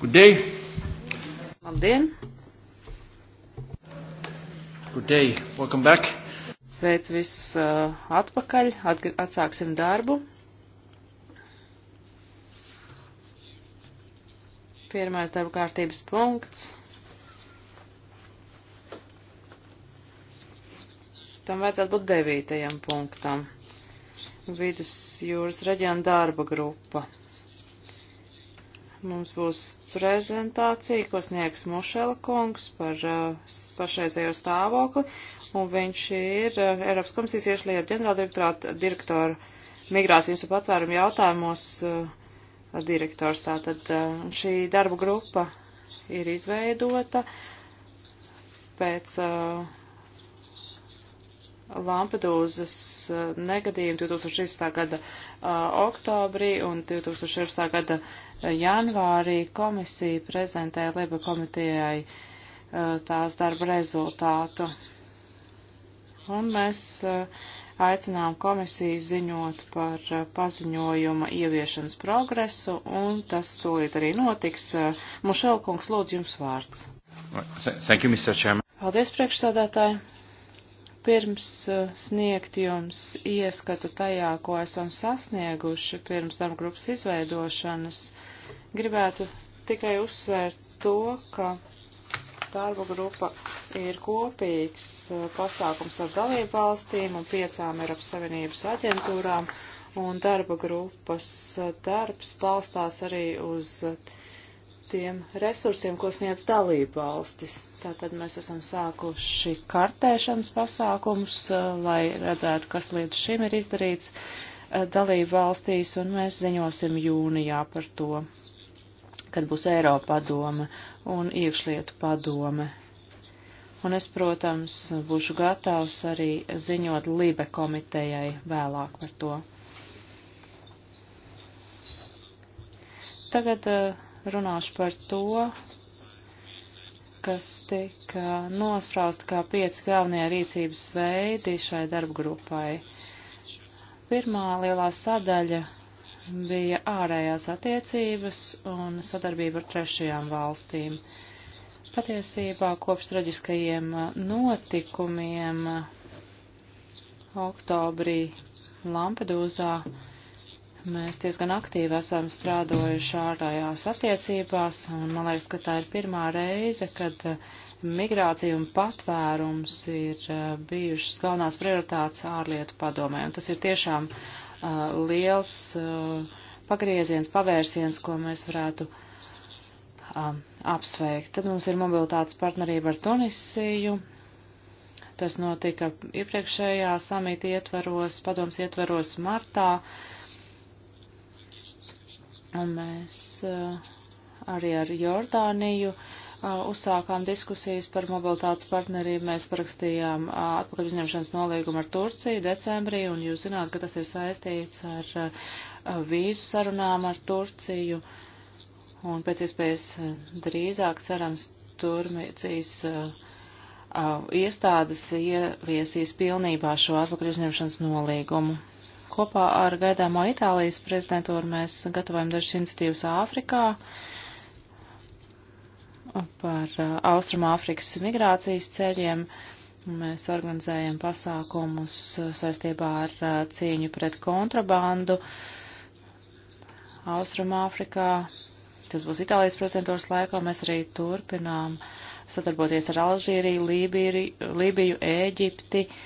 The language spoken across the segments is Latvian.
Good day. Labdien. Good day. Welcome back. Sveic visus uh, atpakaļ. Atg atsāksim darbu. Pirmais darba kārtības punkts. Tam vajadzētu būt devītajam punktam. Vidus jūras reģiona darba grupa. Mums būs prezentācija, ko sniegs Mošela kungs par uh, pašreizējo stāvokli, un viņš ir uh, Eiropas komisijas iešlietu ģenerāldirektorāta direktora migrācijas un patvērumu jautājumos uh, direktors. Tātad uh, šī darba grupa ir izveidota pēc. Uh, Lampedūzas uh, negadījumi 2016. gada uh, oktobrī un 2016. gada janvārī komisija prezentēja Lieba komitejai uh, tās darba rezultātu. Un mēs uh, aicinām komisiju ziņot par uh, paziņojuma ieviešanas progresu, un tas tūlīt arī notiks. Mušelkungs, lūdzu jums vārds. Thank you, Mr. Chairman. Paldies, priekšsādātāji. Pirms eh, sniegt jums ieskatu tajā, ko esam sasnieguši pirms tam grupas izveidošanas, gribētu tikai uzsvērt to, ka darba grupa ir kopīgs eh, pasākums ar dalību valstīm un piecām Eiropas Savienības aģentūrām, un darba grupas eh, darbs balstās arī uz uh, tiem resursiem, ko sniedz dalību valstis. Tātad mēs esam sākuši kartēšanas pasākums, eh, lai redzētu, kas līdz šim ir izdarīts eh, dalību valstīs, un mēs ziņosim jūnijā par to, kad būs Eiropa padome un iekšlietu padome. Un es, protams, būšu gatavs arī ziņot Libe komitejai vēlāk par to. Tagad uh, runāšu par to, kas tika nosprausta kā pieci galvenie rīcības veidi šai darbgrupai. Pirmā lielā sadaļa bija ārējās attiecības un sadarbība ar trešajām valstīm. Patiesībā kopš traģiskajiem notikumiem oktobrī Lampedūzā Mēs diezgan aktīvi esam strādājuši ārējās attiecībās, un man liekas, ka tā ir pirmā reize, kad uh, migrācija un patvērums ir uh, bijušas galvenās prioritātes ārlietu padomē. Un tas ir tiešām uh, liels uh, pagrieziens, pavērsiens, ko mēs varētu uh, apsveikt. Tad mums ir mobilitātes partnerība ar Tunisiju, Tas notika iepriekšējā samīta ietvaros, padoms ietvaros martā, Mēs eh, arī ar Jordāniju eh, uzsākām diskusijas par mobilitātes partnerību. Mēs parakstījām eh, atpakaļ uzņemšanas nolīgumu ar Turciju decembrī, un jūs zināt, ka tas ir saistīts ar vīzu sarunām ar Turciju. Un pēc iespējas drīzāk, cerams, Turcijas iestādes ieviesīs pilnībā šo atpakaļ uzņemšanas nolīgumu. Kopā ar gaidāmo Itālijas prezidentūru mēs gatavojam dažas iniciatīvas Āfrikā par uh, Austrumāfrikas migrācijas ceļiem. Mēs organizējam pasākumus uh, saistībā ar uh, cīņu pret kontrabandu Austrumāfrikā. Tas būs Itālijas prezidentūras laikā. Mēs arī turpinām sadarboties ar Alžīriju, Lībiju, Lībiju Ēģipti. Uh,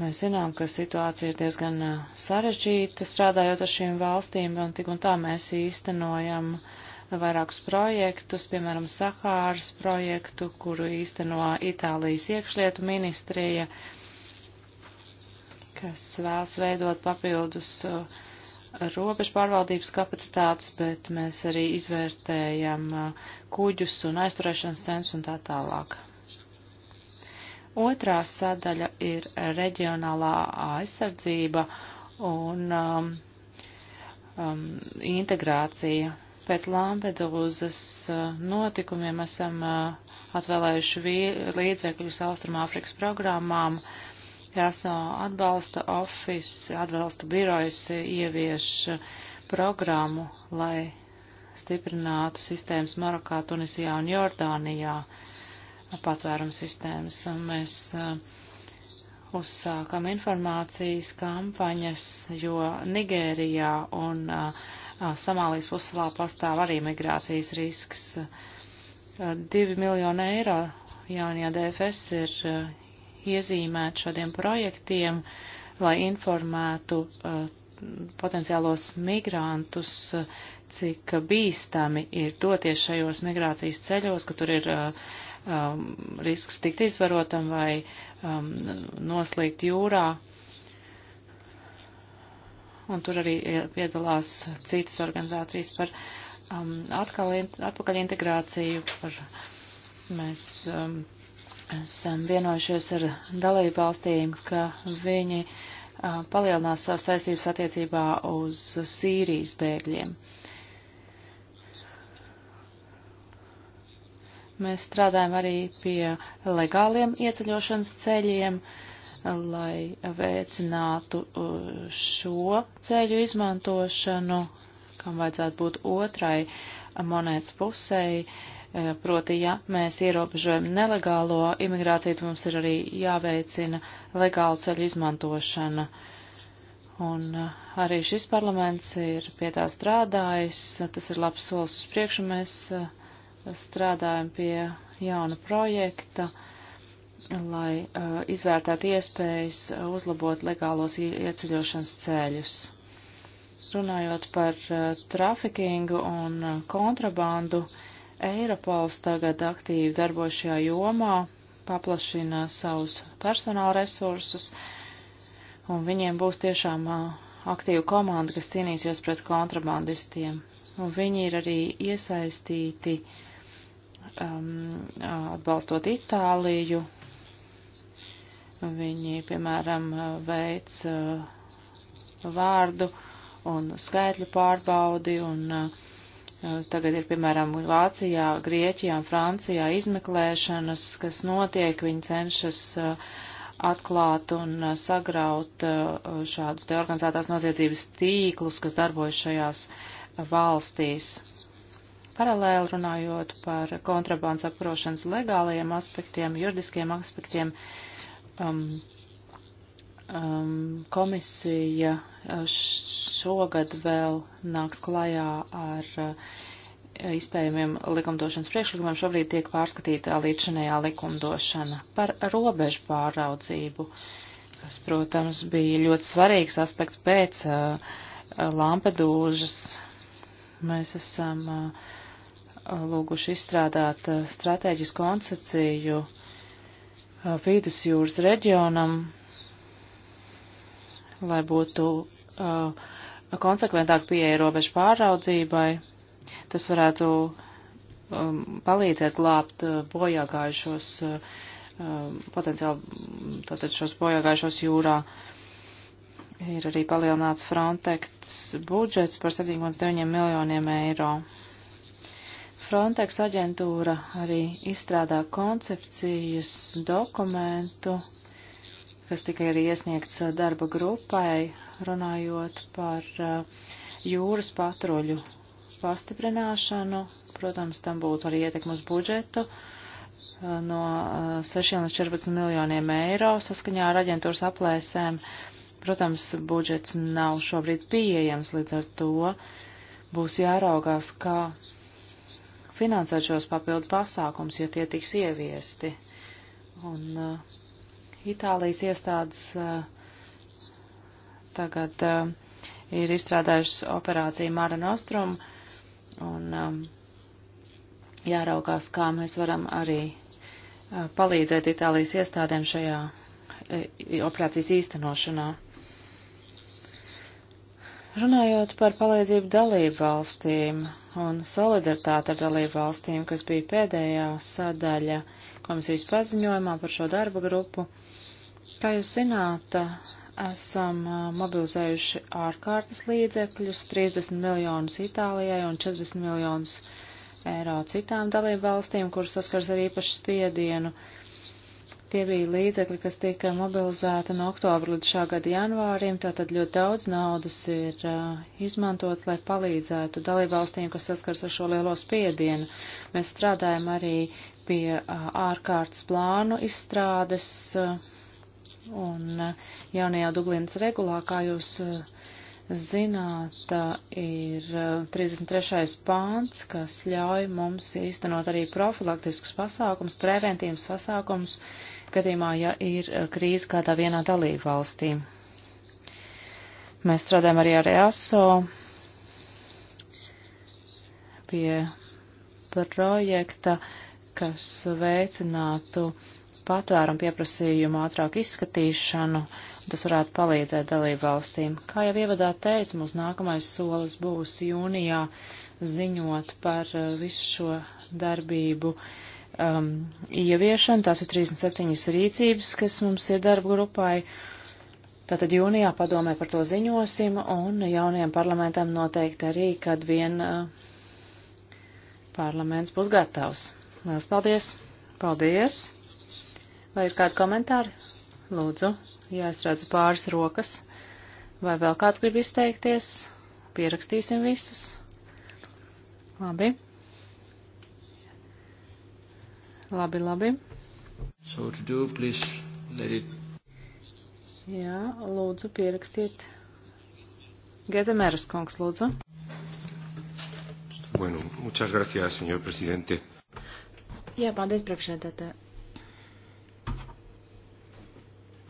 Mēs zinām, ka situācija ir diezgan sarežģīta strādājot ar šīm valstīm, un tik un tā mēs īstenojam vairākus projektus, piemēram, Sahāras projektu, kuru īsteno Itālijas iekšlietu ministrija, kas vēlas veidot papildus uh, robežu pārvaldības kapacitātes, bet mēs arī izvērtējam kuģus un aizturēšanas centrus un tā tālāk. Otrā sadaļa ir reģionālā aizsardzība un um, um, integrācija. Pēc Lampedūzas uh, notikumiem esam uh, atvēlējuši līdzekļus Austrumāfrikas programmām. Jāsā atbalsta office, atbalsta birojas uh, ievieš uh, programmu, lai stiprinātu sistēmas Marokā, Tunisijā un Jordānijā. Uh, patvērums sistēmas. Un mēs uh, uzsākam informācijas kampaņas, jo Nigērijā un uh, uh, Somālijas puslā pastāv arī migrācijas risks. Divi miljoni eiro jaunajā DFS ir iezīmēt šādiem projektiem, lai informētu potenciālos migrantus, cik bīstami ir doties šajos migrācijas ceļos, ka tur ir uh, um, risks tikt izvarotam vai um, noslīgt jūrā. Un tur arī piedalās citas organizācijas par um, atkal, atpakaļ integrāciju. Par, mēs um, esam vienojušies ar dalību valstīm, ka viņi uh, palielinās savas saistības attiecībā uz Sīrijas bēgļiem. Uh, Mēs strādājam arī pie legāliem ieceļošanas ceļiem, lai veicinātu uh, šo ceļu izmantošanu, kam vajadzētu būt otrai monētas pusēji. Uh, proti, ja mēs ierobežojam nelegālo imigrāciju, tad mums ir arī jāveicina legālu ceļu izmantošana. Un uh, arī šis parlaments ir pie tā strādājis, tas ir labs solis uz priekšu, mēs uh, strādājam pie jauna projekta, lai uh, izvērtētu iespējas uh, uzlabot legālos ieceļošanas ceļus. Runājot par uh, trafikingu un uh, kontrabandu, Eiropols tagad aktīvi darbojas šajā jomā, paplašina savus personāla resursus, un viņiem būs tiešām uh, aktīva komanda, kas cīnīsies pret kontrabandistiem. Un viņi ir arī iesaistīti uh, um, atbalstot Itāliju. Viņi, piemēram, veic uh, vārdu un skaitļu pārbaudi un uh, Tagad ir, piemēram, Vācijā, Grieķijā un Francijā izmeklēšanas, kas notiek, viņi cenšas uh, atklāt un uh, sagraut uh, šādus te organizētās noziedzības tīklus, kas darbojas šajās valstīs paralēli runājot par kontrabandas apkarošanas legālajiem aspektiem, juridiskiem aspektiem. Um, um, komisija uh, šogad vēl nāks klajā ar uh, izpējumiem likumdošanas priekšlikumiem. Šobrīd tiek pārskatīta līdzinējā likumdošana par robežu pāraudzību, kas, protams, bija ļoti svarīgs aspekts pēc uh, Lampedūžas. Mēs esam uh, lūguši izstrādāt eh, stratēģisku koncepciju eh, vidusjūras reģionam, lai būtu uh, konsekventāk pieeja robežu pāraudzībai. Tas varētu um, palīdzēt glābt uh, bojāgājušos, uh, potenciāli tātad šos bojāgājušos jūrā. Ir arī palielināts Frontex budžets par 7,9 miljoniem eiro. Frontex aģentūra arī izstrādā koncepcijas dokumentu, kas tikai ir iesniegts uh, darba grupai, runājot par uh, jūras patruļu pastiprināšanu. Protams, tam būtu arī ietekme uz budžetu uh, no 6 līdz 14 miljoniem eiro saskaņā ar aģentūras aplēsēm. Protams, budžets nav šobrīd pieejams, līdz ar to būs jāraugās, kā finansēt šos papildu pasākums, ja tie tiks ieviesti. Un uh, Itālijas iestādes uh, tagad uh, ir izstrādājušas operāciju Mara Nostrum un um, jāraugās, kā mēs varam arī uh, palīdzēt Itālijas iestādēm šajā uh, operācijas īstenošanā. Runājot par palīdzību dalību valstīm un solidaritāti ar dalību valstīm, kas bija pēdējā sadaļa komisijas paziņojumā par šo darba grupu, kā jūs zināt, esam mobilizējuši ārkārtas līdzekļus - 30 miljonus Itālijai un 40 miljonus eiro citām dalību valstīm, kuras saskars ar īpašu spiedienu. Uh, Tie bija līdzekļi, kas tika mobilizēti no oktobra līdz šā gada janvārim, tātad ļoti daudz naudas ir uh, izmantots, lai palīdzētu dalībvalstīm, kas saskars ar šo lielo spiedienu. Mēs strādājam arī pie uh, ārkārtas plānu izstrādes uh, un uh, jaunajā Dublinas regulā, kā jūs uh, zināt, uh, ir uh, 33. pāns, kas ļauj mums īstenot arī profilaktiskus pasākums, preventīvas pasākums, uh, gadījumā, ja ir eh, krīze kādā vienā dalību valstī. Mēs strādājam arī ar EASO pie projekta, kas veicinātu patvērumu pieprasījumu ātrāk izskatīšanu, tas varētu palīdzēt dalību valstīm. Kā jau ievadā teicu, mūsu nākamais solis būs jūnijā ziņot par eh, visu šo darbību um, ieviešanu. Tās ir 37 rīcības, kas mums ir darba grupai. Tātad jūnijā padomē par to ziņosim un jaunajam parlamentam noteikti arī, kad vien uh, parlaments būs gatavs. Lielas paldies! Paldies! Vai ir kādi komentāri? Lūdzu, ja es redzu pāris rokas. Vai vēl kāds grib izteikties? Pierakstīsim visus. Labi. Labi, labi. So to do, please let it. Jā, lūdzu, pierakstiet. Gedemeras kungs, lūdzu. Bueno, muchas gracias, señor presidente. Jā, paldies, priekšsēdētā.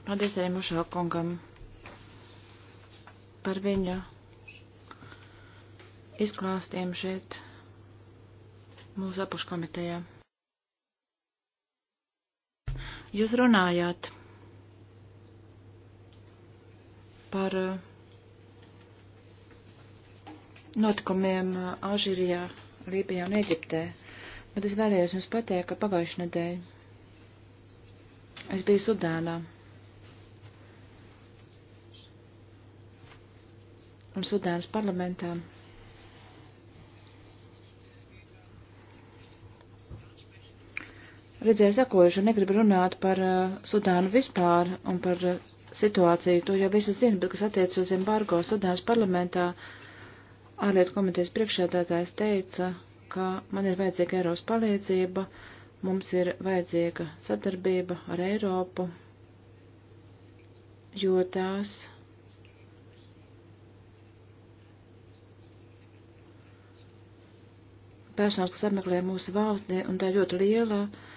Paldies arī Mušo kungam par viņa izklāstiem šeit mūsu apuškomitejā. Jūs runājāt par uh, notikumiem uh, Alžīrijā, Lībijā un Eģiptē, bet es vēlējos jums pateikt, ka pagājušajā nedēļā es biju Sudānā. Un Sudānas parlamentā redzēju sakojuši un negribu runāt par uh, Sudānu vispār un par uh, situāciju. To jau visi zina, bet kas attiec uz embargo Sudānas parlamentā, ārlietu komitejas priekšsēdētājs teica, ka man ir vajadzīga Eiropas palīdzība, mums ir vajadzīga sadarbība ar Eiropu, jo tās. Personāls, kas apmeklē mūsu valsti, un tā ļoti liela uh,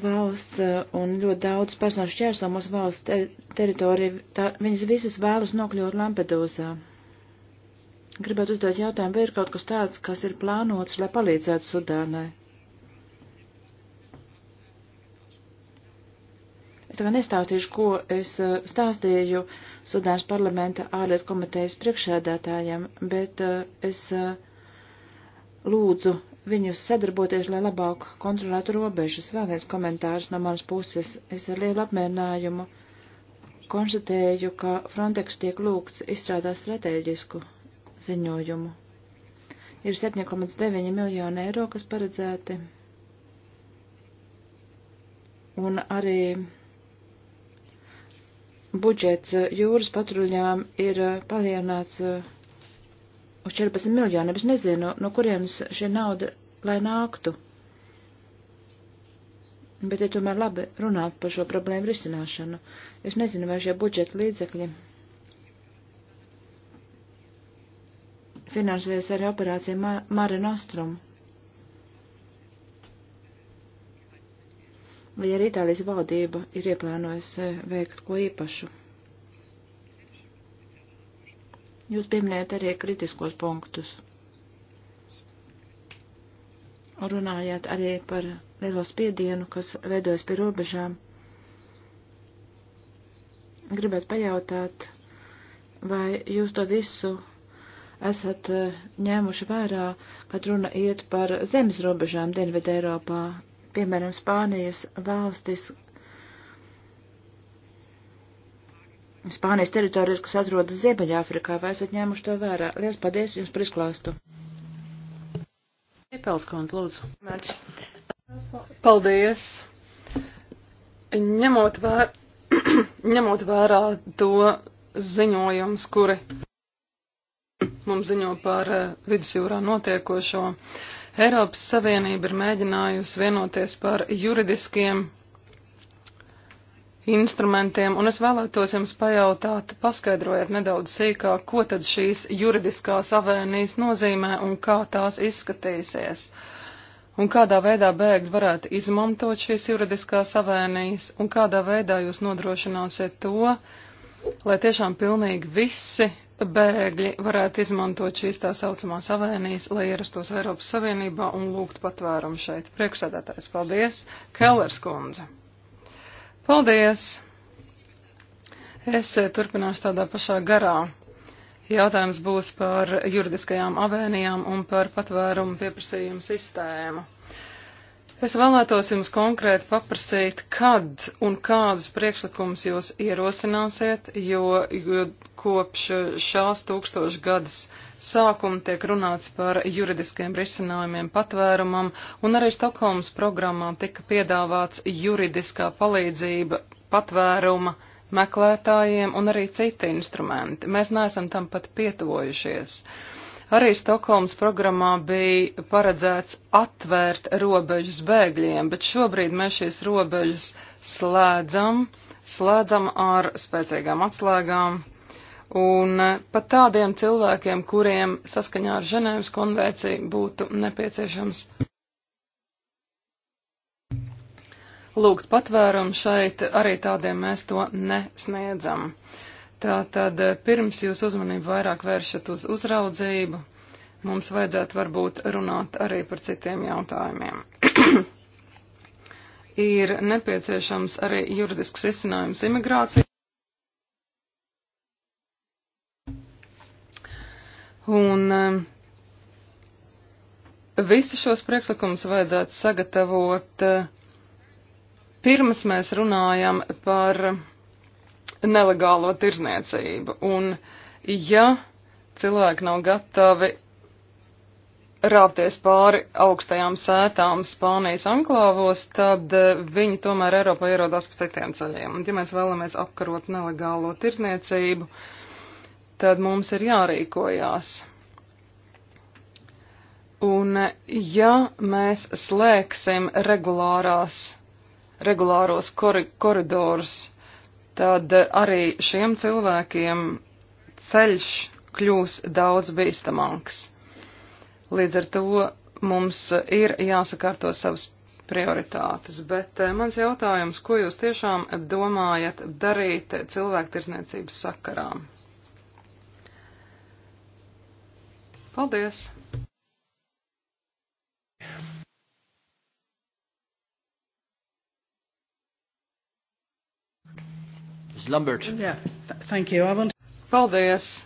valsts eh, un ļoti daudz personu šķērso mūsu valsts ter teritoriju, tā, viņas visas vēlas nokļūt Lampedūzā. Gribētu uzdot jautājumu, vai ir kaut kas tāds, kas ir plānots, lai palīdzētu Sudānai? Es tagad nestāstīšu, ko es eh, stāstīju Sudānas parlamenta ārlietu komitejas priekšsēdētājiem, bet eh, es lūdzu viņus sadarboties, lai labāk kontrolētu robežas. Vēl viens komentārs no manas puses. Es ar lielu apmierinājumu konstatēju, ka Frontex tiek lūgts izstrādāt stratēģisku ziņojumu. Ir 7,9 miljoni eiro, kas paredzēti. Un arī budžets jūras patruļām ir palielināts uz 14 miljoniem. Es nezinu, no kurienes šī nauda lai nāktu. Bet ir tomēr labi runāt par šo problēmu risināšanu. Es nezinu, vai šie budžeta līdzekļi finansēs arī operāciju Mare Nostrum. Vai arī Itālijas valdība ir ieplānojusi eh, veikt ko īpašu? Jūs pieminējat arī kritiskos punktus. Runājāt arī par lielo spiedienu, kas veidojas pie robežām. Gribētu pajautāt, vai jūs to visu esat eh, ņēmuši vērā, kad runa iet par zemes robežām Dienvidē Eiropā, piemēram, Spānijas valstis, Spānijas teritorijas, kas atrodas Ziemeļāfrikā, vai esat ņēmuši to vērā? Lielas paldies jums par izklāstu. Epelskons, lūdzu. Mērķi. Paldies. Ņemot, vēr... ņemot vērā to ziņojums, kuri mums ziņo par eh, vidusjūrā notiekošo, Eiropas Savienība ir mēģinājusi vienoties par juridiskiem instrumentiem, un es vēlētos jums pajautāt, paskaidrojiet nedaudz sīkāk, ko tad šīs juridiskās avēnijas nozīmē un kā tās izskatīsies, un kādā veidā bēgļi varētu izmantot šīs juridiskās avēnijas, un kādā veidā jūs nodrošināsiet to, lai tiešām pilnīgi visi bēgļi varētu izmantot šīs tā saucamās avēnijas, lai ierastos Eiropas Savienībā un lūgtu patvērumu šeit. Priekšsēdētājs, paldies! Kellers kundze! Paldies! Es eh, turpināšu tādā pašā garā. Jautājums būs par juridiskajām avēnijām un par patvērumu pieprasījumu sistēmu. Es vēlētos jums konkrēti paprasīt, kad un kādus priekšlikumus jūs ierosināsiet, jo, jo kopš šās tūkstošu gadas sākuma tiek runāts par juridiskiem risinājumiem patvērumam, un arī Stokholmas programmā tika piedāvāts juridiskā palīdzība patvēruma meklētājiem un arī citi instrumenti. Mēs neesam tam pat pietuvojušies. Uh, Arī Stokholmas programmā bija paredzēts atvērt robežas bēgļiem, bet šobrīd mēs šīs robežas slēdzam, slēdzam ar spēcīgām atslēgām. Un pat tādiem cilvēkiem, kuriem saskaņā ar Ženēvas konvenciju būtu nepieciešams lūgt patvērumu šeit, arī tādiem mēs to nesniedzam. Uh, Tā tad eh, pirms jūs uzmanību vairāk vēršat uz uzraudzību, mums vajadzētu varbūt runāt arī par citiem jautājumiem. ir nepieciešams arī juridisks risinājums imigrācijai. Un eh, visu šos priekšlikumus vajadzētu sagatavot eh, pirms mēs runājam par nelegālo tirzniecību. Un ja cilvēki nav gatavi rāpties pāri augstajām sētām Spānijas anklāvos, tad eh, viņi tomēr Eiropā ierodās pa citiem ceļiem. Un ja mēs vēlamies apkarot nelegālo tirzniecību, tad mums ir jārīkojās. Un ja mēs slēgsim regulārās, regulāros koridors, tad arī šiem cilvēkiem ceļš kļūs daudz bīstamāks. Līdz ar to mums ir jāsakārto savas prioritātes, bet eh, mans jautājums, ko jūs tiešām domājat darīt cilvēktirzniecības sakarā? Paldies! Lambert. Yeah, thank you. I want... Paldies.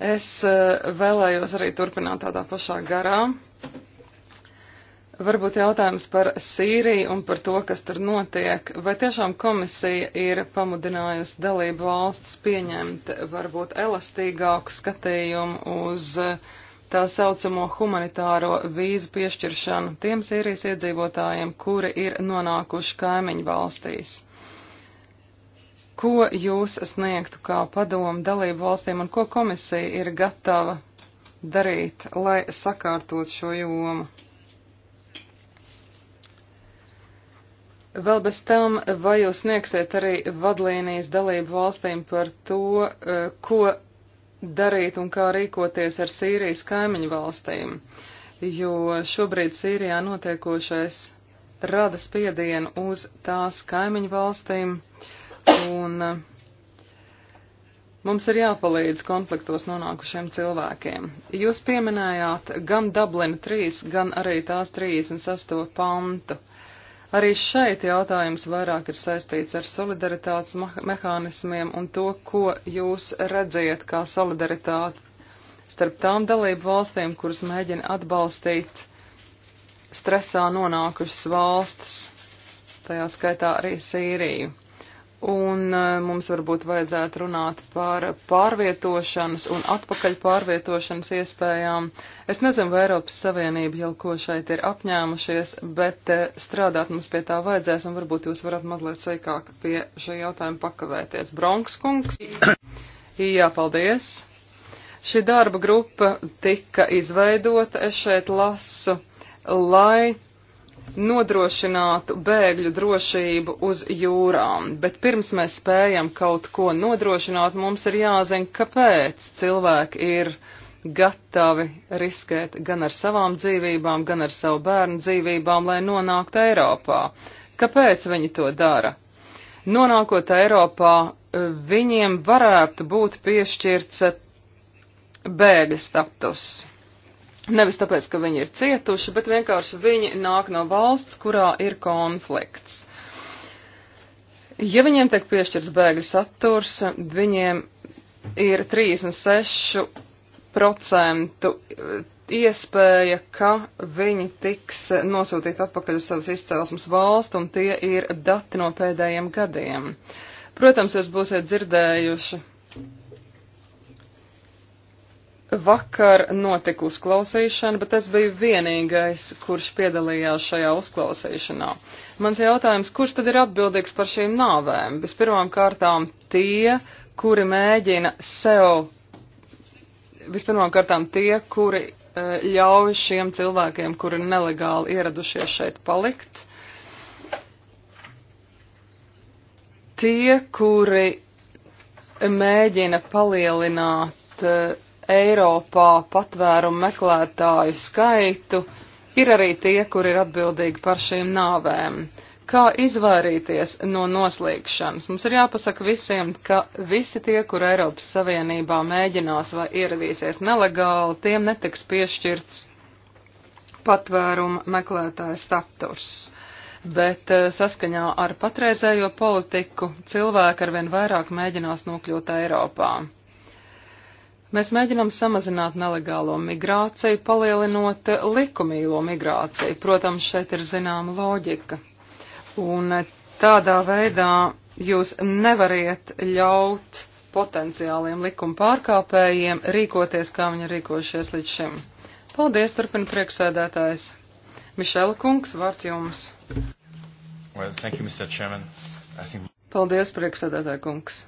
Es eh, vēlējos arī turpināt tādā pašā garā. Varbūt jautājums par Sīriju un par to, kas tur notiek. Vai tiešām komisija ir pamudinājusi dalību valstis pieņemt varbūt elastīgāku skatījumu uz eh, tā saucamo humanitāro vīzu piešķiršanu tiem Sīrijas iedzīvotājiem, kuri ir nonākuši kaimiņu valstīs? Ko jūs sniegtu kā padomu dalību valstīm un ko komisija ir gatava darīt, lai sakārtot šo jomu? Vēl bez tam, vai jūs sniegsiet arī vadlīnijas dalību valstīm par to, eh, ko darīt un kā rīkoties ar Sīrijas kaimiņu valstīm, jo šobrīd Sīrijā notiekošais rada spiedienu uz tās kaimiņu valstīm. Uh, un eh, mums ir jāpalīdz konfliktos nonākušiem cilvēkiem. Jūs pieminējāt gan Dublina 3, gan arī tās 38 pantu. Arī šeit jautājums vairāk ir saistīts ar solidaritātes mehānismiem un to, ko jūs redziet kā solidaritāti starp tām dalību valstīm, kuras mēģina atbalstīt stresā nonākušas valstis, tajā skaitā arī Sīriju. Un e, mums varbūt vajadzētu runāt par pārvietošanas un atpakaļ pārvietošanas iespējām. Es nezinu, vai Eiropas Savienība jau ko šeit ir apņēmušies, bet e, strādāt mums pie tā vajadzēs, un varbūt jūs varat mazliet seikāk pie šī jautājuma pakavēties. Bronks kungs. Jā, paldies. Šī darba grupa tika izveidota, es šeit lasu, lai nodrošinātu bēgļu drošību uz jūrām, bet pirms mēs spējam kaut ko nodrošināt, mums ir jāzina, kāpēc cilvēki ir gatavi riskēt gan ar savām dzīvībām, gan ar savu bērnu dzīvībām, lai nonāktu Eiropā. Kāpēc viņi to dara? Nonākot Eiropā, viņiem varētu būt piešķirts bēgļa status. Nevis tāpēc, ka viņi ir cietuši, bet vienkārši viņi nāk no valsts, kurā ir konflikts. Ja viņiem tiek piešķirts bēgļu saturs, viņiem ir 36% eh, iespēja, ka viņi tiks nosūtīti atpakaļ uz savas izcelsmes valstu, un tie ir dati no pēdējiem gadiem. Protams, jūs būsiet dzirdējuši Vakar notika uzklausīšana, bet es biju vienīgais, kurš piedalījās šajā uzklausīšanā. Mans jautājums, kurš tad ir atbildīgs par šīm nāvēm? Vispirmām kārtām tie, kuri mēģina sev, vispirmām kārtām tie, kuri uh, ļauj šiem cilvēkiem, kuri nelegāli ieradušies šeit palikt. Tie, kuri mēģina palielināt uh, Eiropā patvērumu meklētāju skaitu, ir arī tie, kur ir atbildīgi par šīm nāvēm. Kā izvairīties no noslīgšanas? Mums ir jāpasaka visiem, ka visi tie, kur Eiropas Savienībā mēģinās vai ieradīsies nelegāli, tiem netiks piešķirts patvēruma meklētāja status. Bet eh, saskaņā ar patreizējo politiku cilvēki arvien vairāk mēģinās nokļūt Eiropā. Mēs mēģinām samazināt nelegālo migrāciju, palielinot likumīgo migrāciju. Protams, šeit ir zināma loģika. Un tādā veidā jūs nevariet ļaut potenciāliem likuma pārkāpējiem rīkoties, kā viņi rīkojušies līdz šim. Paldies, turpina prieksēdētājs. Mišela kungs, vārds jums. Well, thank you, Mr. Chairman. I think... Paldies, prieksēdētāja kungs.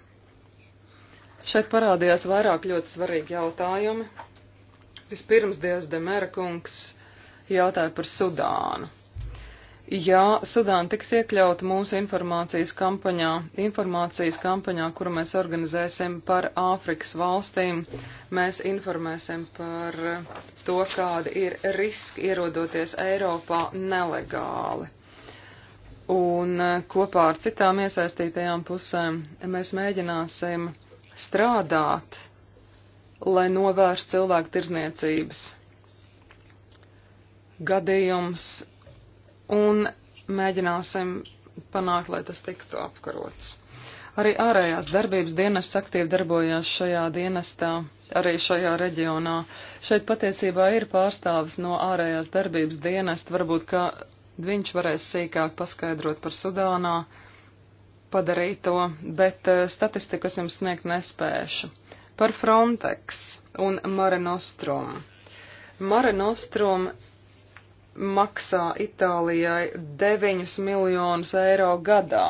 Šeit parādījās vairāk ļoti svarīgi jautājumi. Vispirms Dievs Demera kungs jautāja par Sudānu. Jā, Sudāna tiks iekļauta mūsu informācijas kampaņā, informācijas kampaņā, kuru mēs organizēsim par Āfrikas valstīm. Mēs informēsim par to, kādi ir riski ierodoties Eiropā nelegāli. Un kopā ar citām iesaistītajām pusēm mēs mēģināsim strādāt, lai novērstu cilvēku tirzniecības gadījums un mēģināsim panākt, lai tas tiktu apkarots. Arī ārējās darbības dienests aktīvi darbojās šajā dienestā, arī šajā reģionā. Šeit patiesībā ir pārstāvis no ārējās darbības dienesta, varbūt, ka viņš varēs sīkāk paskaidrot par Sudānā, uh, padarīto, bet eh, statistikas jums sniegt nespēšu. Par Frontex un Mare Nostrum. Mare Nostrum maksā Itālijai 9 miljonus eiro gadā.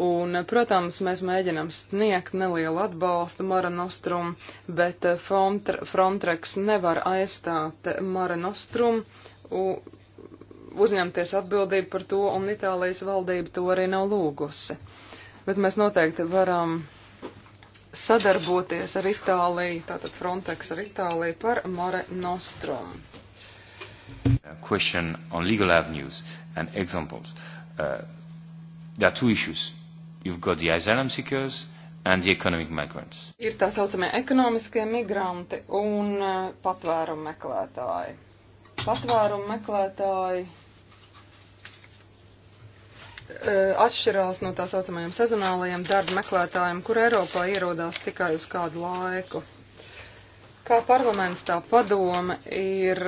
Un, protams, mēs mēģinam sniegt nelielu atbalstu Mara Nostrum, bet eh, Frontex nevar aizstāt Mara Nostrum, uzņemties atbildību par to, un Itālijas valdība to arī nav lūgusi. Bet mēs noteikti varam sadarboties ar Itāliju, tātad Frontex ar Itāliju par Mare Nostrum. Question on legal avenues and examples. Uh, there are two issues. You've got the asylum seekers and the economic migrants. Ir tā saucamie ekonomiskie migranti un uh, patvērumu meklētāji patvērumu meklētāji e, atšķirās no tā saucamajiem sezonālajiem darba meklētājiem, kur Eiropā ierodās tikai uz kādu laiku. Kā parlaments tā padome ir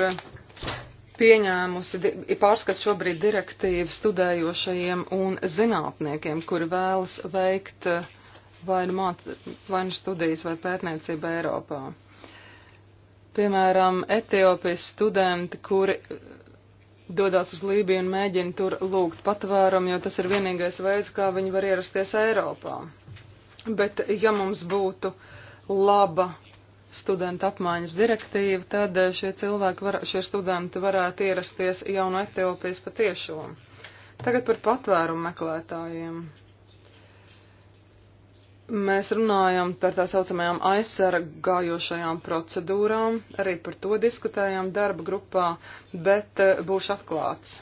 pieņēmusi, ir pārskats šobrīd direktīvu studējošajiem un zinātniekiem, kuri vēlas veikt e, vai nu, māc, vai nu studijas vai pētniecību Eiropā. Piemēram, Etiopijas studenti, kuri eh, dodas uz Lībiju un mēģina tur lūgt patvērumu, jo tas ir vienīgais veids, kā viņi var ierasties Eiropā. Bet, ja mums būtu laba studenta apmaiņas direktīva, tad eh, šie cilvēki, var, šie studenti varētu ierasties jau no Etiopijas patiešām. Tagad par patvērumu meklētājiem. Mēs runājam par tā saucamajām aizsargājošajām procedūrām, arī par to diskutējām darba grupā, bet eh, būšu atklāts.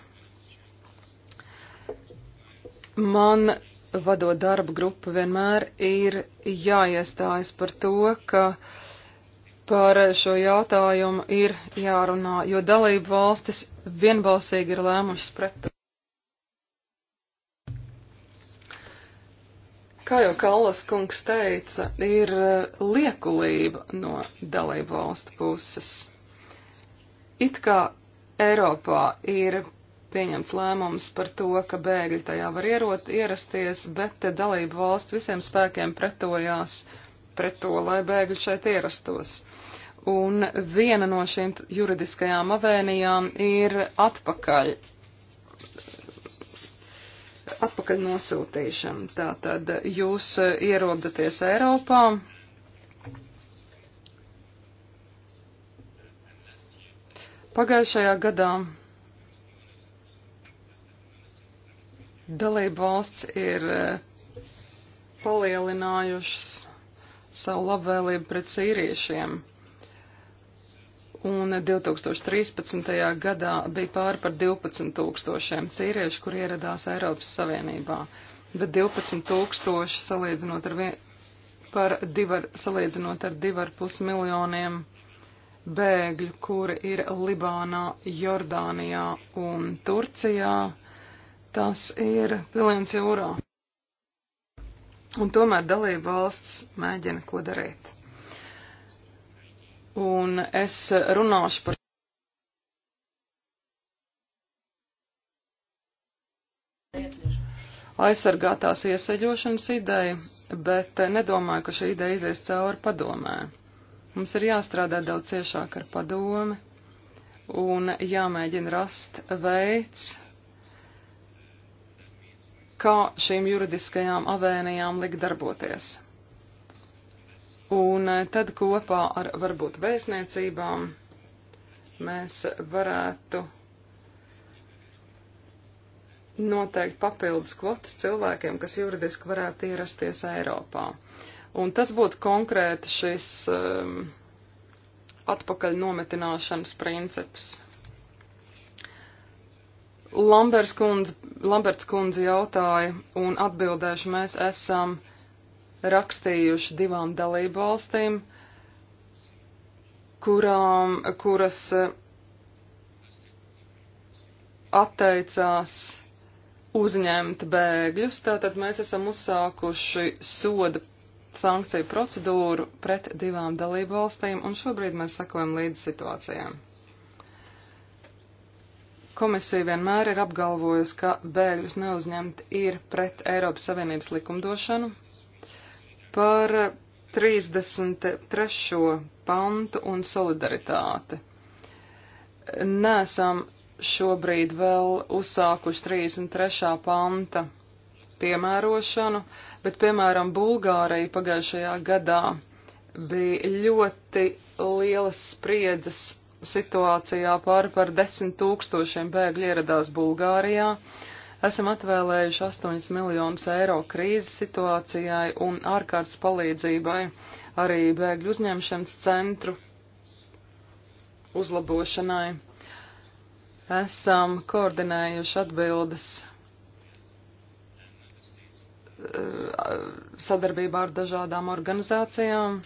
Man vadot darba grupu vienmēr ir jāiestājas par to, ka par šo jautājumu ir jārunā, jo dalību valstis vienbalsīgi ir lēmušas pret to. kā jau Kallas kungs teica, ir eh, liekulība no dalību valstu puses. It kā Eiropā ir pieņemts lēmums par to, ka bēgļi tajā var ierot, ierasties, bet dalību valsts visiem spēkiem pretojās pret to, lai bēgļi šeit ierastos. Un viena no šīm juridiskajām avēnijām ir atpakaļ atpakaļ nosūtīšana. Tātad jūs eh, ierodaties Eiropā. Pagājušajā gadā dalību valsts ir eh, palielinājušas savu labvēlību pret sīriešiem un 2013. gadā bija pāri par 12 tūkstošiem sīriešu, kur ieradās Eiropas Savienībā, bet 12 tūkstoši salīdzinot ar, vien, par divar, salīdzinot ar 2,5 miljoniem bēgļu, kuri ir Libānā, Jordānijā un Turcijā. Tas ir piliens jūrā. Un tomēr dalība valsts mēģina ko darīt un es runāšu par. Aizsargātās iesaļošanas ideja, bet nedomāju, ka šī ideja izies cauri padomē. Mums ir jāstrādā daudz ciešāk ar padomi un jāmēģina rast veids, kā šīm juridiskajām avēnijām likt darboties. Un eh, tad kopā ar varbūt vēstniecībām mēs varētu noteikt papildus kvotas cilvēkiem, kas juridiski varētu ierasties Eiropā. Un tas būtu konkrēti šis um, atpakaļ nometināšanas princips. Lamberts kundze, Lamberts kundze jautāja, un atbildēšu mēs esam rakstījuši divām dalību valstīm, kurām, kuras eh, atteicās uzņemt bēgļus, tātad mēs esam uzsākuši soda sankciju procedūru pret divām dalību valstīm, un šobrīd mēs sakojam līdz situācijām. Komisija vienmēr ir apgalvojusi, ka bēgļus neuzņemt ir pret Eiropas Savienības likumdošanu, par 33. pantu un solidaritāti. Nesam šobrīd vēl uzsākuši 33. panta piemērošanu, bet, piemēram, Bulgārija pagājušajā gadā bija ļoti lielas spriedzes situācijā pāri par desmit tūkstošiem bēgļi ieradās Bulgārijā. Uh, Esam atvēlējuši 8 miljonus eiro krīzes situācijai un ārkārtas palīdzībai, arī bēgļu uzņemšanas centru uzlabošanai. Esam koordinējuši atbildes eh, sadarbībā ar dažādām organizācijām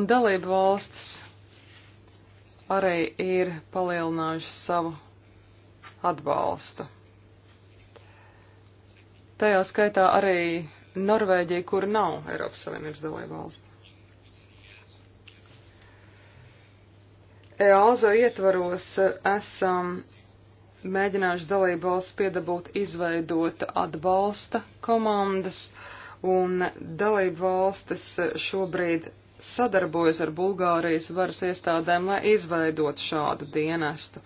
un dalību valstis arī ir palielinājuši savu atbalstu. Tajā skaitā arī Norvēģija, kur nav Eiropas Savienības dalība valsts. EASO ietvaros esam mēģinājuši dalību valsts piedabūt izveidot atbalsta komandas, un dalību valstis šobrīd sadarbojas ar Bulgārijas varas iestādēm, lai izveidot šādu dienestu.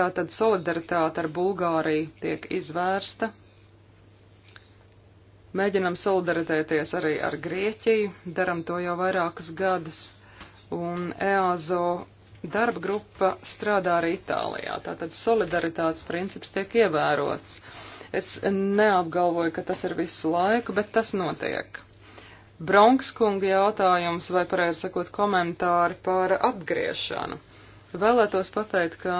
Tātad solidaritāte ar Bulgāriju tiek izvērsta, Mēģinam solidaritēties arī ar Grieķiju, daram to jau vairākas gadas, un EASO darba grupa strādā arī Itālijā, tātad solidaritātes princips tiek ievērots. Es neapgalvoju, ka tas ir visu laiku, bet tas notiek. Bronkskunga jautājums vai, pareizi sakot, komentāri par atgriešanu. Vēlētos pateikt, ka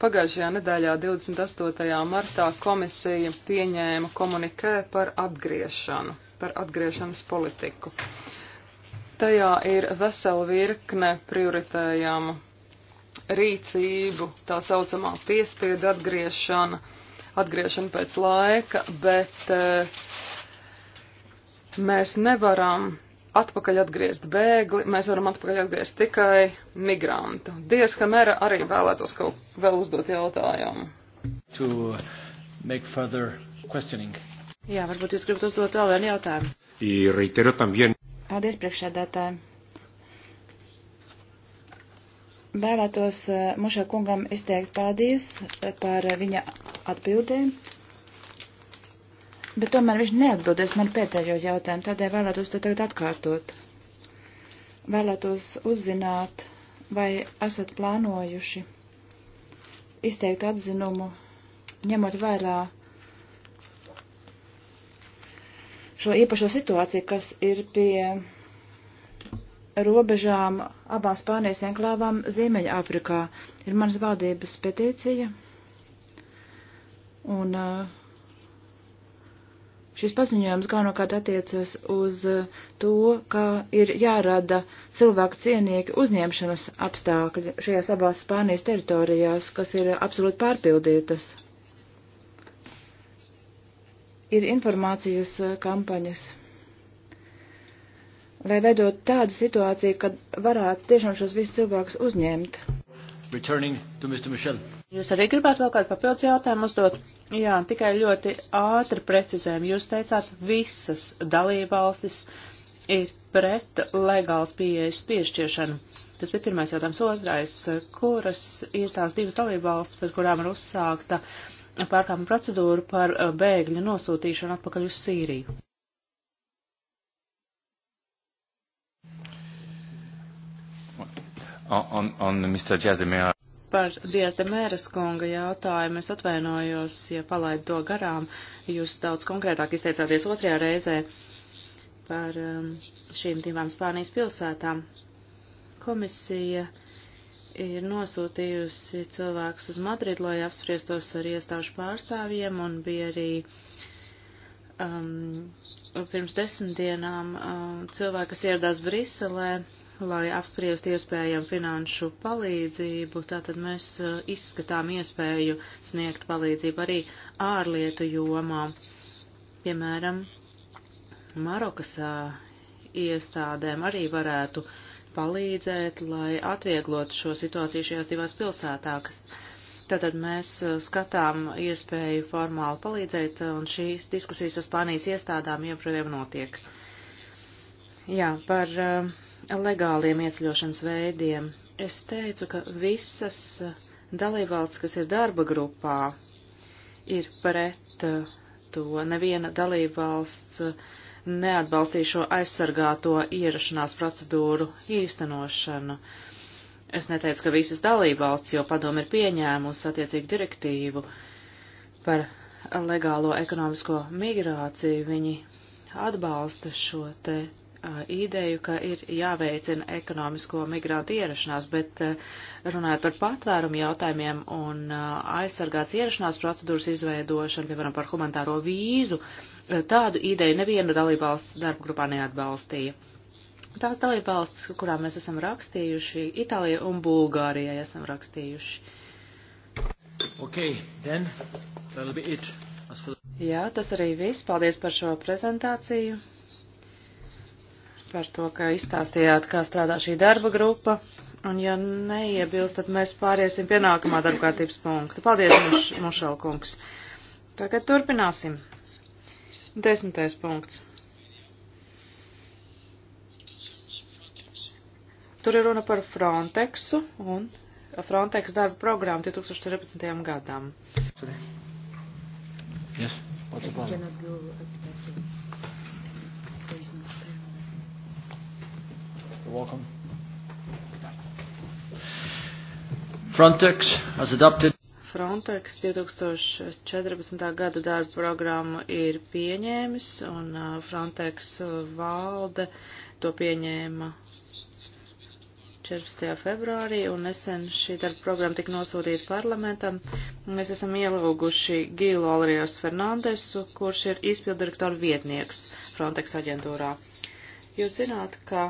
Pagājušajā nedēļā 28. martā komisija pieņēma komunikē par atgriešanu, par atgriešanas politiku. Tajā ir vesela virkne prioritējama rīcību, tā saucamā piespiedu atgriešana, atgriešana pēc laika, bet eh, mēs nevaram atpakaļ atgriezt bēgli, mēs varam atpakaļ atgriezt tikai migrantu. Dievs Hamera arī vēlētos kaut vēl uzdot jautājumu. Jā, varbūt jūs gribat uzdot vēl vienu jautājumu. También... Paldies, priekšsēdētāji. Vēlētos eh, mušā kungam izteikt paldies eh, par eh, viņa atbildēm bet tomēr viņš neatbildēs man pēdējo jautājumu, tādēļ vēlētos to tagad atkārtot. Vēlētos uzzināt, vai esat plānojuši izteikt atzinumu, ņemot vērā šo īpašo situāciju, kas ir pie robežām abām Spānijas enklāvām Ziemeļāfrikā. Ir manas valdības petīcija, un uh, Šis paziņojums galvenokārt attiecas uz uh, to, ka ir jārada cilvēku cienīgi uzņemšanas apstākļi šajās abās Spānijas teritorijās, kas ir absolūti pārpildītas. Ir informācijas uh, kampaņas, lai veidot tādu situāciju, kad varētu tiešām šos visus cilvēkus uzņemt. Returning to Mr. Michel. Jūs arī gribētu vēl kādu papildus jautājumu uzdot? Jā, tikai ļoti ātri precizējumu. Jūs teicāt, visas dalībvalstis ir pret legāls pieejas piešķiršanu. Tas bija pirmais jautājums. Otrais, kuras ir tās divas dalībvalstis, pēc kurām ir uzsākta pārkāpuma procedūra par uh, bēgļu nosūtīšanu atpakaļ uz Sīriju? On, on, on Mr. Jazimir. Par Dievs de Mēras kunga jautājumu es atvainojos, ja palaidu to garām. Jūs daudz konkrētāk izteicāties otrajā reizē par um, šīm divām Spānijas pilsētām. Komisija ir nosūtījusi cilvēkus uz Madridu, lai apspriestos ar iestāžu pārstāvjiem, un bija arī um, pirms desmit dienām um, cilvēki, kas ieradās Briselē lai apspriest iespējamu finanšu palīdzību, tātad mēs eh, izskatām iespēju sniegt palīdzību arī ārlietu jomā. Piemēram, Marokas eh, iestādēm arī varētu palīdzēt, lai atvieglotu šo situāciju šajās divās pilsētākas. Tātad mēs eh, skatām iespēju formāli palīdzēt, un šīs diskusijas ar Spānijas iestādām joprojām notiek. Jā, par uh, legāliem iecļošanas veidiem. Es teicu, ka visas eh, dalībvalsts, kas ir darba grupā, ir pret eh, to. Neviena dalībvalsts eh, neatbalstīja šo aizsargāto ierašanās procedūru īstenošanu. Es neteicu, ka visas dalībvalsts, jo padomu ir pieņēmusi attiecīgu direktīvu par legālo ekonomisko migrāciju, viņi atbalsta šo te ideju, ka ir jāveicina ekonomisko migrantu ierašanās, bet runājot par patvērumu jautājumiem un aizsargāts ierašanās procedūras izveidošanu, piemēram, par humanitāro vīzu, tādu ideju neviena dalībvalsts darba grupā neatbalstīja. Tās dalībvalsts, kurām mēs esam rakstījuši, Itālija un Bulgārijai esam rakstījuši. Okay, then that'll be it. For... Jā, tas arī viss. Paldies par šo prezentāciju par to, ka izstāstījāt, kā strādā šī darba grupa. Un, ja neiebilst, tad mēs pāriesim pie nākamā darbkārtības punkta. Paldies, muš, Mušel kungs. Tagad turpināsim. Desmitais punkts. Tur ir runa par Frontexu un Frontex darba programmu 2014. gadam. Yes, what's the problem? You're welcome. Frontex has adopted. Frontex 2014. gada darba programmu ir pieņēmis un uh, Frontex uh, valde to pieņēma 14. februārī un nesen šī darba programma tika nosūtīta parlamentam. Mēs esam ielūguši Gīlu Alrijos Fernandesu, kurš ir izpildirektora vietnieks Frontex aģentūrā. Jūs zināt, ka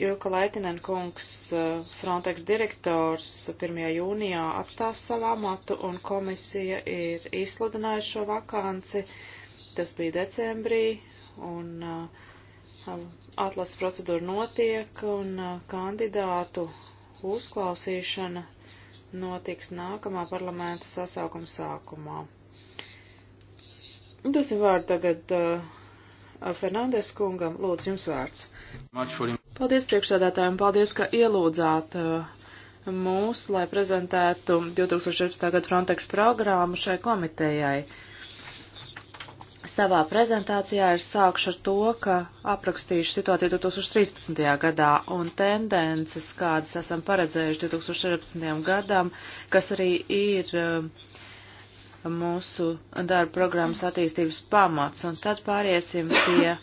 Joka Laitinen kungs, eh, Frontex direktors, 1. jūnijā atstās savu amatu un komisija ir izsludinājusi šo vakanci. Tas bija decembrī un eh, atlases procedūra notiek un eh, kandidātu uzklausīšana notiks nākamā parlamenta sasaukuma sākumā. Dosim vārdu tagad Fernandes kungam. Lūdzu, jums vārds. Paldies priekšsādātājiem, paldies, ka ielūdzāt uh, mūs, lai prezentētu 2016. gada Frontex programmu šai komitejai. Savā prezentācijā es sākšu ar to, ka aprakstīšu situāciju 2013. gadā un tendences, kādas esam paredzējuši 2014. gadam, kas arī ir uh, mūsu darba programmas attīstības pamats, un tad pāriesim pie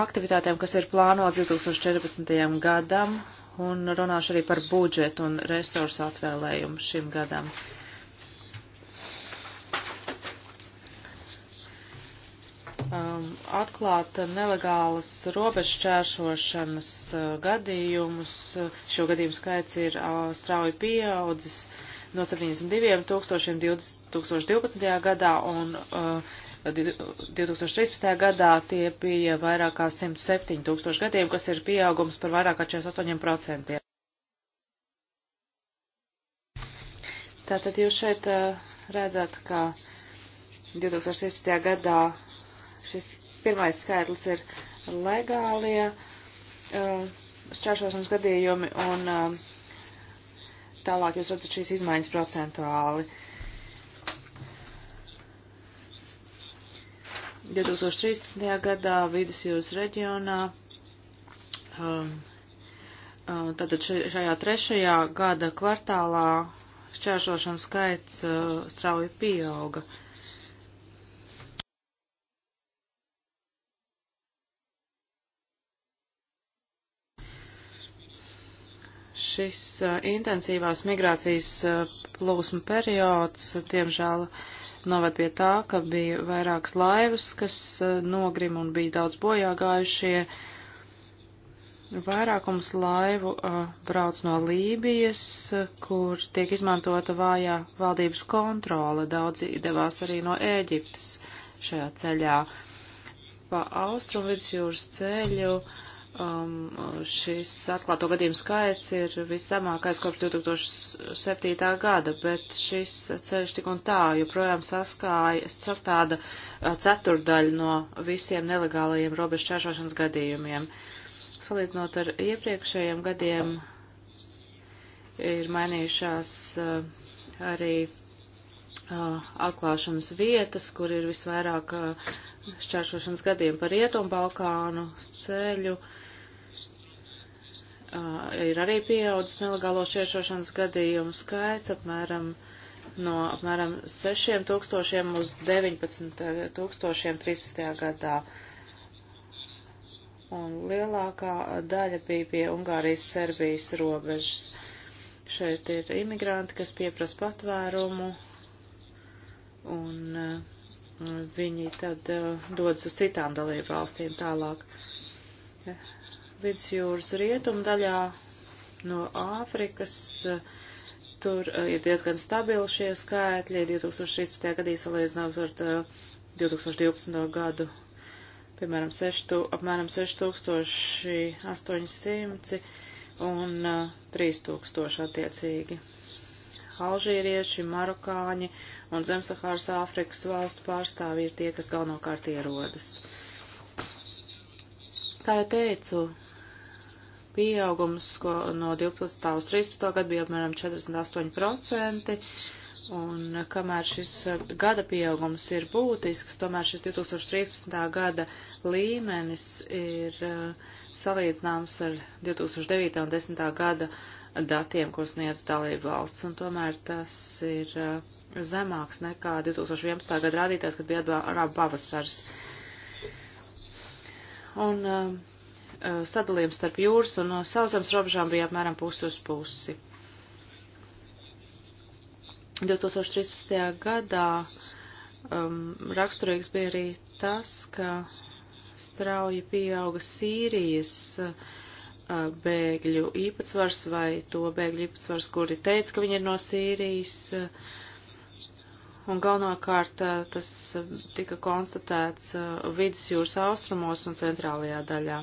aktivitātēm, kas ir plānotas 2014. gadam, un runāšu arī par budžetu un resursu atvēlējumu šim gadam. Um, atklāt nelegālas robežšķēršošanas uh, gadījumus, šo gadījumu skaits ir uh, strauji pieaudzis. Uh, no 72 tūkstošiem 2012. gadā un uh, 2013. gadā tie bija vairāk kā 107 tūkstoši gadiem, kas ir pieaugums par vairāk kā 48%. Tātad jūs šeit uh, redzat, ka 2016. gadā šis pirmais skaitlis ir legālie uh, šķēršošanas gadījumi un uh, tālāk jūs redzat šīs izmaiņas procentuāli. 2013. gadā vidusjūras reģionā, um, uh, tātad šajā trešajā gada kvartālā šķēršošanas skaits uh, strauji pieauga. Uh, Šis intensīvās migrācijas plūsma periods, diemžēl, noved pie tā, ka bija vairākas laivas, kas nogrim un bija daudz bojā gājušie. Vairākums laivu uh, brauc no Lībijas, kur tiek izmantota vājā valdības kontrole. Daudzi devās arī no Ēģiptes šajā ceļā. Pa austrumvidusjūras ceļu uh, um, šis atklāto gadījumu skaits ir viszemākais kopš 2007. gada, bet šis ceļš tik un tā joprojām saskāja, sastāda uh, ceturdaļu no visiem nelegālajiem robežu čēršošanas gadījumiem. Salīdzinot ar iepriekšējiem gadiem, ir mainījušās uh, arī atklāšanas vietas, kur ir visvairāk šķēršošanas gadiem par Rietumu Balkānu ceļu. Ir arī pieaudzis nelegālo šķēršošanas gadījumu skaits apmēram no apmēram 6 tūkstošiem uz 19 tūkstošiem 13. gadā. Un lielākā daļa bija pie Ungārijas-Serbijas robežas. Šeit ir imigranti, kas pieprasa patvērumu, un uh, viņi tad uh, dodas uz citām dalību valstīm tālāk. Vidusjūras rietumu daļā no Āfrikas uh, tur ir diezgan stabili šie skaitļi. 2016. gadī salīdzinājums ar 2012. gadu, piemēram, 6, apmēram 6800 un 3000 attiecīgi alžīrieši, marokāņi un Zemsahāras Āfrikas valstu pārstāvji ir tie, kas galvenokārt ierodas. Kā jau teicu, pieaugums ko, no 12. uz 13. gadu bija apmēram 48%, un kamēr šis gada pieaugums ir būtisks, tomēr šis 2013. gada līmenis ir eh, salīdzināms ar 2009. un 10. gada līmeni datiem, kurus sniedz dalību valsts, un tomēr tas ir uh, zemāks nekā 2011. gada rādītājs, kad bija arābu pavasars. Un uh, uh, sadalījums starp jūras un sauszemes robežām bija apmēram pusi uz pusi. 2013. gadā um, raksturīgs bija arī tas, ka strauji pieauga Sīrijas uh, bēgļu īpatsvars vai to bēgļu īpatsvars, kuri teica, ka viņi ir no Sīrijas. Un galvenokārt tas tika konstatēts vidusjūras austrumos un centrālajā daļā.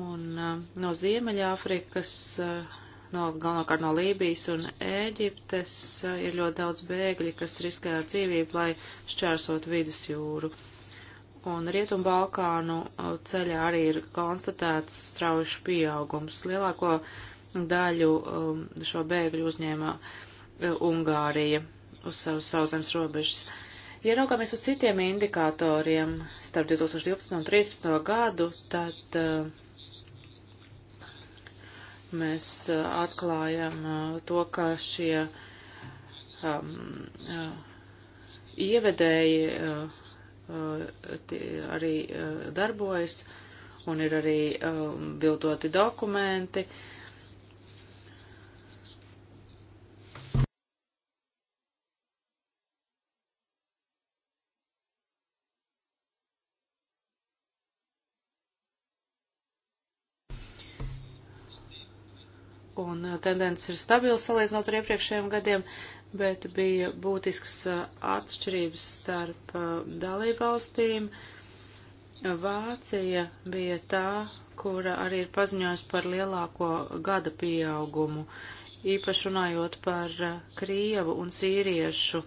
Un no Ziemeļāfrikas, no, galvenokārt no Lībijas un Ēģiptes ir ļoti daudz bēgļi, kas riskē ar dzīvību, lai šķērsot vidusjūru. jūru un Rietumbalkānu uh, ceļā arī ir konstatēts straujuši pieaugums. Lielāko daļu um, šo bēgļu uzņēma uh, Ungārija uz savas sauzemes robežas. Ja raugāmies uz citiem indikatoriem starp 2012 un 2013 gadu, tad uh, mēs atklājam to, ka šie um, ievedēji uh, Uh, arī uh, darbojas, un ir arī um, viltoti dokumenti. un uh, tendence ir stabila salīdzinot ar iepriekšējiem gadiem, bet bija būtisks uh, atšķirības starp uh, dalībvalstīm. Vācija bija tā, kura arī ir paziņojusi par lielāko gada pieaugumu, īpaši runājot par uh, Krievu un Sīriešu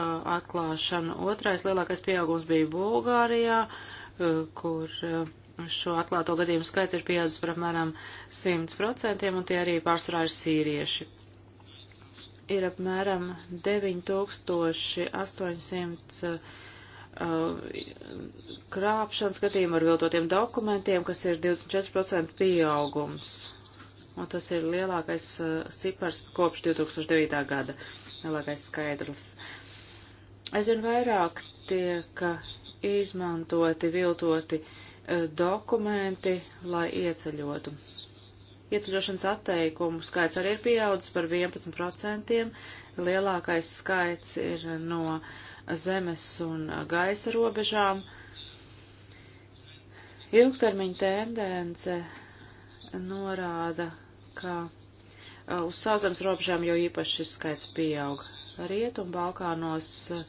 atklāšanu. Otrais lielākais pieaugums bija Bulgārijā, kur šo atklāto gadījumu skaits ir pieaudzis par apmēram 100%, un tie arī pārsvarā ir sīrieši ir apmēram 9800 uh, krāpšanas gadījumu ar viltotiem dokumentiem, kas ir 24% pieaugums. Un tas ir lielākais uh, cipars kopš 2009. gada, lielākais skaidrs. Aizvien vairāk tiek izmantoti viltoti uh, dokumenti, lai ieceļotu. Ieceļošanas atteikumu skaits arī ir pieaudzis par 11%. Lielākais skaits ir no zemes un gaisa robežām. Ilgtermiņa tendence norāda, ka uh, uz sauszemes robežām jau īpaši šis skaits pieaug. Rietum Balkānos uh,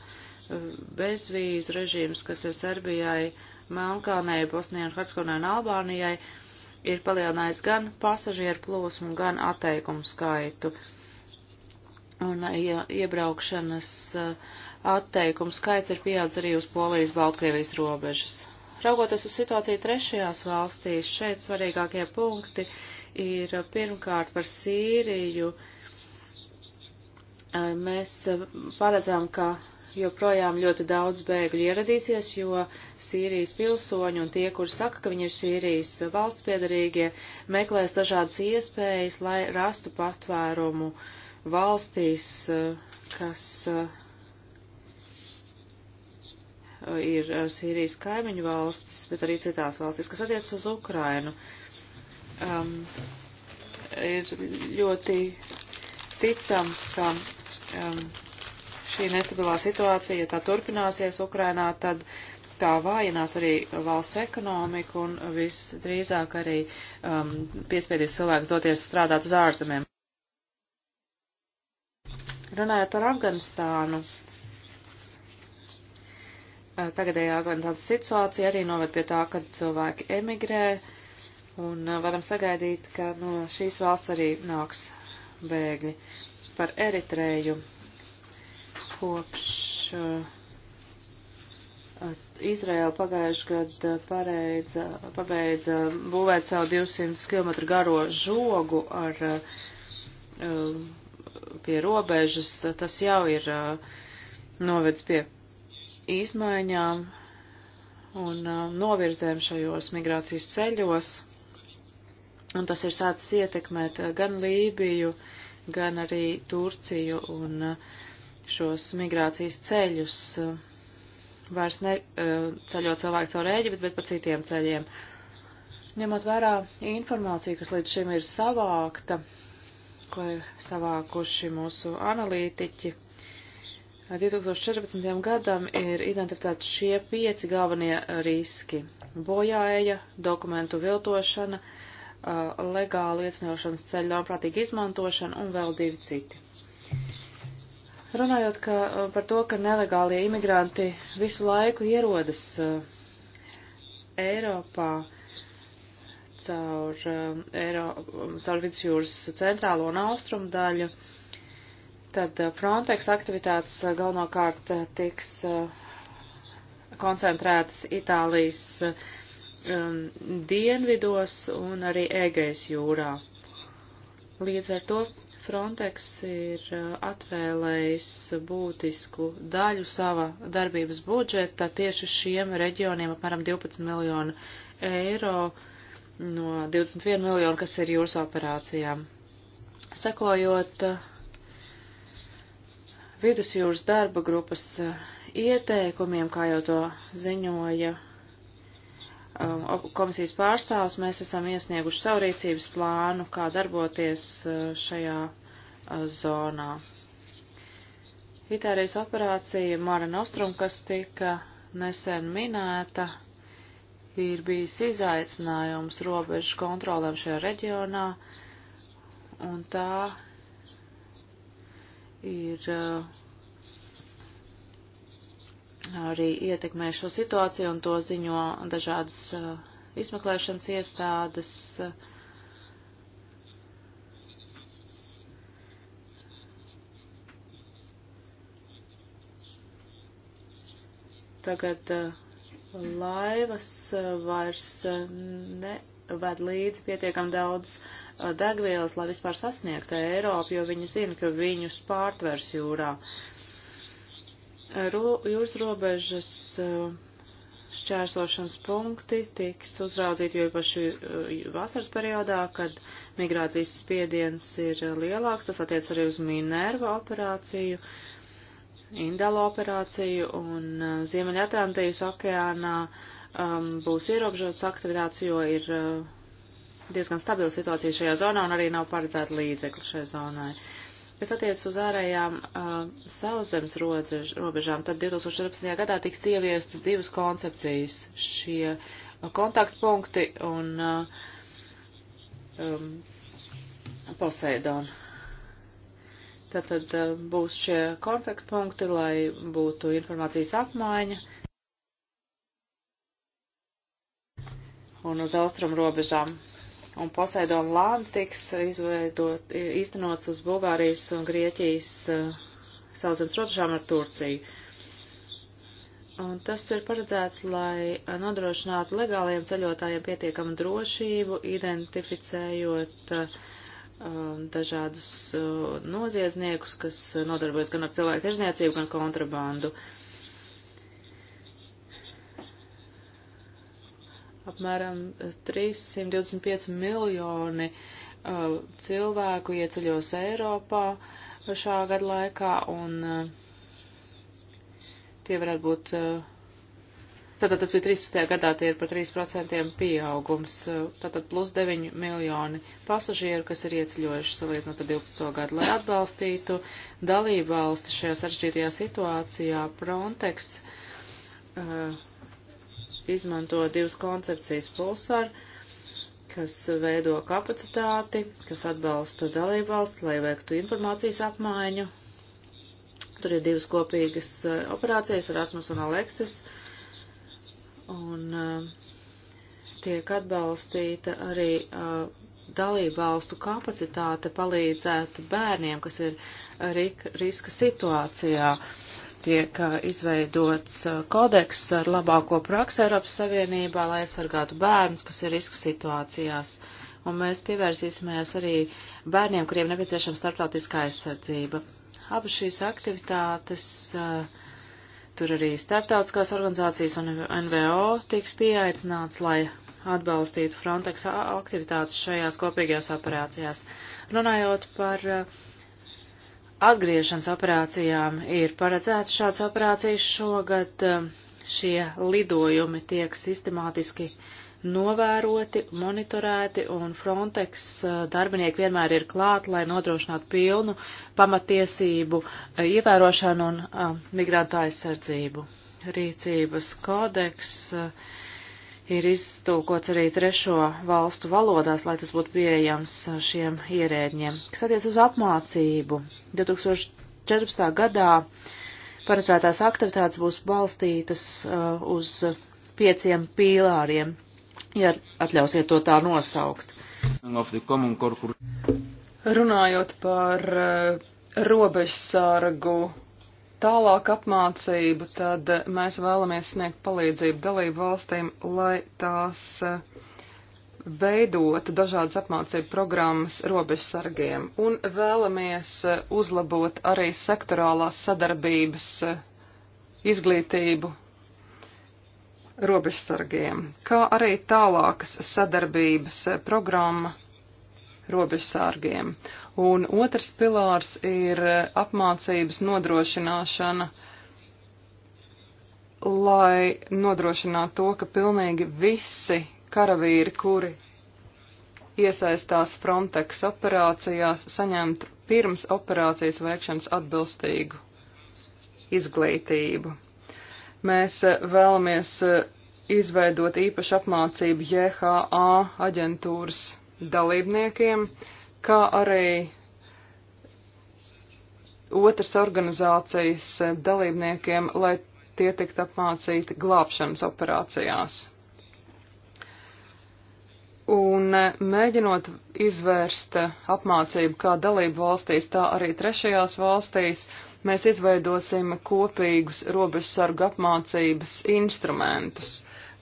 bezvīzu režīms, kas ir Serbijai, Melnkalnei, Bosnijai un Hercegovinai un Albānijai, uh, ir palielinājis gan pasažieru plūsmu, gan atteikumu skaitu. Un ja, iebraukšanas eh, atteikumu skaits ir pieaudzis arī uz Polijas-Baltkrievijas robežas. Raugoties uz situāciju trešajās valstīs, šeit svarīgākie punkti ir eh, pirmkārt par Sīriju. Eh, mēs paredzam, ka joprojām ļoti daudz bēgļu ieradīsies, jo Sīrijas pilsoņi un tie, kur saka, ka viņi ir Sīrijas valsts piedarīgie, meklēs dažādas iespējas, lai rastu patvērumu valstīs, kas eh, ir eh, Sīrijas kaimiņu valstis, bet arī citās valstis, kas attiecas uz Ukrainu. Um, ir ļoti ticams, ka um, šī nestabilā situācija, ja tā turpināsies Ukrainā, tad tā vājinās arī valsts ekonomiku un visdrīzāk arī um, piespiedīs cilvēks doties strādāt uz ārzemēm. Runājot par Afganistānu, uh, tagadējā Afganistānas situācija arī noved pie tā, ka cilvēki emigrē un uh, varam sagaidīt, ka no šīs valsts arī nāks bēgļi par Eritreju kopš uh, Izraela pagājuši gadu pareidza, pabeidza būvēt savu 200 km garo žogu ar, uh, pie robežas, tas jau ir uh, novedis pie izmaiņām un uh, novirzēm šajos migrācijas ceļos, un tas ir sācis ietekmēt gan Lībiju, gan arī Turciju un uh, šos migrācijas ceļus, vairs ne e, ceļot cilvēku caur Ēģipti, bet pa citiem ceļiem. Ņemot vērā informāciju, kas līdz šim ir savākta, ko ir savākuši mūsu analītiķi, 2014. E, gadam ir identificēti šie pieci galvenie riski - bojāja, dokumentu viltošana, e, legāla liecinošanas ceļa ļaunprātīga izmantošana un vēl divi citi. Runājot ka, eh, par to, ka nelegālie imigranti visu laiku ierodas eh, Eiropā caur, eh, Eiro, caur vidusjūras centrālo un austrumu daļu, tad Frontex aktivitātes galvenokārt tiks koncentrētas Itālijas um, dienvidos un arī Egejas jūrā. Līdz ar to Frontex ir uh, atvēlējis būtisku daļu sava darbības budžeta tieši šiem reģioniem, apmēram 12 miljonu eiro no 21 miljonu, kas ir jūras operācijām. Sekojot uh, vidusjūras darba grupas uh, ieteikumiem, kā jau to ziņoja um, komisijas pārstāvs, mēs esam iesnieguši savu rīcības plānu, kā darboties šajā zonā. Itālijas operācija Mara Nostrum, kas tika nesen minēta, ir bijis izaicinājums robežu kontrolēm šajā reģionā, un tā ir uh, arī ietekmē šo situāciju, un to ziņo dažādas uh, izmeklēšanas iestādes. Uh, Tagad eh, laivas eh, vairs eh, ne ved līdz pietiekam daudz degvielas, lai vispār sasniegtu Eiropu, jo viņi zina, ka viņus pārtvers jūrā. Ro, jūras robežas šķērsošanas punkti tiks uzraudzīti jo īpaši vasaras periodā, kad migrācijas spiediens ir lielāks, tas attiec arī uz Minerva operāciju. Uh, Indala operāciju un eh, Ziemeļa Atlantijas okeānā um, būs ierobežotas aktivitātes, jo ir uh, diezgan stabila situācija šajā zonā un arī nav paredzēta līdzekļu šai zonai. Kas attiecas uz ārējām uh, sauszemes robežām, tad 2014. gadā tiks ieviestas divas koncepcijas - šie kontaktpunkti un uh, um, Poseidona Tātad būs šie konfekta punkti, lai būtu informācijas apmaiņa. Un uz austrumu robežām. Un Poseidon Lāna tiks izveidot, īstenots uz Bulgārijas un Grieķijas uh, sauszemes robežām ar Turciju. Un tas ir paredzēts, lai nodrošinātu legāliem ceļotājiem pietiekamu drošību, identificējot uh, Um, dažādus uh, noziedzniekus, kas uh, nodarbojas gan ar cilvēku tirzniecību, gan kontrabandu. Apmēram 325 uh, miljoni cilvēku ieceļos Eiropā šā gada laikā, un tie varētu būt uh, Tātad tas bija 13. gadā, tie ir par 3% pieaugums, tātad plus 9 miljoni pasažieru, kas ir iecļojuši salīdzinot ar 12. gadu, lai atbalstītu dalību valsti šajā sarežģītajā situācijā. Frontex uh, izmanto divas koncepcijas pulsar, kas veido kapacitāti, kas atbalsta dalību valsti, lai veiktu informācijas apmaiņu. Tur ir divas kopīgas eh, operācijas, Erasmus un Alexis. Uh, un eh, tiek atbalstīta arī eh, dalību valstu kapacitāte palīdzēt bērniem, kas ir eh, riska situācijā. Tiek izveidots kodeks ar labāko praksi Eiropas Savienībā, lai aizsargātu bērnus, kas ir riska situācijās. Un mēs pievērsīsimies arī bērniem, kuriem nepieciešama starptautiskā aizsardzība. Abas šīs aktivitātes uh, Tur arī starptautiskās organizācijas un NVO tiks pieaicināts, lai atbalstītu Frontex aktivitātes šajās kopīgajās operācijās. Runājot par uh, atgriešanas operācijām, ir paredzēts šāds operācijas šogad. Uh, šie lidojumi tiek sistemātiski uh, novēroti, monitorēti, un Frontex eh, darbinieki vienmēr ir klāt, lai nodrošinātu pilnu pamatiesību eh, ievērošanu un a, eh, migrantu aizsardzību. Rīcības kodeks a, ir iztūkots arī trešo valstu valodās, lai tas būtu pieejams šiem ierēdņiem. Kas attiec uz apmācību, 2014. gadā paredzētās aktivitātes būs balstītas a, uz pieciem pīlāriem ja atļausiet to tā nosaukt. Runājot par eh, robežsargu tālāk apmācību, tad mēs vēlamies sniegt palīdzību dalību valstīm, lai tās eh, veidotu dažādas apmācību programmas robežsargiem un vēlamies eh, uzlabot arī sektorālās sadarbības izglītību robežsargiem, kā arī tālākas sadarbības programma robežsārgiem. Un otrs pilārs ir apmācības nodrošināšana, lai nodrošinātu to, ka pilnīgi visi karavīri, kuri iesaistās Frontex operācijās, saņemtu pirms operācijas veikšanas atbilstīgu izglītību. Mēs eh, vēlamies eh, izveidot īpašu apmācību JHA aģentūras dalībniekiem, kā arī otras organizācijas eh, dalībniekiem, lai tie tiktu apmācīti glābšanas operācijās. Un mēģinot izvērst apmācību kā dalību valstīs, tā arī trešajās valstīs, uh, mēs izveidosim kopīgus robežsargu apmācības instrumentus.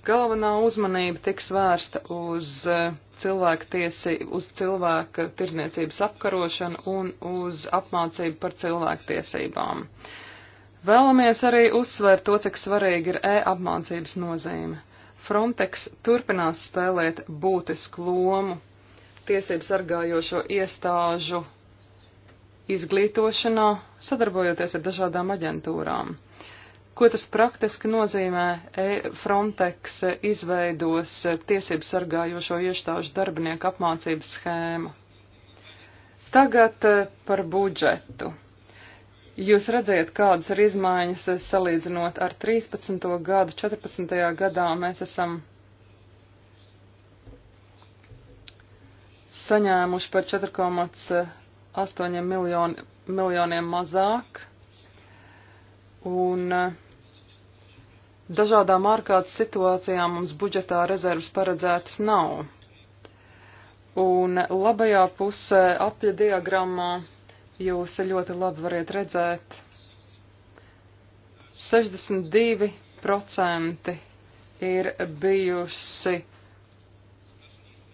Galvenā uzmanība tiks vērsta uz e, cilvēku tiesi, uz cilvēka tirzniecības apkarošanu un uz apmācību par cilvēktiesībām. Vēlamies arī uzsvērt to, cik svarīgi ir e-apmācības nozīme. Frontex turpinās spēlēt būtisku lomu tiesību sargājošo iestāžu izglītošanā, sadarbojoties ar dažādām aģentūrām. Ko tas praktiski nozīmē? E Frontex izveidos tiesību sargājošo iestāžu darbinieku apmācības schēmu. Tagad e, par budžetu. Jūs redzējat, kādas ir izmaiņas e, salīdzinot ar 13. gadu, 14. gadā mēs esam saņēmuši par 4,5 8 miljoni, miljoniem mazāk. Un eh, dažādām ārkārtas situācijām mums budžetā rezervas paredzētas nav. Un labajā pusē apja diagrammā jūs ļoti labi variet redzēt 62% ir bijusi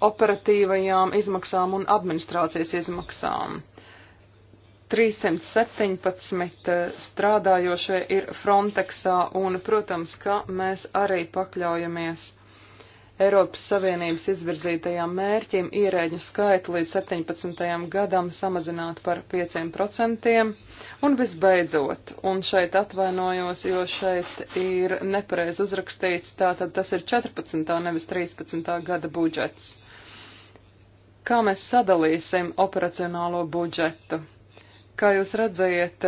operatīvajām izmaksām un administrācijas izmaksām. 317 eh, strādājošie ir Frontexā un, protams, ka mēs arī pakļaujamies Eiropas Savienības izvirzītajām mērķim ierēģu skaitu līdz 17. gadam samazināt par 5%. Un visbeidzot, un šeit atvainojos, jo šeit ir nepareiz uzrakstīts, tātad tas ir 14. nevis 13. gada budžets. Kā mēs sadalīsim operacionālo budžetu? Kā jūs redzējat,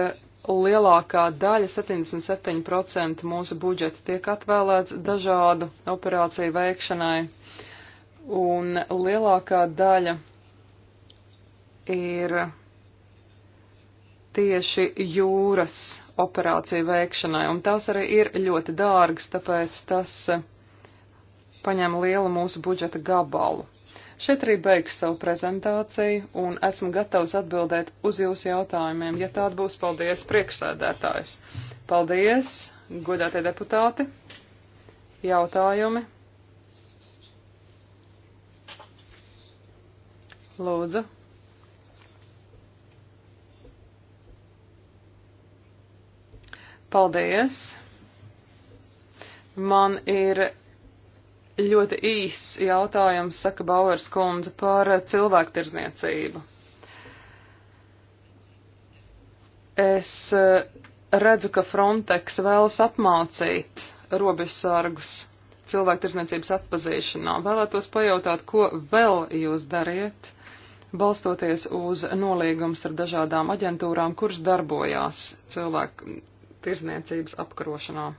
lielākā daļa, 77% mūsu budžeta tiek atvēlēts dažādu operāciju veikšanai, un lielākā daļa ir tieši jūras operāciju veikšanai, un tās arī ir ļoti dārgas, tāpēc tas paņem lielu mūsu budžeta gabalu. Šeit arī beigšu savu prezentāciju un esmu gatavs atbildēt uz jūsu jautājumiem. Ja tāda būs, paldies, priekšsēdētājs. Paldies, godātie deputāti. Jautājumi. Lūdzu. Paldies. Man ir Ļoti īs jautājums, saka Bauers kundze, par cilvēktirzniecību. Es eh, redzu, ka Frontex vēlas apmācīt robežsargus cilvēktirzniecības atpazīšanā. Vēlētos pajautāt, ko vēl jūs dariet, balstoties uz nolīgums ar dažādām aģentūrām, kuras darbojās cilvēktirzniecības apkarošanā.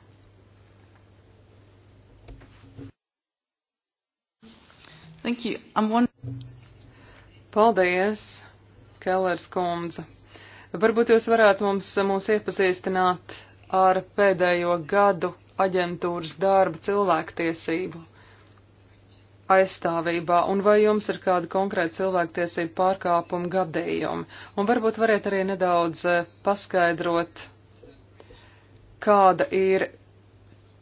Thank you. I'm one... Paldies, Kellers kundze. Varbūt jūs varētu mums, mums iepazīstināt ar pēdējo gadu aģentūras darbu cilvēktiesību aizstāvībā, un vai jums ir kāda konkrēta cilvēktiesība pārkāpuma gadījumi? Un varbūt varētu arī nedaudz eh, paskaidrot, kāda ir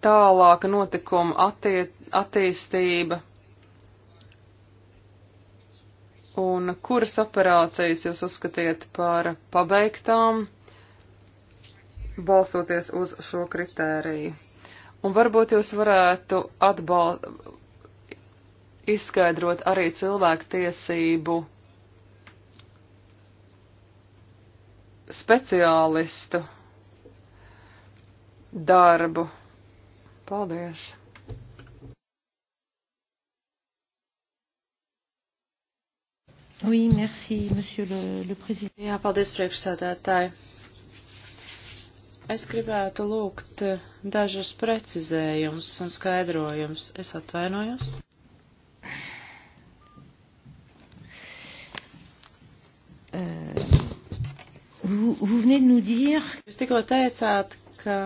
tālāka notikuma attie, attīstība un kuras operācijas jūs uzskatiet par pabeigtām, balstoties uz šo kritēriju. Un varbūt jūs varētu atbal... izskaidrot arī cilvēku tiesību speciālistu darbu. Paldies! Oui, merci, monsieur le, le président. Jā, paldies, priekšsādātāji. Es gribētu lūgt eh, dažus precizējumus un skaidrojumus. Es atvainojos. Uh, vous, vous venez de nous dire. Jūs tikko teicāt, ka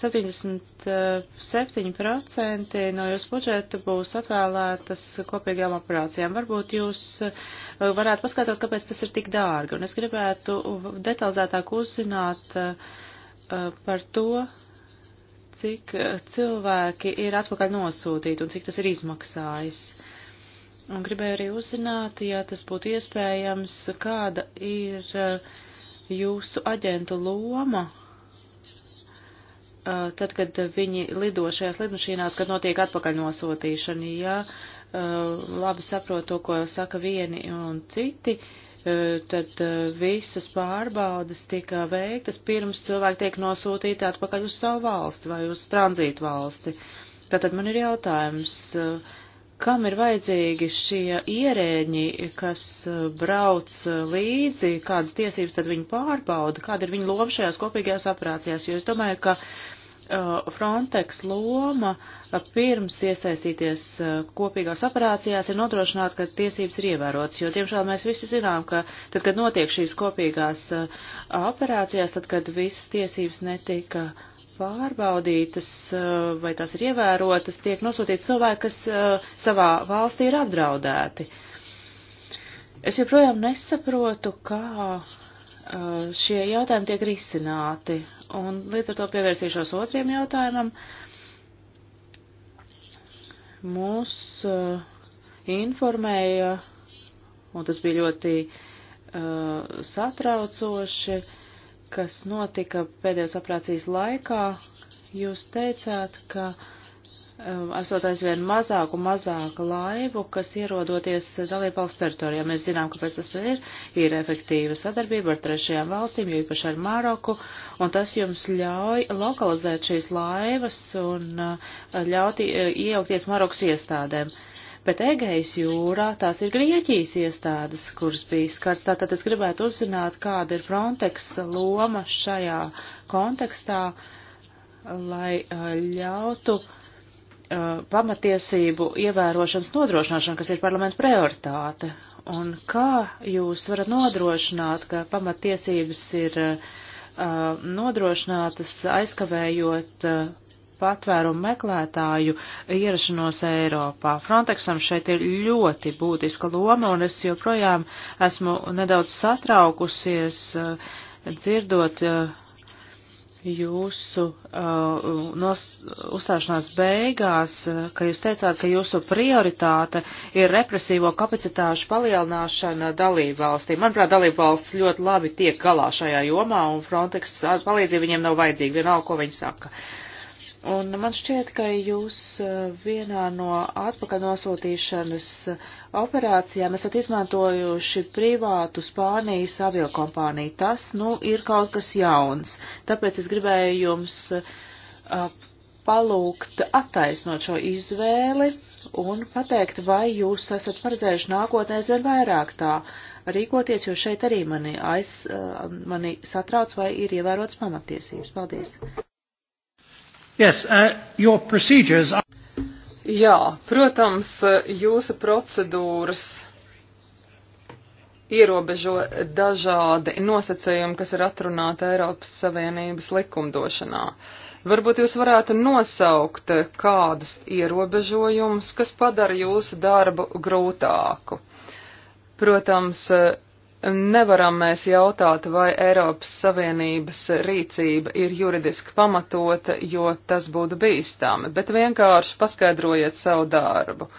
77% eh, no jūsu budžeta būs atvēlētas kopīgām operācijām. Varbūt jūs eh, varētu paskatāt, kāpēc tas ir tik dārgi. Un es gribētu detalizētāk uzzināt eh, par to, cik cilvēki ir atpakaļ nosūtīti un cik tas ir izmaksājis. Un gribēju arī uzzināt, ja tas būtu iespējams, kāda ir jūsu aģentu loma Uh, tad, kad viņi lido šajās lidmašīnās, kad notiek atpakaļ nosūtīšana. Ja uh, labi saprot to, ko saka vieni un citi, uh, tad visas pārbaudas tika veiktas pirms cilvēki tiek nosūtīti atpakaļ uz savu valsti vai uz tranzītu valsti. Tātad man ir jautājums, uh, kam ir vajadzīgi šie ierēģi, kas uh, brauc uh, līdzi, kādas tiesības tad viņi pārbauda, kāda ir viņa loma šajās kopīgajās operācijās, jo es domāju, ka uh, Frontex loma uh, pirms iesaistīties uh, kopīgās operācijās ir nodrošināt, ka tiesības ir ievērotas, jo, diemžēl, mēs visi zinām, ka tad, kad notiek šīs kopīgās uh, operācijās, tad, kad visas tiesības netika pārbaudītas eh, vai tās ir ievērotas, tiek nosūtīti cilvēki, kas eh, savā valstī ir apdraudēti. Es joprojām nesaprotu, kā eh, šie jautājumi tiek risināti, un līdz ar to pievērsīšos otriem jautājumam. Mūs informēja, un tas bija ļoti satraucoši, uh, kas notika pēdējos operācijas laikā, jūs teicāt, ka um, esot aizvien mazāk un mazāk laivu, kas ierodoties dalībvalsts teritorijā. Mēs zinām, kāpēc tas ir. Ir efektīva sadarbība ar trešajām valstīm, jo īpaši ar Maroku, un tas jums ļauj lokalizēt šīs laivas un uh, ļaut uh, iejaukties Marokas iestādēm. Uh, bet Egejas jūrā tās ir Grieķijas iestādes, kuras bija skarts. Tātad es gribētu uzzināt, kāda ir Frontex loma šajā kontekstā, lai uh, ļautu uh, pamatiesību ievērošanas nodrošināšanu, kas ir parlamenta prioritāte. Un kā jūs varat nodrošināt, ka pamatiesības ir uh, nodrošinātas aizkavējot uh, patvērumu meklētāju ierašanos Eiropā. Frontexam šeit ir ļoti būtiska loma, un es joprojām esmu nedaudz satraukusies eh, dzirdot eh, jūsu uh, nos, uzstāšanās beigās, ka jūs teicāt, ka jūsu prioritāte ir represīvo kapacitāšu palielināšana dalību valstī. Manuprāt, dalību valsts ļoti labi tiek galā šajā jomā, un Frontex palīdzība viņiem nav vajadzīga, vienalga, ko viņi saka. Un man šķiet, ka jūs eh, vienā no atpakaļ nosūtīšanas operācijām esat izmantojuši privātu Spānijas aviokompāniju. Tas, nu, ir kaut kas jauns. Tāpēc es gribēju jums uh, palūgt attaisnot šo izvēli un pateikt, vai jūs esat paredzējuši nākotnē aizvien vairāk tā rīkoties, jo šeit arī mani, aiz, uh, mani satrauc, vai ir ievērotas pamatiesības. Paldies! Yes, uh, your procedures are... Jā, protams, uh, jūsu procedūras ierobežo dažādi nosacījumi, kas ir atrunāti Eiropas Savienības likumdošanā. Varbūt jūs varētu nosaukt kādus ierobežojumus, kas padara jūsu darbu grūtāku. Protams, uh, Nevaram mēs jautāt, vai Eiropas Savienības rīcība ir juridiski pamatota, jo tas būtu bīstami, bet vienkārši paskaidrojiet savu darbu.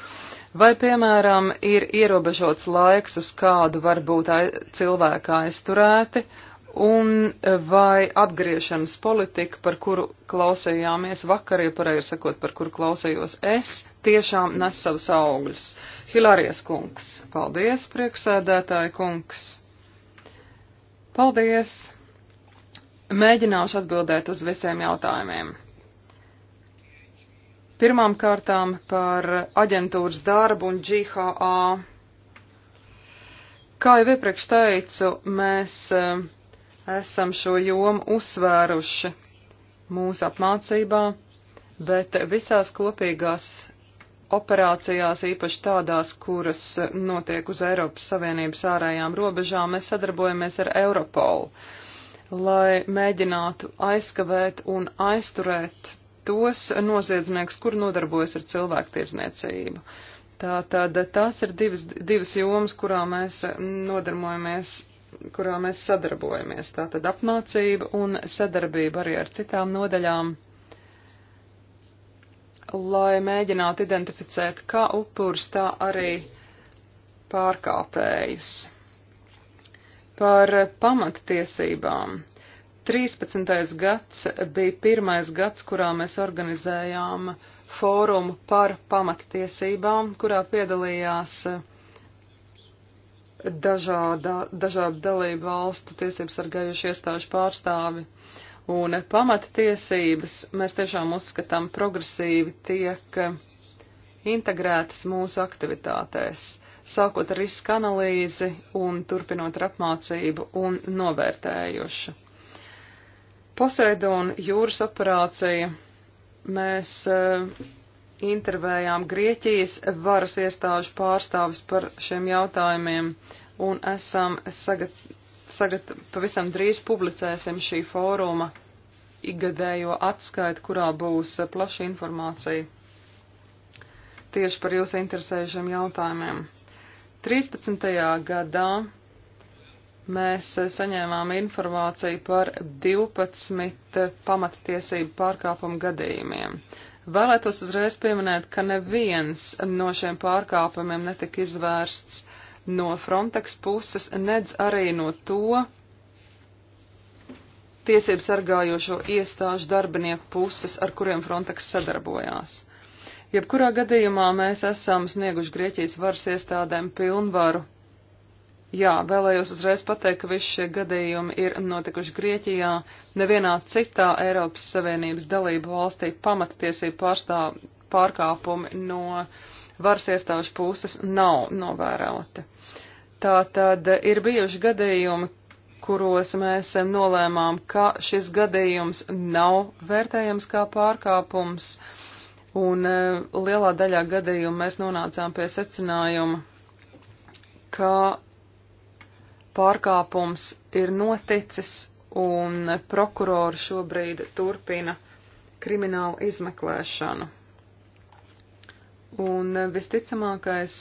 Vai, piemēram, ir ierobežots laiks, uz kādu var būt ai cilvēki aizturēti, un eh, vai atgriešanas politika, par kuru klausījāmies vakar, ja pareizi sakot, par kuru klausījos es, tiešām nes savus augļus. Hilārijas kungs, paldies, prieksēdētāji kungs. Paldies! Mēģināšu atbildēt uz visiem jautājumiem. Pirmām kārtām par aģentūras darbu un GHA. Kā jau iepriekš teicu, mēs uh, esam šo jomu uzsvēruši mūsu apmācībā, bet visās kopīgās operācijās, īpaši tādās, kuras notiek uz Eiropas Savienības ārējām robežām, mēs sadarbojamies ar Europolu, lai mēģinātu aizskavēt un aizturēt tos noziedzniekus, kur nodarbojas ar cilvēktiesniecību. Tātad tās ir divas, divas jomas, kurā mēs nodarbojamies kurā mēs sadarbojamies. Tātad apmācība un sadarbība arī ar citām nodaļām, lai mēģinātu identificēt kā upurs, tā arī pārkāpējus. Par pamattiesībām. 13. gads bija pirmais gads, kurā mēs organizējām fórumu par pamattiesībām, kurā piedalījās uh, dažāda, dažādu dalību valstu tiesību sargājuši iestāžu pārstāvi. Un pamata tiesības mēs tiešām uzskatām progresīvi tiek integrētas mūsu aktivitātēs, sākot ar riska analīzi un turpinot ar apmācību un novērtējušu. Poseidon jūras operācija mēs intervējām Grieķijas varas iestāžu pārstāvis par šiem jautājumiem un esam sagat, sagat, pavisam drīz publicēsim šī fóruma igadējo atskaitu, kurā būs plaša informācija tieši par jūsu interesējušiem jautājumiem. 13. gadā mēs saņēmām informāciju par 12 pamattiesību pārkāpumu gadījumiem. Vēlētos uzreiz pieminēt, ka neviens no šiem pārkāpumiem netika izvērsts no Frontex puses, nedz arī no to tiesību sargājošo iestāžu darbinieku puses, ar kuriem Frontex sadarbojās. Jebkurā gadījumā mēs esam snieguši Grieķijas varas iestādēm pilnvaru Jā, vēlējos uzreiz pateikt, ka visi šie gadījumi ir notikuši Grieķijā. Nevienā citā Eiropas Savienības dalību valstī pamatiesību pārstāv pārkāpumi no varas iestāžu puses nav novēroti. Tātad ir bijuši gadījumi, kuros mēs nolēmām, ka šis gadījums nav vērtējams kā pārkāpums, un eh, lielā daļā gadījumu mēs nonācām pie secinājuma, ka pārkāpums ir noticis un prokurori šobrīd turpina kriminālu izmeklēšanu. Un visticamākais,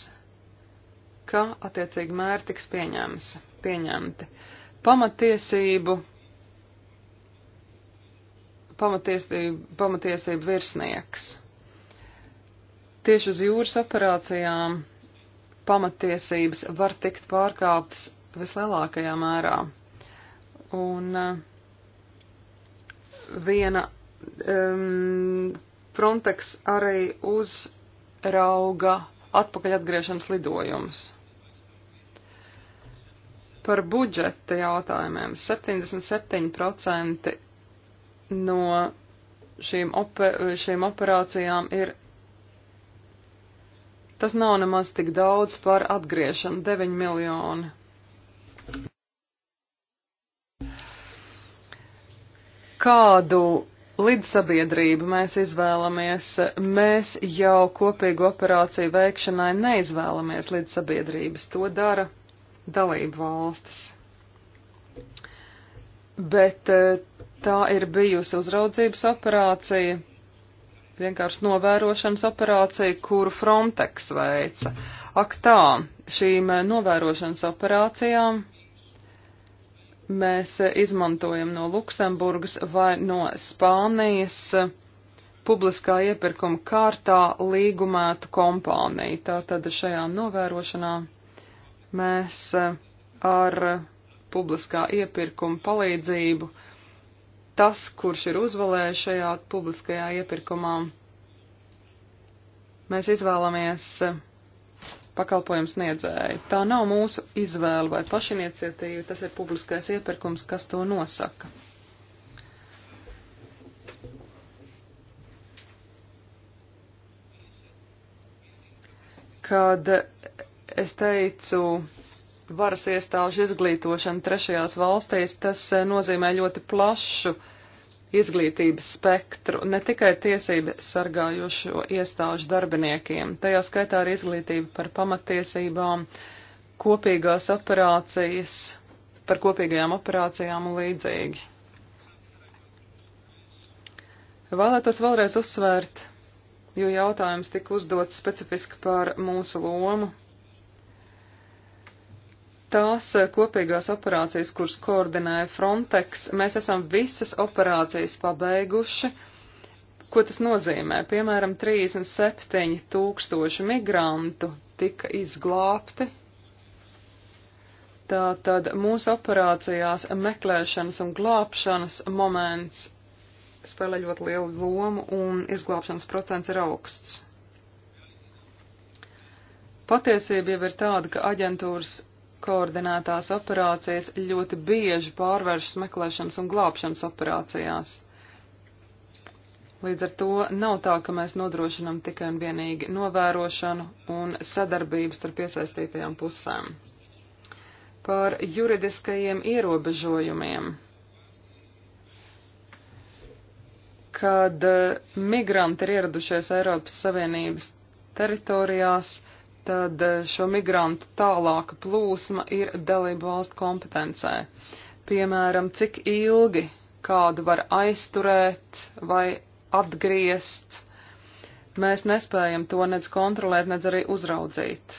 ka attiecīgi mēri tiks pieņēmis, pieņemti. Pamatiesību, pamatiesību, pamatiesību virsnieks. Tieši uz jūras operācijām pamatiesības var tikt pārkāptas vislielākajā mērā. Un eh, viena um, Frontex arī uzrauga atpakaļ atgriešanas lidojumus. Par budžeta jautājumiem 77% no šīm, oper, šīm operācijām ir. Tas nav nemaz tik daudz par atgriešanu - 9 miljoni. kādu lidsabiedrību mēs izvēlamies, mēs jau kopīgu operāciju veikšanai neizvēlamies lidsabiedrības. To dara dalību valstis. Bet eh, tā ir bijusi uzraudzības operācija, vienkārši novērošanas operācija, kuru Frontex veica. Ak tā, šīm eh, novērošanas operācijām mēs izmantojam no Luksemburgas vai no Spānijas publiskā iepirkuma kārtā līgumētu kompāniju. Tātad šajā novērošanā mēs ar publiskā iepirkuma palīdzību tas, kurš ir uzvalējis šajā publiskajā iepirkumā, mēs izvēlamies pakalpojums niedzēji. Tā nav mūsu izvēle vai pašiniciatīva, tas ir publiskais iepirkums, kas to nosaka. Kad es teicu, varas iestāžu izglītošana trešajās valstīs, tas eh, nozīmē ļoti plašu uh, izglītības spektru ne tikai tiesību sargājošo iestāžu darbiniekiem, tajā skaitā arī izglītība par pamatiesībām, kopīgās operācijas, par kopīgajām operācijām un līdzīgi. Vēlētos vēlreiz uzsvērt, jo jautājums tika uzdots specifiski par mūsu lomu tās eh, kopīgās operācijas, kuras koordinēja Frontex, mēs esam visas operācijas pabeiguši. Ko tas nozīmē? Piemēram, 37 tūkstoši migrantu tika izglābti. Tātad mūsu operācijās meklēšanas un glābšanas moments spēlē ļoti lielu lomu un izglābšanas procents ir augsts. Patiesība jau ir tāda, ka aģentūras koordinētās operācijas ļoti bieži pārvēršas meklēšanas un glābšanas operācijās. Līdz ar to nav tā, ka mēs nodrošinam tikai un vienīgi novērošanu un sadarbību starp iesaistītajām pusēm. Par juridiskajiem ierobežojumiem. Kad migranti ir ieradušies Eiropas Savienības teritorijās, uh, tad eh, šo migrantu tālāka plūsma ir dalību valstu kompetencē. Piemēram, cik ilgi kādu var aizturēt vai atgriezt, mēs nespējam to nedz kontrolēt, nedz arī uzraudzīt.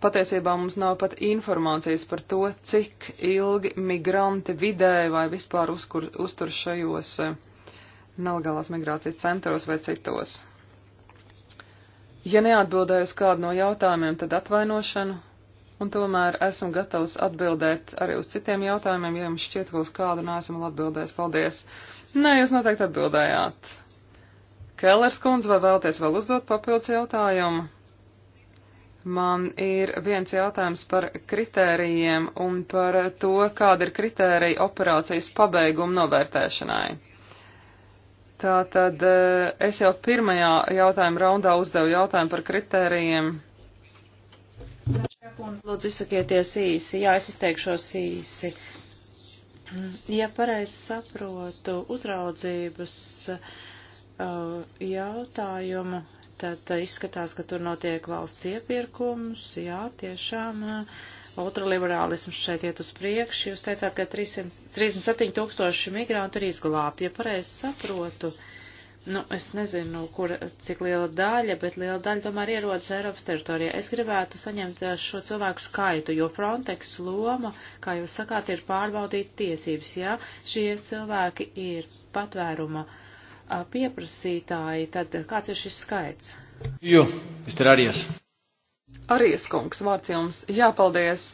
Patiesībā mums nav pat informācijas par to, cik ilgi migranti vidē vai vispār uzkur, uztur šajos eh, nelegālās migrācijas centros vai citos. Ja neatbildēju uz kādu no jautājumiem, tad atvainošanu, un tomēr esmu gatavs atbildēt arī uz citiem jautājumiem, ja jums šķiet, ka uz kādu neesam atbildējis. Paldies! Nē, jūs noteikti atbildējāt. Kellers kundze, vai vēlties vēl uzdot papildus jautājumu? Man ir viens jautājums par kritērijiem un par to, kāda ir kritērija operācijas pabeiguma novērtēšanai. Tā tad eh, es jau pirmajā jautājuma raundā uzdevu jautājumu par kritērijiem. Lūdzu, izsakieties īsi. Jā, es izteikšos īsi. Ja pareizi saprotu uzraudzības eh, jautājumu, tad eh, izskatās, ka tur notiek valsts iepirkums. Jā, tiešām. Uh, ultraliberālisms šeit iet uz priekšu. Jūs teicāt, ka 300, 37 tūkstoši migrantu ir izglābti. Ja pareizi saprotu, nu, es nezinu, kur, cik liela daļa, bet liela daļa tomēr ierodas Eiropas teritorijā. Es gribētu saņemt eh, šo cilvēku skaitu, jo Frontex loma, kā jūs sakāt, ir pārbaudīt tiesības. Ja šie cilvēki ir patvēruma eh, pieprasītāji, tad eh, kāds ir šis skaits? Jo, Mr. Arias. Arijas kungs, vārds jums jāpaldies.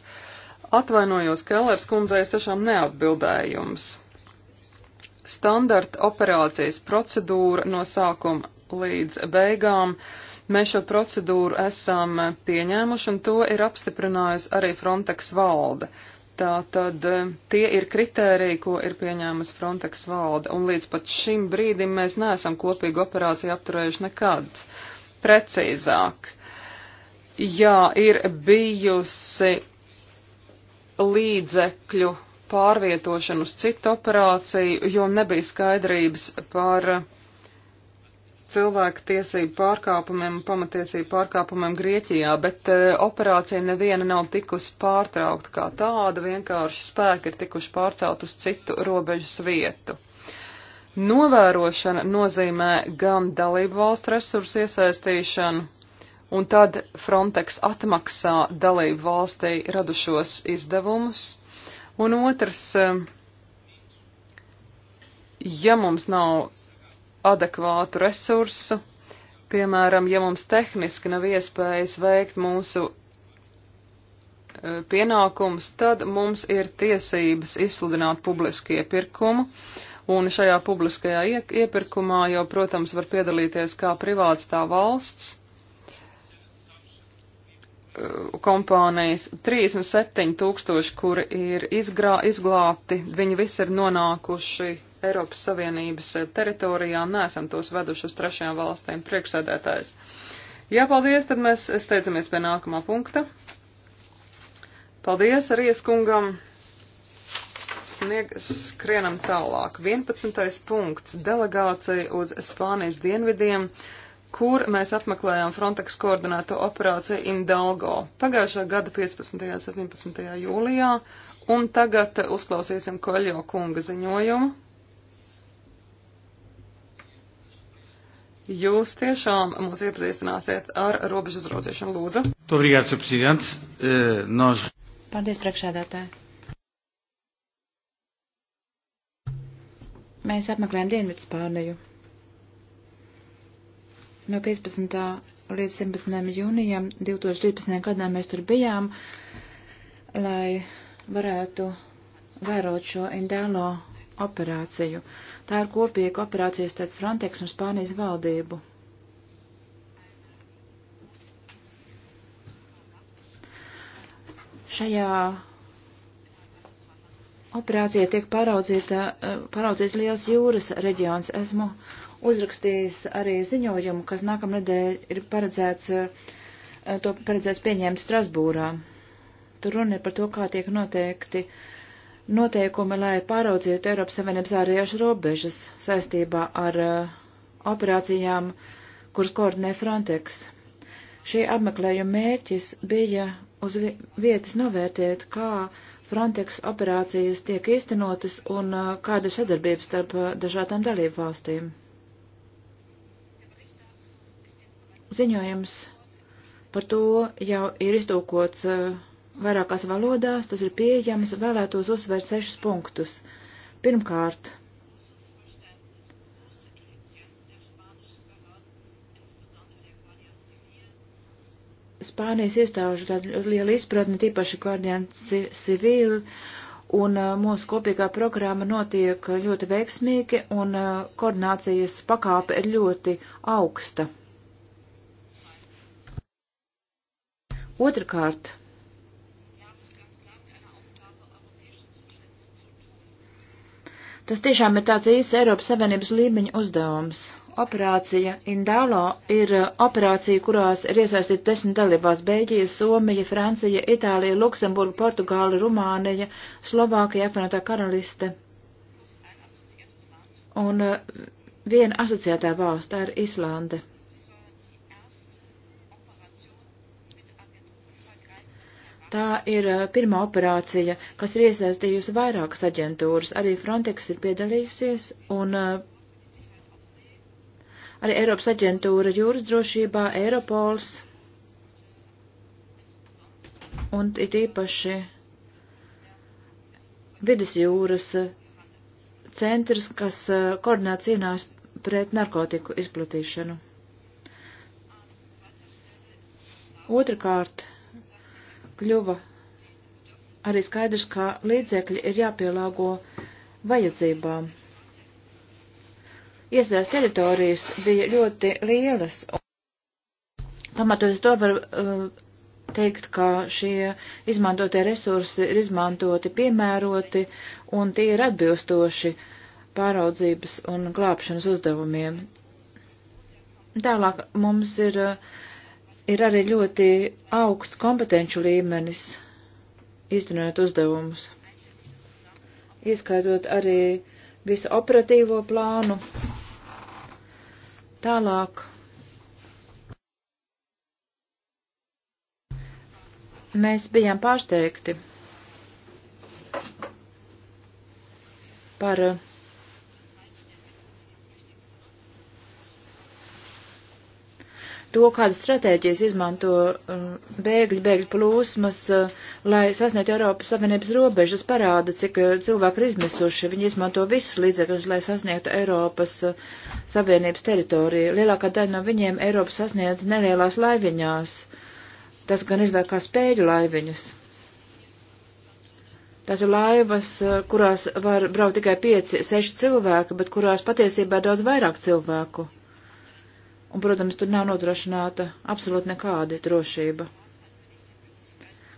Atvainojos, ka Ellers kundzei es tiešām neatbildēju jums. Standarta operācijas procedūra no sākuma līdz beigām. Mēs šo procedūru esam pieņēmuši un to ir apstiprinājusi arī Frontex valde. Tā tad eh, tie ir kritēriji, ko ir pieņēmusi Frontex valde, un līdz pat šim brīdim mēs neesam kopīgu operāciju apturējuši nekad. Precīzāk, jā, ir bijusi līdzekļu pārvietošana uz citu operāciju, jo nebija skaidrības par cilvēku tiesību pārkāpumiem un pamatiesību pārkāpumiem Grieķijā, bet uh, operācija neviena nav tikusi pārtraukta kā tāda, vienkārši spēki ir tikuši pārcelt uz citu robežas vietu. Novērošana nozīmē gan dalību valstu resursu iesaistīšanu, un tad Frontex atmaksā dalību valstī radušos izdevumus. Un otrs, eh, ja mums nav adekvātu resursu, piemēram, ja mums tehniski nav iespējas veikt mūsu eh, pienākums, tad mums ir tiesības izsludināt publisku iepirkumu. Un šajā publiskajā iepirkumā jau, protams, var piedalīties kā privāts tā valsts kompānijas, 37 tūkstoši, kuri ir izgrā, izglābti, viņi visi ir nonākuši Eiropas Savienības teritorijā, nesam tos veduši uz trešajām valstīm priekšsēdētājs. Jā, paldies, tad mēs steidzamies pie nākamā punkta. Paldies arī skungam. Snieg, skrienam tālāk. 11. punkts. Delegācija uz Spānijas dienvidiem kur mēs apmeklējām Frontex koordinēto operāciju Indalgo pagājušā gada 15. un 17. jūlijā, un tagad uzklausīsim Koļo kunga ziņojumu. Jūs tiešām mūs iepazīstināsiet ar robežu uzraudzīšanu, lūdzu. Obrigado, Sr. Presidente. Uh, nós... Paldies, priekšādātāji. Mēs apmeklējam Dienvidu Spāniju. No 15. līdz 17. jūnijam 2013. gadā mēs tur bijām, lai varētu vērot šo Indēlo operāciju. Tā ir kopīga operācija starp Frontex un Spānijas valdību. Šajā operācija tiek eh, paraudzīts liels jūras reģions. Esmu uzrakstījis arī ziņojumu, kas nākamnedēļ ir paredzēts, eh, to paredzēts pieņemt Strasbūrā. Tur runa ir par to, kā tiek noteikti noteikumi, lai pāraudzītu Eiropas Savienības ārējošas robežas saistībā ar uh, operācijām, kuras koordinē Frontex. Šī apmeklējuma mērķis bija uz vietas novērtēt, kā Frontex operācijas tiek īstenotas un kāda ir sadarbība starp dažādām dalību valstīm? Ziņojums par to jau ir iztūkots vairākās valodās, tas ir pieejams, vēlētos uzsvērt sešus punktus. Pirmkārt, Spānijas iestāžu tāda liela izpratne, tīpaši Guardian Civil, un uh, mūsu kopīgā programma notiek ļoti veiksmīgi, un uh, koordinācijas pakāpe ir ļoti augsta. Otrakārt, tas tiešām ir tāds īsts Eiropas Savienības līmeņa uzdevums. Operācija Indalo ir uh, operācija, kurās ir iesaistīta desmit dalībās - Beļģija, Somija, Francija, Itālija, Luksemburga, Portugāla, Rumānija, Slovākija, apvienotā karaliste. Un uh, viena asociētā valsts, tā ir Islande. Tā ir uh, pirmā operācija, kas ir iesaistījusi vairākas aģentūras. Arī Frontex ir piedalījusies un arī Eiropas aģentūra jūras drošībā, Eiropols un it īpaši vidus jūras centrs, kas uh, koordinēt cīnās pret narkotiku izplatīšanu. Otrakārt kļuva arī skaidrs, ka līdzekļi ir jāpielāgo vajadzībām iesaistās teritorijas bija ļoti lielas. Pamatoties to var uh, teikt, ka šie izmantotie resursi ir izmantoti piemēroti un tie ir atbilstoši pāraudzības un glābšanas uzdevumiem. Tālāk mums ir, eh, ir arī ļoti augsts kompetenču līmenis īstenojot uzdevumus, ieskaitot arī visu operatīvo plānu Tālāk. Mēs bijām pārsteigti par uh, to, kādas stratēģijas izmanto uh, bēgļi, bēgļu plūsmas, uh, lai sasniegtu Eiropas Savienības robežas, parāda, cik uh, cilvēki ir izmisuši. Viņi izmanto visus līdzekļus, lai sasniegtu Eiropas Savienības teritoriju. Lielākā daļa no viņiem Eiropas sasniedz nelielās laiviņās. Tas gan izvēl kā spēļu laiviņas. Tās ir laivas, kurās var braukt tikai 5-6 cilvēki, bet kurās patiesībā ir daudz vairāk cilvēku un, protams, tur nav nodrošināta absolūti nekāda drošība.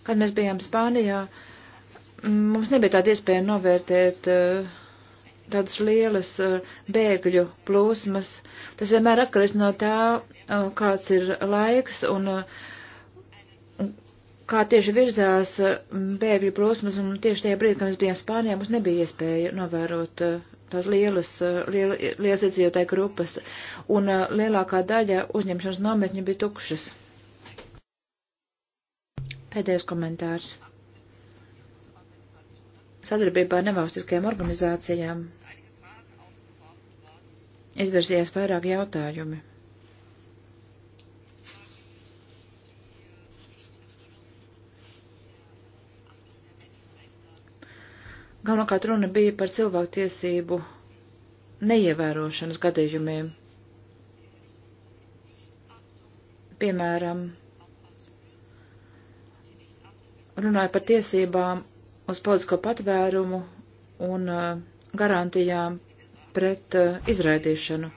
Kad mēs bijām Spānijā, mums nebija tāda iespēja novērtēt eh, tādas lielas eh, bēgļu plūsmas. Tas vienmēr atkarīgs no tā, eh, kāds ir laiks un uh, kā tieši virzās eh, bēgļu plosmas, un tieši tajā brīdī, kad mēs bijām Spānijā, mums nebija iespēja novērot eh, tās lielas, liel, eh, lielas iedzīvotāju grupas, un lielākā daļa uzņemšanas nometņu bija tukšas. Pēdējais komentārs. Sadarbībā ar nevalstiskajām organizācijām izvirzījās vairāk jautājumi. Galvenokārt runa bija par cilvēktiesību neievērošanas gadījumiem. Piemēram, runāja par tiesībām uz politisko patvērumu un uh, garantijām pret uh, izraidīšanu.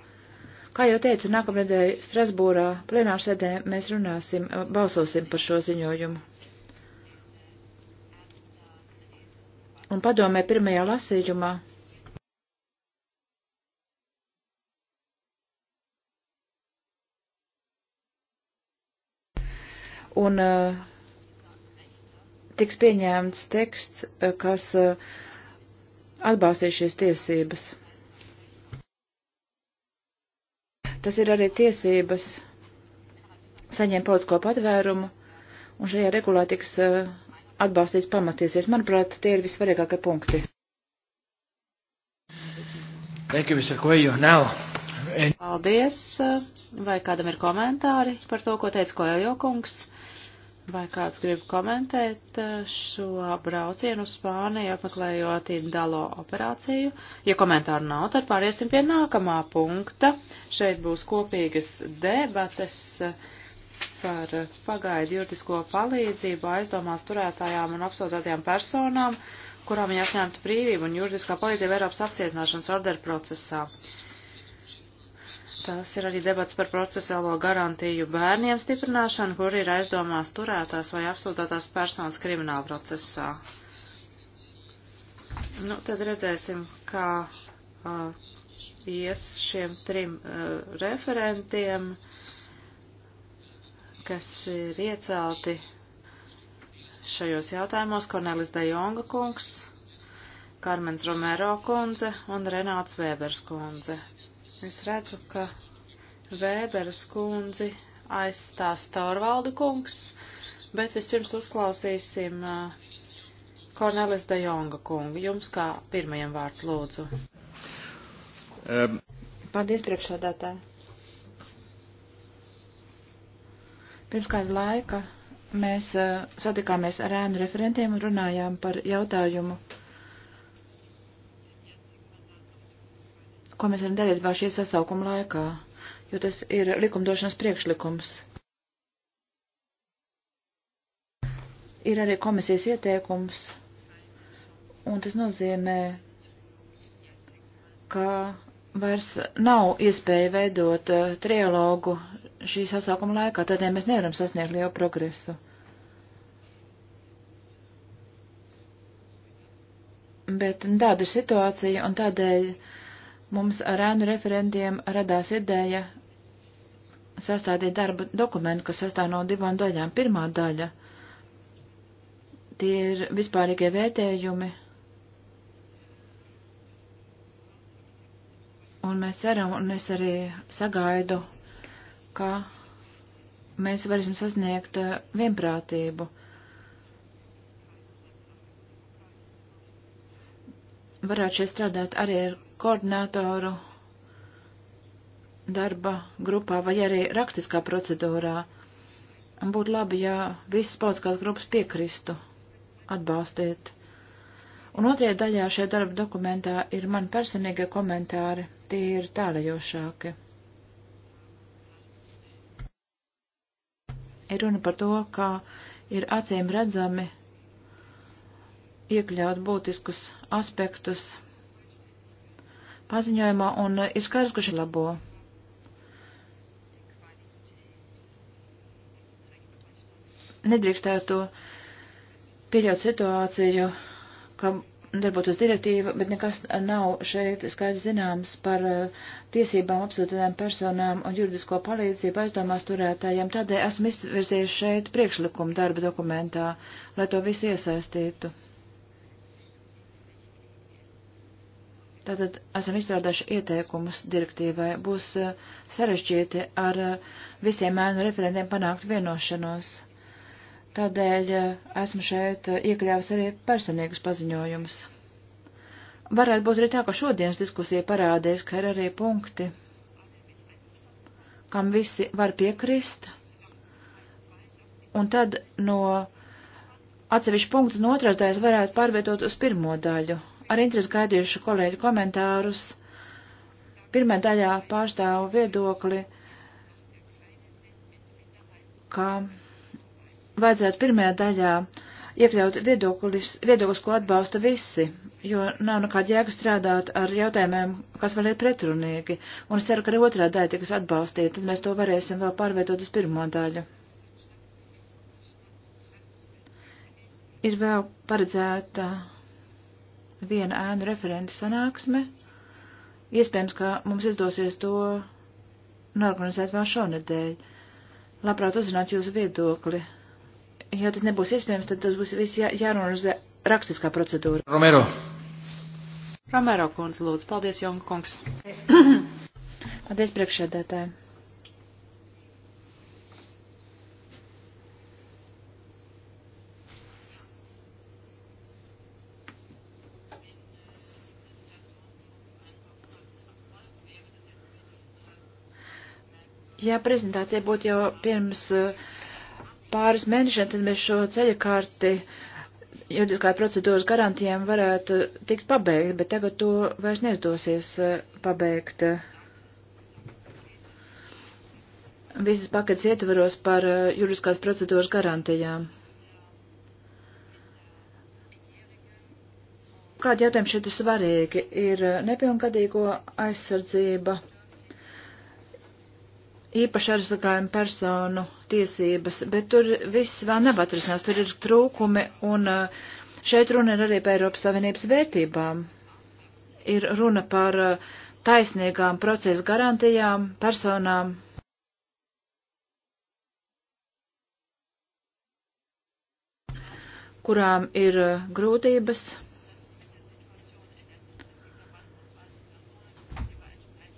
Kā jau teicu, nākamnedēļ Strasbūrā plenārsēdē mēs runāsim, uh, balsosim par šo ziņojumu. un padomē pirmajā lasījumā. Un uh, tiks pieņēmts teksts, uh, kas uh, atbalstīs šīs tiesības. Tas ir arī tiesības saņemt politisko patvērumu, un šajā regulā tiks uh, atbalstīts pamatiesies. Manuprāt, tie ir visvarīgākie punkti. Thank you, Mr. Coelho. Now. And... Paldies. Vai kādam ir komentāri par to, ko teica Coelho kungs? Vai kāds grib komentēt šo braucienu uz Spāniju, apmeklējot Indalo operāciju? Ja komentāru nav, tad pāriesim pie nākamā punkta. Šeit būs kopīgas debates. Uh, par eh, pagaidu juridisko palīdzību aizdomās turētājām un apsūdzētajām personām, kurām ir atņemta brīvība un juridiskā palīdzība Eiropas apcietināšanas orderu procesā. Tas ir arī debats par procesuālo garantiju bērniem stiprināšanu, kur ir aizdomās turētās vai apsūdzētās personas krimināla procesā. Nu, tad redzēsim, kā uh, ies šiem trim uh, referentiem. Uh, kas ir iecelti šajos jautājumos - Kornelis De Jonga kungs, Karmens Romero kundze un Renāts Vēbers kundze. Es redzu, ka Vēberas kundzi aizstās Torvaldu kungs, bet vispirms uzklausīsim uh, Kornelis De Jonga kungu. Jums kā pirmajam vārds lūdzu. Um. Paldies, priekšsādātāji. Pirms kāda laika mēs eh, satikāmies ar ēnu referentiem un runājām par jautājumu, ko mēs varam darīt vēl šī sasaukuma laikā, jo tas ir likumdošanas priekšlikums. Ir arī komisijas ieteikums, un tas nozīmē, ka vairs nav iespēja veidot uh, trialogu šī sasaukuma laikā, tādēļ mēs nevaram sasniegt lielu progresu. Bet tāda ir situācija, un tādēļ mums ar ēnu referentiem radās ideja sastādīt darba dokumentu, kas sastāv no divām daļām. Pirmā daļa - tie ir vispārīgie vērtējumi, un mēs ceram, un es arī sagaidu ka mēs varēsim sasniegt eh, vienprātību. Varētu šeit strādāt arī ar koordinātoru darba grupā vai arī rakstiskā procedūrā. Un būtu labi, ja visas politiskās grupas piekristu atbalstīt. Un otrajā daļā šajā darba dokumentā ir mani personīgie komentāri, tie ir tālajošāki. ir runa par to, ka ir acīm redzami iekļaut būtiskus aspektus paziņojumā, un ir skaidrs, ka šī labo. Nedrīkstētu pieļaut situāciju, ka darbotos direktīva, bet nekas nav šeit skaidrs zināms par uh, tiesībām apsūtētām personām un juridisko palīdzību aizdomās turētājiem. Tādēļ esmu izvirzījis šeit priekšlikumu darba dokumentā, lai to visu iesaistītu. Tātad esam izstrādājuši ieteikumus direktīvai. Būs uh, sarežģīti ar uh, visiem mēnu referentiem panākt vienošanos. Tādēļ e, esmu šeit e, iekļāvis arī personīgus paziņojumus. Varētu būt arī tā, ka šodienas diskusija parādīs, ka ir arī punkti, kam visi var piekrist, un tad no atsevišķa punkta no otras daļas varētu pārvietot uz pirmo daļu. Ar interesi gaidījuši kolēģu komentārus. Pirmā daļā pārstāvu viedokli, ka vajadzētu pirmajā daļā iekļaut viedoklis, viedoklis, ko atbalsta visi, jo nav nekāda jēga strādāt ar jautājumiem, kas vēl ir pretrunīgi, un es ceru, ka arī otrā daļa tiks atbalstīta, tad mēs to varēsim vēl pārvietot uz pirmo daļu. Ir vēl paredzēta viena ēnu referenta sanāksme. Iespējams, ka mums izdosies to norganizēt vēl šonedēļ. Labprāt uzzināt jūsu viedokli ja tas nebūs iespējams, tad tas būs viss jā, jārunā rakstiskā procedūra. Romero. Romero kundze, lūdzu, paldies, Jonga kungs. paldies, priekšsēdētāji. Ja prezentācija būtu jau pirms uh, pāris mēnešiem, tad mēs šo ceļakārti juridiskā procedūras garantijām varētu tikt pabeigt, bet tagad to vairs neizdosies eh, pabeigt. Visas paketes ietveros par eh, juridiskās procedūras garantijām. Kādi jautājumi šeit ir svarīgi? Ir eh, nepilngadīgo aizsardzība īpaši aizsargājumu personu tiesības, bet tur viss vēl nav atrisinās, tur ir trūkumi un šeit runa ir arī par Eiropas Savienības vērtībām. Ir runa par taisnīgām procesa garantijām, personām. kurām ir grūtības,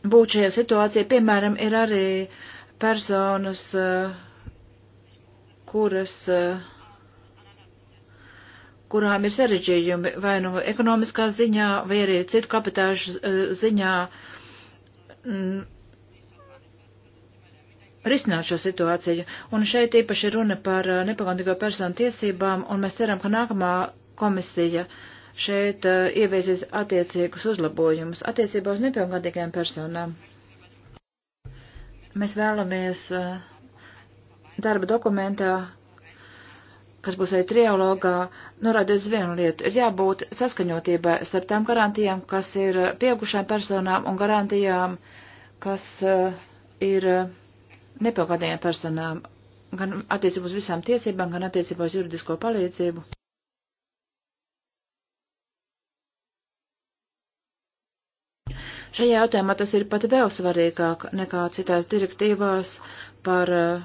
būt šajā situācijā. Piemēram, ir arī personas, eh, kuras, eh, kurām ir sarežģījumi vai nu no ekonomiskā ziņā, vai arī citu kapitāšu eh, ziņā mm, risināt šo situāciju. Un šeit īpaši runa par nepagandīgo personu tiesībām, un mēs ceram, ka nākamā komisija uh, šeit uh, eh, ieviesīs attiecīgus uzlabojumus attiecībā uz nepilngadīgiem personām. Mēs vēlamies uh, darba dokumentā, kas būs arī trialogā, norādīt uz vienu lietu. Ir jābūt saskaņotībai starp tām garantijām, kas ir pieaugušām personām un garantijām, kas uh, ir nepilngadīgiem personām, gan attiecībā uz visām tiesībām, gan attiecībā uz juridisko palīdzību. Šajā jautājumā tas ir pat vēl svarīgāk nekā citās direktīvās par eh,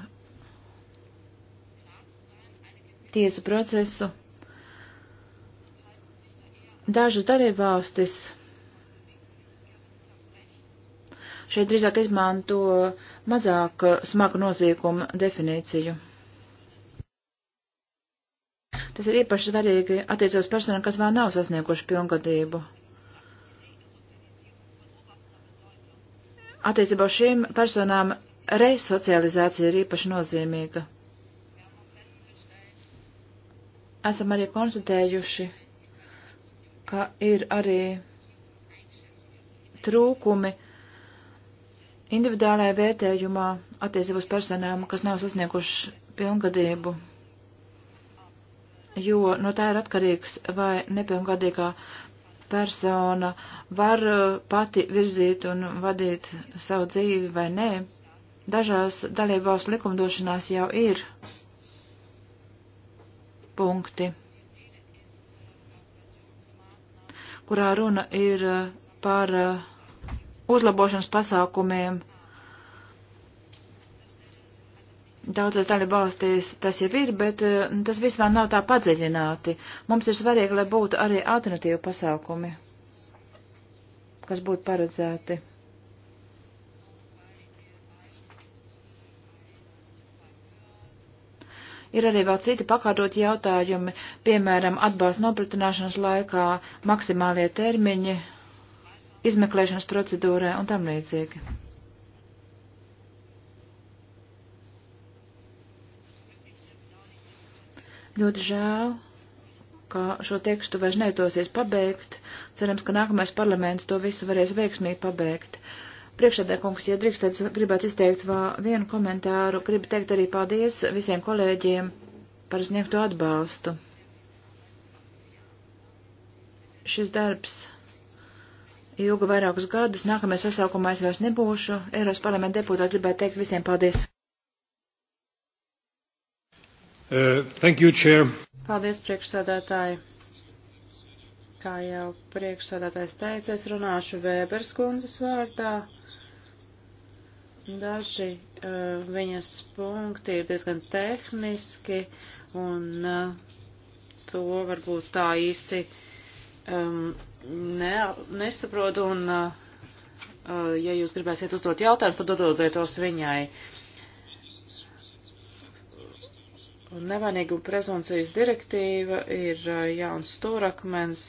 tiesu procesu. Dažas dalībvalstis šeit drīzāk izmanto mazāk smagu noziegumu definīciju. Tas ir īpaši svarīgi attiecībā uz personām, kas vēl nav sasnieguši pilngadību. attiecībā šīm personām resocializācija ir īpaši nozīmīga. Esam arī konstatējuši, ka ir arī trūkumi individuālajā vērtējumā attiecībā uz personām, kas nav sasnieguši pilngadību, jo no tā ir atkarīgs, vai nepilngadīgā persona var uh, pati virzīt un vadīt savu dzīvi vai nē. Dažās dalībvalsts likumdošanās jau ir punkti, kurā runa ir uh, par uh, uzlabošanas pasākumiem daudzās dalībvalstīs tas jau ir, bet eh, tas viss vēl nav tā padziļināti. Mums ir svarīgi, lai būtu arī alternatīvu pasākumi, kas būtu paredzēti. Ir arī vēl citi pakārtot jautājumi, piemēram, atbalsts nopratināšanas laikā, maksimālie termiņi, izmeklēšanas procedūrē un tam līdzīgi. Ļoti žēl, ka šo tekstu vairs neizdosies pabeigt. Cerams, ka nākamais parlaments to visu varēs veiksmīgi pabeigt. Priekšādā kungs, ja drīkstēt, gribētu izteikt vienu komentāru, gribu teikt arī paldies visiem kolēģiem par sniegto atbalstu. Šis darbs ilga vairākus gadus, nākamajā sasaukumā es vairs nebūšu. Eiros parlamenta deputāti gribētu teikt visiem paldies. Uh, thank you, Chair. Paldies, priekšsēdētāji. Kā jau priekšsēdētājs teica, es runāšu Vēbers kundzes vārdā. Daži uh, viņas punkti ir diezgan tehniski un uh, to varbūt tā īsti um, ne, nesaprotu un uh, uh ja jūs gribēsiet uzdot jautājumus, tad dododiet tos viņai. Uh, Nevainīguma prezumcijas direktīva ir jauns stūrakmens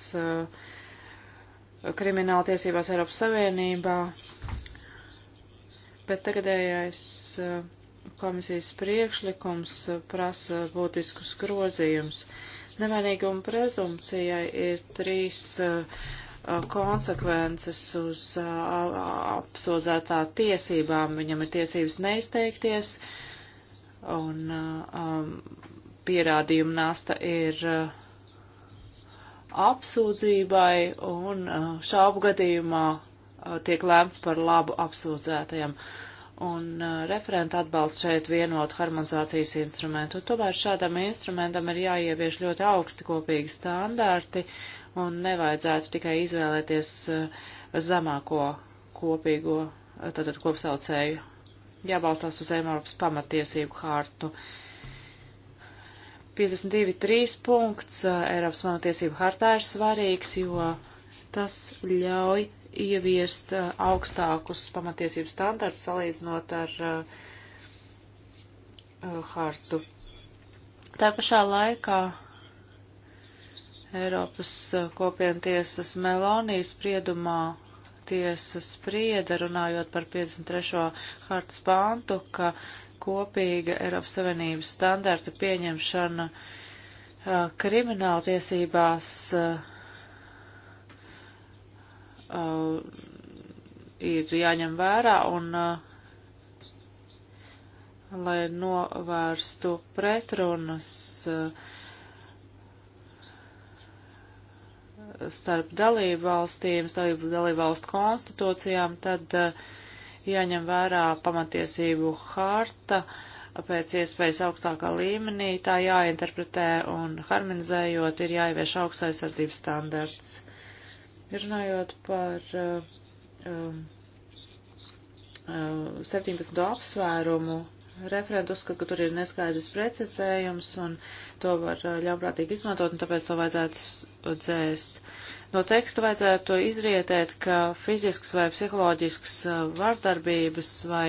krimināla tiesībās Eiropas Savienībā, bet tagadējais komisijas priekšlikums prasa būtiskus grozījumus. Nevainīguma prezumcijai ir trīs konsekvences uz apsūdzētā tiesībām. Viņam ir tiesības neizteikties, uh, un uh, um, pierādījuma nasta ir uh, apsūdzībai, un uh, šābu gadījumā uh, tiek lēmts par labu apsūdzētajam. Un uh, referenta atbalsta šeit vienotu harmonizācijas instrumentu. Un tomēr šādam instrumentam ir jāievieš ļoti augsti kopīgi standarti, un nevajadzētu tikai izvēlēties uh, zemāko kopīgo, uh, tātad kopsaucēju jābalstās uz Eiropas pamatiesību hārtu. 52.3 punkts eh, Eiropas pamatiesību hārtā ir svarīgs, jo tas ļauj ieviest eh, augstākus pamatiesību standartus salīdzinot ar eh, hārtu. Tā pašā laikā Eiropas kopientiesas Melonijas spriedumā tiesa sprieda, runājot par 53. hartas pāntu, ka kopīga Eiropas Savienības standarta pieņemšana krimināla tiesībās ir jāņem vērā un lai novērstu pretrunas uh, starp dalību valstīm, starp dalību valstu konstitūcijām, tad eh, jāņem vērā pamatiesību harta pēc iespējas augstākā līmenī, tā jāinterpretē un harmonizējot ir jāievieš augsts aizsardzības standarts. Runājot par eh, um, eh, 17. apsvērumu, referentu uzskata, ka tur ir neskaidrs precizējums un to var ļaunprātīgi izmantot, un tāpēc to vajadzētu dzēst. No teksta vajadzētu izrietēt, ka fizisks vai psiholoģisks vardarbības vai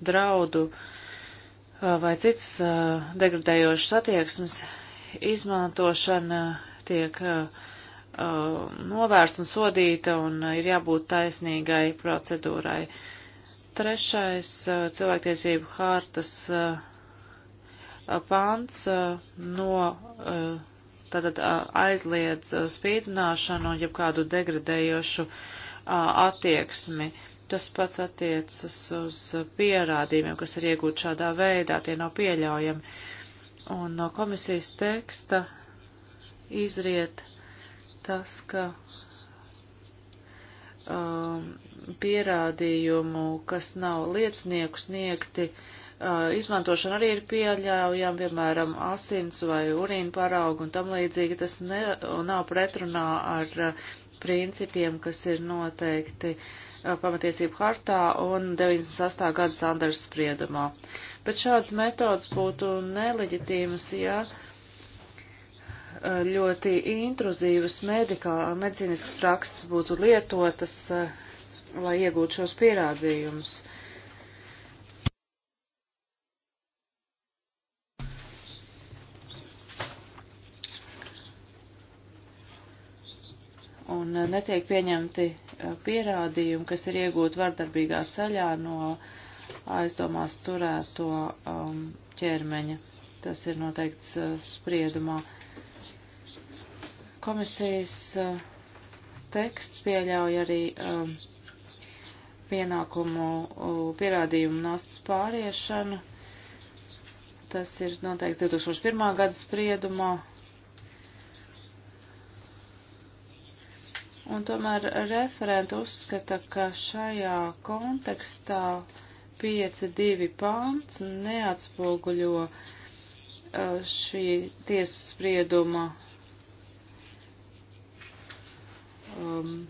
draudu vai citas degradējošas attieksmes izmantošana tiek novērsta un sodīta, un ir jābūt taisnīgai procedūrai. Uh, Trešais cilvēktiesību hārtas pāns no tātad aizliedz spīdzināšanu un jebkādu degradējošu attieksmi. Tas pats attiecas uz pierādījumiem, kas ir iegūti šādā veidā, tie nav pieļaujami. Un no komisijas teksta izriet tas, ka um, pierādījumu, kas nav liecinieku sniegti, uh, izmantošana arī ir pieļaujama, piemēram, asins vai urīna paraugu un tam līdzīgi, tas ne, nav pretrunā ar uh, principiem, kas ir noteikti uh, pamatiesību hartā un 98. gada Sanders spriedumā. Bet šādas metodas būtu neleģitīmas, ja. Uh, ļoti intruzīvas medikā, medicīniskas prakses būtu lietotas, eh, lai iegūtu šos pierādījumus. Un eh, netiek pieņemti eh, pierādījumi, kas ir iegūti vardarbīgā ceļā no aizdomās turēto um, ķermeņa. Tas ir noteikts uh, spriedumā. Uh, Komisijas uh, teksts pieļauj arī um, pienākumu uh, pierādījumu nastas pāriešanu. Tas ir noteikts 2001. gada spriedumā. Un tomēr referenta uzskata, ka šajā kontekstā 5.2 pants neatspoguļo šī tiesas sprieduma um,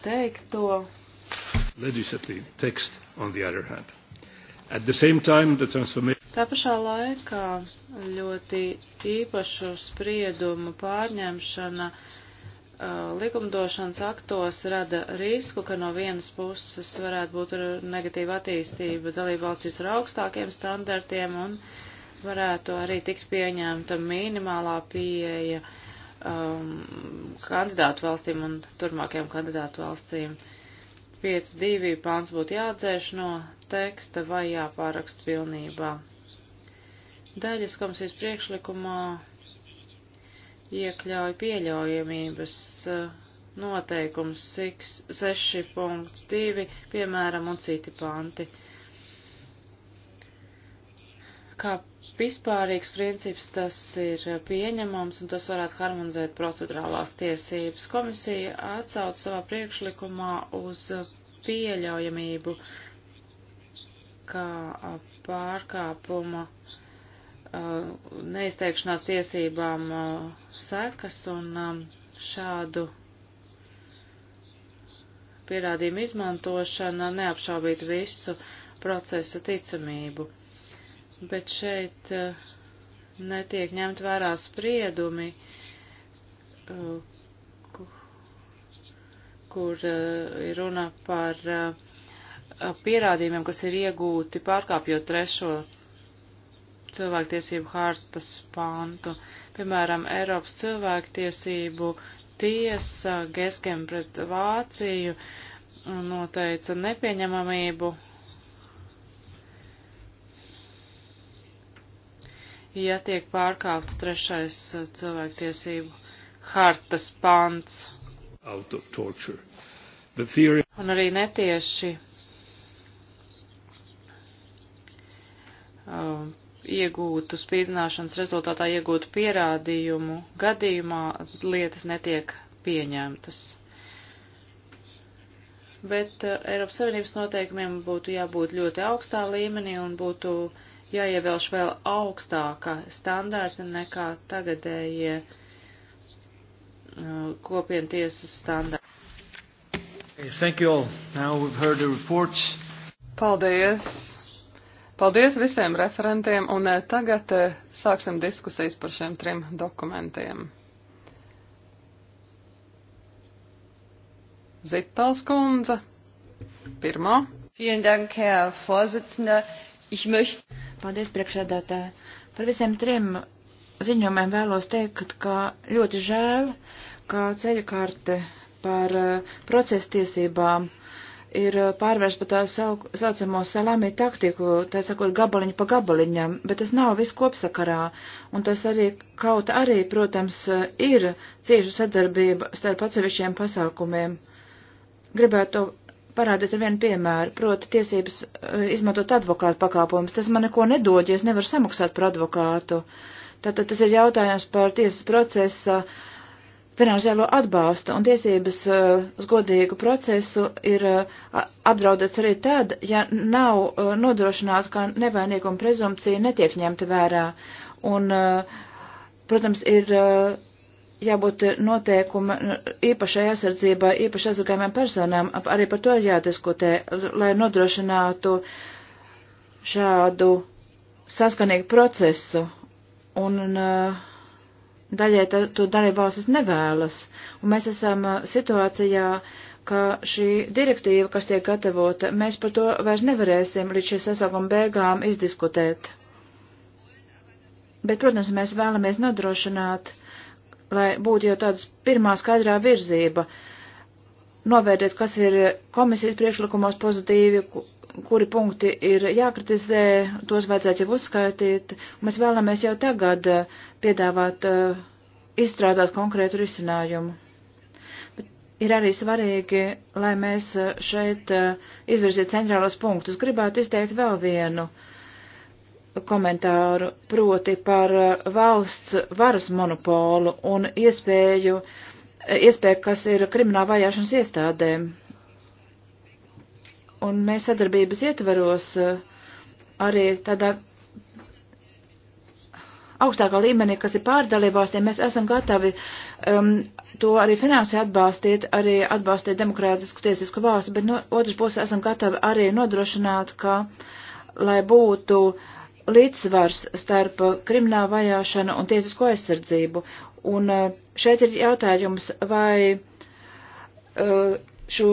teikto. Legislative text, on the other hand. At the same time, the transformation. Tā pašā laikā ļoti īpašu spriedumu pārņemšana uh, likumdošanas aktos rada risku, ka no vienas puses varētu būt negatīva attīstība dalība valstīs ar augstākiem standartiem un varētu arī tikt pieņemta minimālā pieeja uh, um, kandidātu valstīm un turmākajām kandidātu valstīm. 5.2. pāns būtu jāatdzēš no teksta vai jāpārakst pilnībā. Daļas komisijas priekšlikumā iekļauj pieļaujamības uh, noteikums 6.2, piemēram, un citi panti. Kā vispārīgs princips, tas ir pieņemams un tas varētu harmonizēt procedurālās tiesības. Komisija atsauc savā priekšlikumā uz pieļaujamību kā pārkāpuma uh, neizteikšanās tiesībām uh, sekas un um, šādu pierādījumu izmantošana neapšaubīt visu procesa ticamību bet šeit eh, netiek ņemt vērā spriedumi, eh, kur eh, ir runa par pierādījumiem, kas ir iegūti pārkāpjot trešo cilvēktiesību hartas pantu. Piemēram, Eiropas cilvēktiesību tiesa Geskem pret Vāciju noteica nepieņemamību ja tiek pārkāpts trešais uh, cilvēktiesību hartas pants. Theory... Un arī netieši um, iegūtu spīdzināšanas rezultātā iegūtu pierādījumu gadījumā lietas netiek pieņemtas. Bet uh, Eiropas Savienības noteikumiem būtu jābūt ļoti augstā līmenī un būtu uh, jāievelš vēl augstāka standārta nekā tagadējie uh, kopienu tiesas standārti. Thank you all. Now we've heard the reports. Paldies! Paldies visiem referentiem, un uh, tagad uh, sāksim diskusijas par šiem trim dokumentiem. Zipels kundze, pirmā. Vielen Dank, Herr Vorsitzender. Ich möchte. Paldies, priekšsēdētāji. Par visiem trim ziņojumiem vēlos teikt, ka ļoti žēl, ka ceļkārte par eh, procesu tiesībām ir eh, pārvērsta par tā saucamo salāmī taktiku, tā sakot gabaliņu pa gabaliņam, bet tas nav viss kopsakarā, un tas arī kaut arī, protams, eh, ir cieša sadarbība starp atsevišķiem pasākumiem. Gribētu to parādīt vienu piemēru, proti tiesības eh, izmantot advokātu pakāpojumus. Tas man neko nedod, ja es nevaru samaksāt par advokātu. Tātad tas ir jautājums par tiesas procesa finansiālo atbalstu un tiesības eh, uz godīgu procesu ir eh, apdraudēts arī tad, ja nav nodrošināts, ka nevainīguma prezumcija netiek ņemta vērā. Un, protams, ir jābūt eh, noteikuma īpašai aizsardzībai, īpaši aizsargājumiem personām, arī par to ir jādiskutē, lai nodrošinātu šādu saskanīgu procesu. Un daļai to darīja valstis nevēlas. Un mēs esam eh, situācijā, ka šī direktīva, kas tiek gatavota, mēs par to vairs nevarēsim līdz šī sasauguma beigām izdiskutēt. Bet, protams, mēs vēlamies nodrošināt, lai būtu jau tāds pirmā skaidrā virzība, novērtēt, kas ir komisijas priekšlikumos pozitīvi, kuri punkti ir jākritizē, tos vajadzētu jau uzskaitīt. Mēs vēlamies jau tagad eh, piedāvāt, eh, izstrādāt konkrētu risinājumu. Bet ir arī svarīgi, lai mēs eh, šeit izvirzītu centrālos punktus. Gribētu izteikt vēl vienu. Uh, komentāru proti par eh, valsts varas monopolu un iespēju, eh, iespēju kas ir krimināla vajāšanas iestādēm. Un mēs sadarbības ietveros eh, arī tādā augstākā līmenī, kas ir pārdalībvalstīm, mēs esam gatavi um, to arī finansi atbalstīt, arī atbalstīt demokrātisku tiesisku valsti, bet no otras puses esam gatavi arī nodrošināt, ka, lai būtu uh, līdzsvars starp kriminālu vajāšanu un tiesisko aizsardzību. Un eh, šeit ir jautājums, vai eh, šo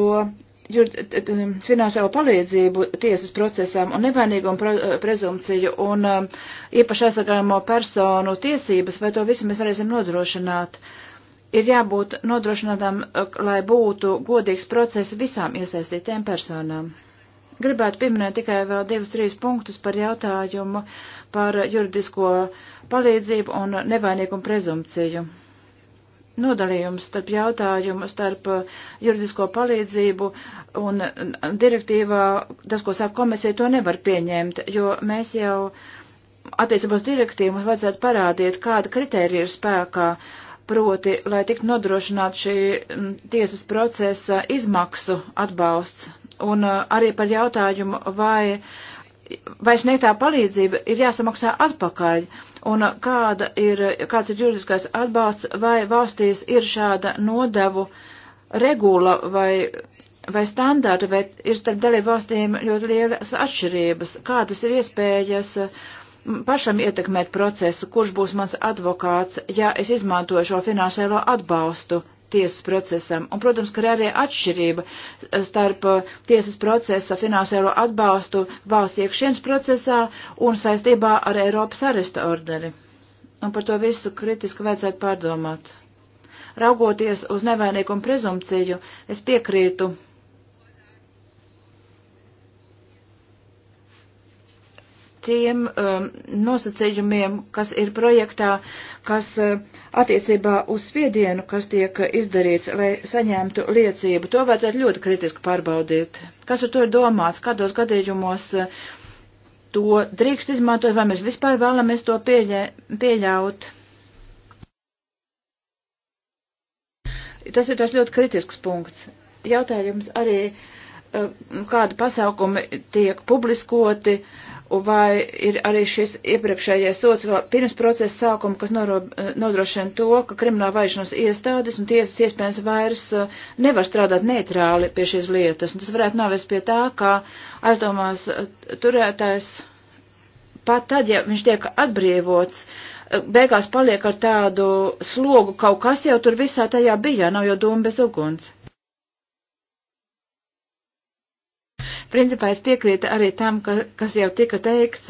finansiālo palīdzību tiesas procesām un nevainīgumu prezumciju un īpaši eh, aizsargājamo personu tiesības, vai to visu mēs varēsim nodrošināt. Ir jābūt nodrošinātām, lai būtu godīgs process visām iesaistītēm personām. Gribētu pieminēt tikai vēl divus, trīs punktus par jautājumu par juridisko palīdzību un nevainīgumu prezumciju. Nodalījums starp jautājumu, starp uh, juridisko palīdzību un uh, direktīvā, tas, ko saka komisija, to nevar pieņemt, jo mēs jau attiecībās direktīvu mums vajadzētu parādīt, kāda kritērija ir spēkā, proti, lai tiktu nodrošināt šī mm, tiesas procesa izmaksu atbalsts un uh, arī par jautājumu, vai, vai sniegtā palīdzība ir jāsamaksā atpakaļ, un uh, kāda ir, kāds ir juridiskais atbalsts, vai valstīs ir šāda nodevu regula vai, vai standārta, vai ir starp dalību valstīm ļoti lielas atšķirības, kādas ir iespējas pašam ietekmēt procesu, kurš būs mans advokāts, ja es izmantoju šo finansiālo atbalstu tiesas procesam. Un, protams, ka ir arī atšķirība eh, starp eh, tiesas procesa finansiālo atbalstu valsts iekšienas procesā un saistībā ar Eiropas aresta orderi. Un par to visu kritiski vajadzētu pārdomāt. Raugoties uz nevainīgumu prezumciju, es piekrītu tiem um, nosacījumiem, kas ir projektā, kas uh, attiecībā uz spiedienu, kas tiek izdarīts, lai saņemtu liecību. To vajadzētu ļoti kritiski pārbaudīt. Kas ar to ir domāts, kādos gadījumos uh, to drīkst izmantot, vai mēs vispār vēlamies to pieļa, pieļaut. Tas ir tas ļoti kritisks punkts. Jautājums arī. Uh, Eh, kādi pasaukumi tiek publiskoti, vai ir arī šis iepriekšējais sots pirms procesa sākuma, kas eh, nodrošina to, ka krimināla vajāšanas iestādes un tiesas iespējams vairs eh, nevar strādāt neitrāli pie šīs lietas. Un tas varētu novest pie tā, ka aizdomās turētājs pat tad, ja viņš tiek atbrīvots, beigās paliek ar tādu slogu, kaut kas jau tur visā tajā bija, nav jau doma bez uguns. Principā es piekrītu arī tam, ka, kas jau tika teikts,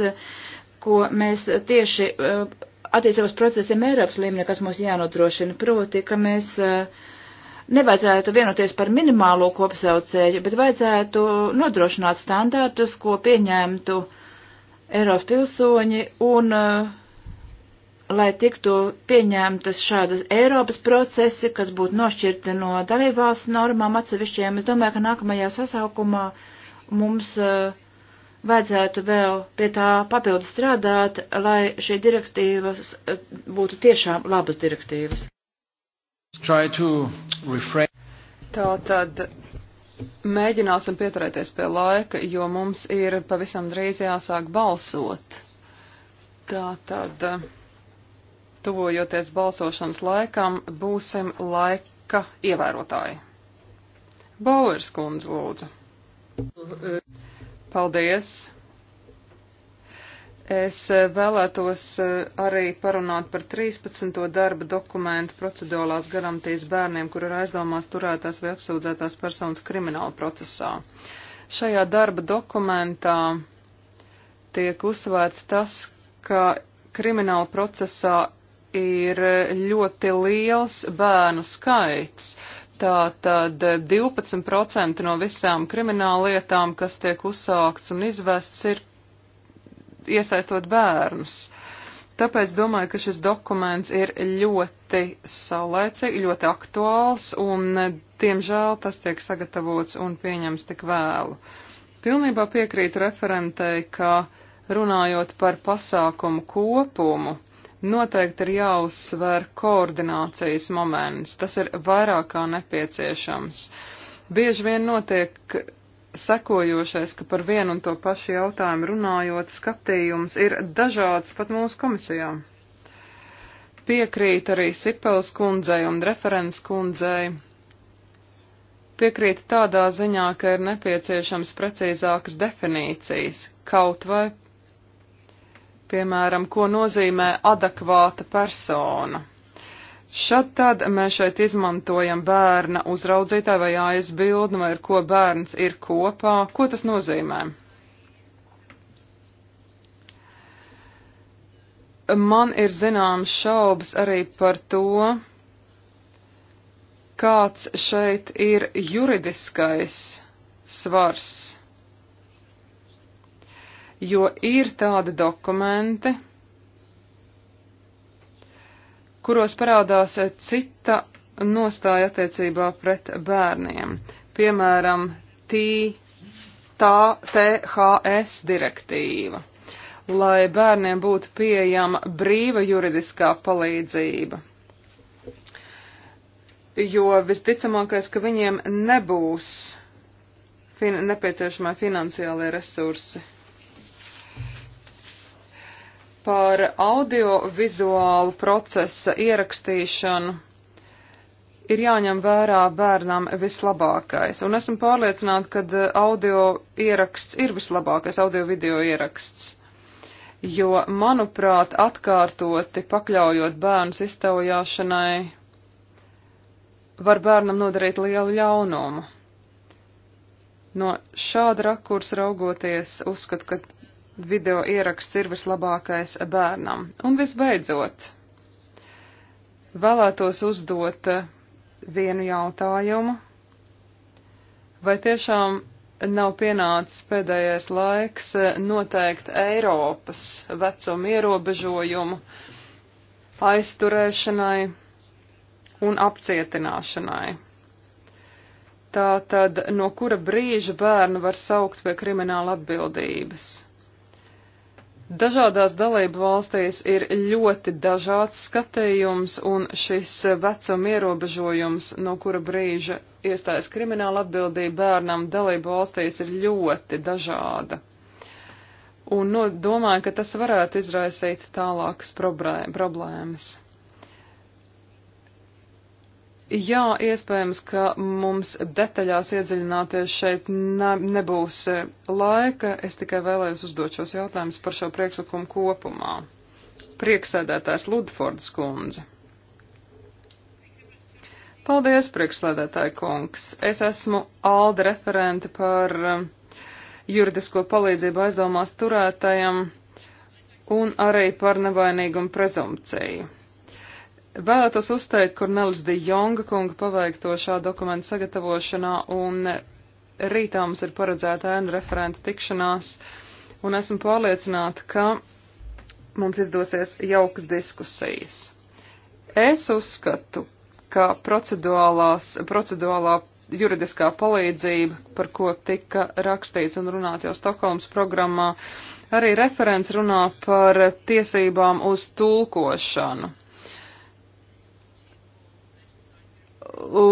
ko mēs tieši eh, attiecībos procesiem Eiropas līmenī, kas mums jānodrošina, proti, ka mēs eh, nevajadzētu vienoties par minimālo kopsaucēju, bet vajadzētu nodrošināt standārtus, ko pieņemtu Eiropas pilsoņi un eh, lai tiktu pieņemtas šādas Eiropas procesi, kas būtu nošķirti no dalībvalsts normām atsevišķiem. Es domāju, ka nākamajā sasaukumā uh, mums uh, vajadzētu vēl pie tā papildu strādāt, lai šī direktīvas uh, e, būtu tiešām labas direktīvas. Tā tad mēģināsim pieturēties pie laika, jo mums ir pavisam drīz jāsāk balsot. Tā tad, tuvojoties balsošanas laikam, būsim laika ievērotāji. Bauers kundze lūdzu. Paldies! Es eh, vēlētos eh, arī parunāt par 13. darba dokumentu procedūrālās garantijas bērniem, kur ir aizdomās turētās vai apsūdzētās personas krimināla procesā. Šajā darba dokumentā tiek uzsvērts tas, ka krimināla procesā ir eh, ļoti liels bērnu skaits, tā tad 12% no visām krimināllietām, kas tiek uzsākts un izvests, ir iesaistot bērnus. Tāpēc domāju, ka šis dokuments ir ļoti saulēcīgi, ļoti aktuāls un, diemžēl, tas tiek sagatavots un pieņems tik vēlu. Pilnībā piekrītu referentei, ka runājot par pasākumu kopumu, Noteikti ir jāuzsver koordinācijas moments, tas ir vairāk kā nepieciešams. Bieži vien notiek sekojošais, ka par vienu un to pašu jautājumu runājot, skatījums ir dažāds pat mūsu komisijā. Piekrīt arī Sipels kundzei un referents kundzei, piekrīt tādā ziņā, ka ir nepieciešams precīzākas definīcijas, kaut vai Piemēram, ko nozīmē adekvāta persona. Šad tad mēs šeit izmantojam bērna uzraudzītāju vai aizbildni, vai ar ko bērns ir kopā. Ko tas nozīmē? Man ir zināms šaubas arī par to, kāds šeit ir juridiskais svars jo ir tādi dokumenti, kuros parādās cita nostāja attiecībā pret bērniem. Piemēram, tī, tā THS direktīva, lai bērniem būtu pieejama brīva juridiskā palīdzība. Jo visticamākais, ka viņiem nebūs fin nepieciešamā finansiālajie resursi par audiovizuālu procesa ierakstīšanu ir jāņem vērā bērnam vislabākais. Un esmu pārliecināta, ka eh, audio ieraksts ir vislabākais, audio video ieraksts. Jo, manuprāt, atkārtoti pakļaujot bērnus iztaujāšanai, var bērnam nodarīt lielu ļaunumu. No šāda rakurs raugoties, uzskatu, ka video ieraksts ir vislabākais bērnam. Un visbeidzot, vēlētos uzdot eh, vienu jautājumu. Vai tiešām nav pienācis pēdējais laiks eh, noteikt Eiropas vecumu ierobežojumu aizturēšanai un apcietināšanai? Tā tad no kura brīža bērnu var saukt pie krimināla atbildības? Dažādās dalību valstīs ir ļoti dažāds skatījums, un šis vecuma ierobežojums, no kura brīža iestājas krimināla atbildība bērnam, dalību valstīs ir ļoti dažāda. Un no, domāju, ka tas varētu izraisīt tālākas problēmas. Jā, iespējams, ka mums detaļās iedziļināties šeit ne, nebūs laika. Es tikai vēlējos uzdot šos jautājumus par šo priekšlikumu kopumā. Prieksēdētājs Ludfords kundze. Paldies, priekšsēdētāji kungs. Es esmu Alda referente par um, juridisko palīdzību aizdomās turētajam un arī par nevainīgumu prezumpciju. Vēlētos uzteikt Kornelis de Jonga kunga paveikto šā dokumenta sagatavošanā, un rītā mums ir paredzēta ēnu referenta tikšanās, un esmu pārliecināta, ka mums izdosies jaukas diskusijas. Es uzskatu, ka procedūrālā juridiskā palīdzība, par ko tika rakstīts un runāts jau Stokholmas programmā, arī referents runā par tiesībām uz tulkošanu.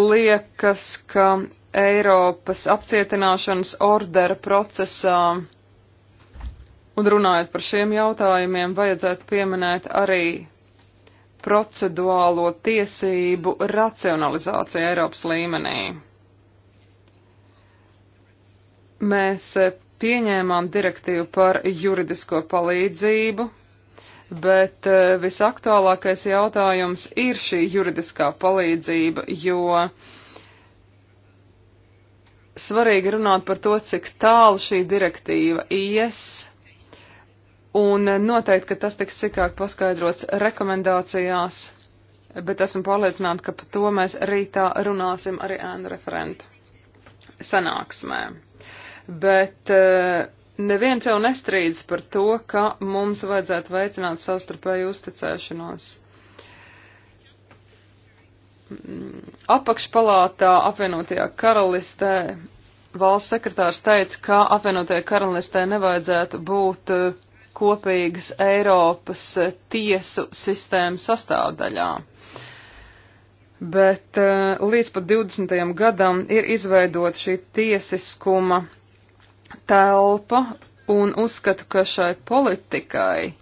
liekas, ka Eiropas apcietināšanas ordera procesā un runājot par šiem jautājumiem, vajadzētu pieminēt arī proceduālo tiesību racionalizāciju Eiropas līmenī. Mēs pieņēmām direktīvu par juridisko palīdzību bet eh, visaktuālākais jautājums ir šī juridiskā palīdzība, jo svarīgi runāt par to, cik tālu šī direktīva ies, un noteikti, ka tas tiks cikāk paskaidrots rekomendācijās, bet esmu pārliecināta, ka par to mēs rītā runāsim arī ēnu referentu sanāksmē. Bet uh, Neviens jau nestrīdas par to, ka mums vajadzētu veicināt savstarpēju uzticēšanos. Apakšpalātā apvienotajā karalistē valsts sekretārs teica, ka apvienotajā karalistē nevajadzētu būt eh, kopīgas Eiropas eh, tiesu sistēmas sastāvdaļā. Bet eh, līdz pat 20. gadam ir izveidota šī tiesiskuma telpa un uzskatu, ka šai politikai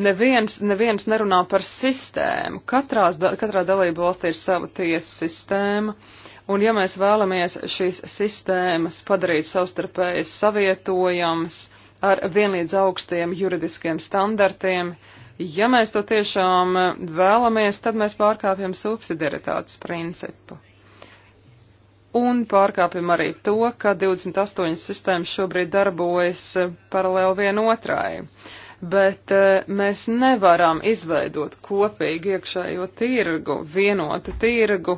neviens, neviens nerunā par sistēmu. Katrās, katrā dalība valstī ir sava tiesa sistēma, un ja mēs vēlamies šīs sistēmas padarīt savstarpēji savietojams ar vienlīdz augstiem juridiskiem standartiem, ja mēs to tiešām vēlamies, tad mēs pārkāpjam subsidiaritātes principu un pārkāpjam arī to, ka 28 sistēmas šobrīd darbojas eh, paralēli vienotrai. Bet eh, mēs nevaram izveidot kopīgu iekšējo tirgu, vienotu tirgu,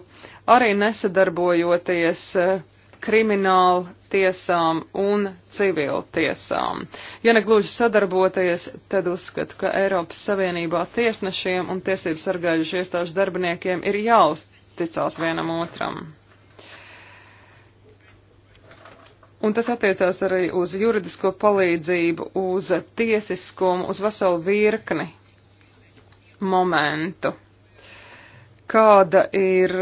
arī nesadarbojoties eh, kriminālu tiesām un civilu tiesām. Ja negluži sadarboties, tad uzskatu, ka Eiropas Savienībā tiesnešiem un tiesību sargājušu iestāžu darbiniekiem ir jāuzticās vienam otram. Un tas attiecās arī uz juridisko palīdzību, uz tiesiskumu, uz veselu virkni momentu. Kāda ir,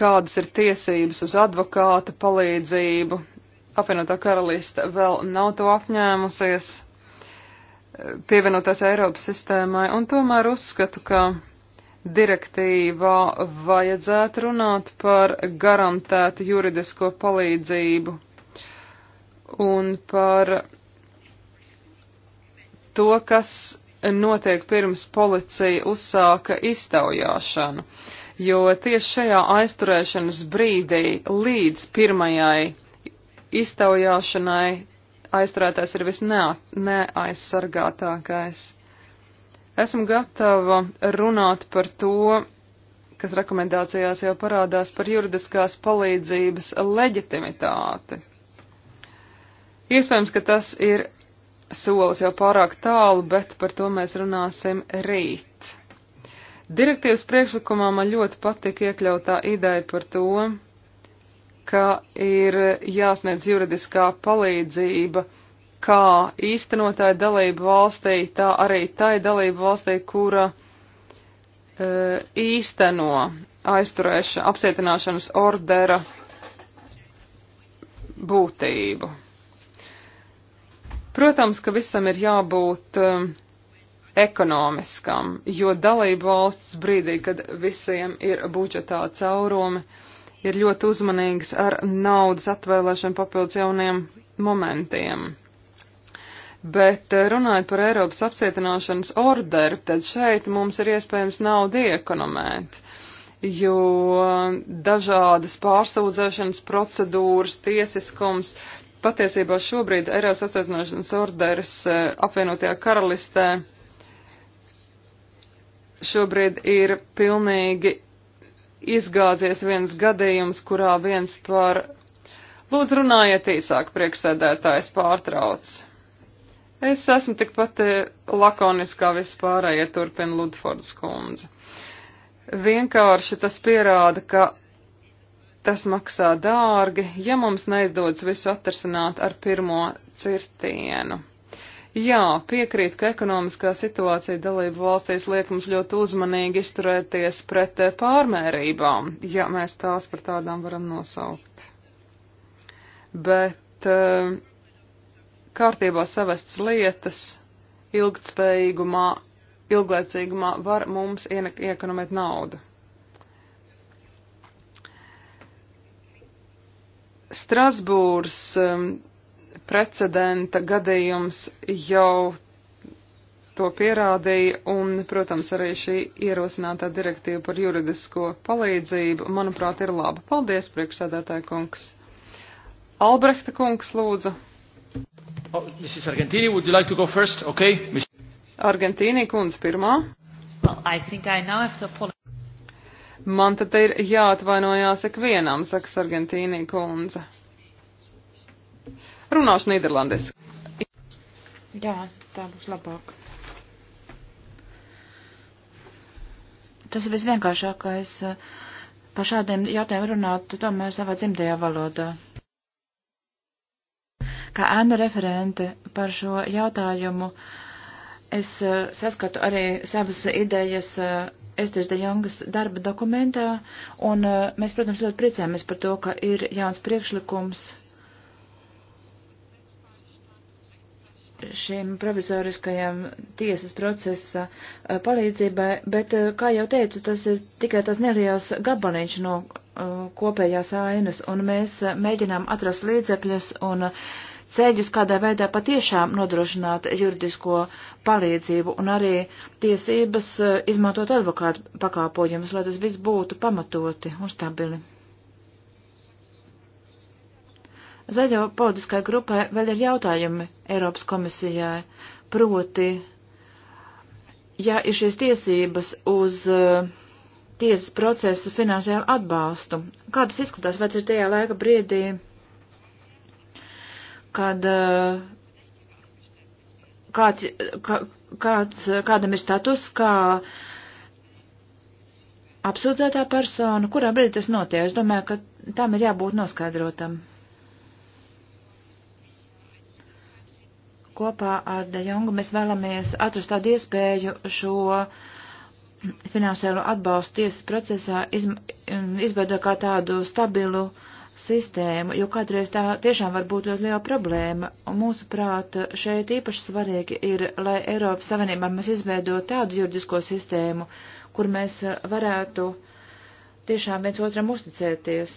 kādas ir tiesības uz advokāta palīdzību? Apvienotā karalista vēl nav to apņēmusies pievienoties Eiropas sistēmai, un tomēr uzskatu, ka direktīvā vajadzētu runāt par garantētu juridisko palīdzību un par to, kas notiek pirms policija uzsāka iztaujāšanu, jo tieši šajā aizturēšanas brīdī līdz pirmajai iztaujāšanai aizturētājs ir visneaizsargātākais. Esmu gatava runāt par to, kas rekomendācijās jau parādās par juridiskās palīdzības leģitimitāti. Iespējams, ka tas ir solis jau pārāk tālu, bet par to mēs runāsim rīt. Direktīvas priekšlikumā man ļoti patika iekļautā ideja par to, ka ir jāsniedz juridiskā palīdzība kā īstenotāja dalību valstī, tā arī tai dalību valstī, kura e, īsteno aizturēšana, apcietināšanas ordera būtību. Protams, ka visam ir jābūt um, ekonomiskam, jo dalību valsts brīdī, kad visiem ir budžetā caurumi, ir ļoti uzmanīgas ar naudas atvēlēšanu papildus jauniem momentiem. Bet eh, runājot par Eiropas apcietināšanas orderu, tad šeit mums ir iespējams naudu iekonomēt, jo dažādas pārsūdzēšanas procedūras, tiesiskums, patiesībā šobrīd Eiropas apcietināšanas orderis eh, apvienotajā karalistē šobrīd ir pilnīgi izgāzies viens gadījums, kurā viens par. Lūdzu, runājiet īsāk, priekšsēdētājs pārtrauc. Es esmu tikpat eh, lakoniskā vispārējie, ja turpina Ludfords kundze. Vienkārši tas pierāda, ka tas maksā dārgi, ja mums neizdodas visu atrasināt ar pirmo cirtienu. Jā, piekrīt, ka ekonomiskā situācija dalību valstīs liek mums ļoti uzmanīgi izturēties pret eh, pārmērībām, ja mēs tās par tādām varam nosaukt. Bet uh, kārtībā savestas lietas ilgtspējīgumā, ilglaicīgumā var mums iekonomēt naudu. Strasbūras um, precedenta gadījums jau to pierādīja, un, protams, arī šī ierosinātā direktīva par juridisko palīdzību, manuprāt, ir laba. Paldies, priekšsēdētāja kungs. Albrehta kungs, lūdzu. Oh, Mrs. Argentīni, would you like to go first? Okay. Miss... Argentīni kundze pirmā. Well, I think I now have to apologize. Man tad ir jāatvainojās ikvienam, saka Argentīnī kundze. Runāšu nīderlandiski. Jā, tā būs labāk. Tas ir visvienkāršākais. Eh, par šādiem jautājumiem runāt tomēr savā dzimtajā valodā. Kā ēnu referente par šo jautājumu, es eh, saskatu arī savas idejas eh, Esters de Jongas darba dokumentā, un eh, mēs, protams, ļoti priecājamies par to, ka ir jauns priekšlikums šīm provizoriskajām tiesas procesa palīdzībai, bet, kā jau teicu, tas ir tikai tas neliels gabaliņš no uh, kopējās ainas, un mēs mēģinām atrast līdzekļus un uh, ceļus, kādā veidā patiešām nodrošināt juridisko palīdzību un arī tiesības e, izmantot advokātu pakāpojumus, lai tas viss būtu pamatoti un stabili. Zaļo politiskai grupai vēl ir jautājumi Eiropas komisijai, proti, ja ir šīs tiesības uz uh, tiesas procesu finansiālu atbalstu. Kā tas izskatās, vai tas ir tajā laika brīdī kad eh, kāds, kā, kāds, kādam ir status, kā apsūdzētā persona, kurā brīdī tas notiek. Es domāju, ka tam ir jābūt noskaidrotam. Kopā ar De Jongu mēs vēlamies atrast tādu iespēju šo finansiālo atbalstu tiesas procesā izveidot kā tādu stabilu uh, sistēmu, jo kādreiz tā tiešām var būt ļoti liela problēma. Un mūsuprāt, šeit īpaši svarīgi ir, lai Eiropas Savienībā mēs izveidot tādu juridisko sistēmu, kur mēs varētu tiešām viens otram uzticēties.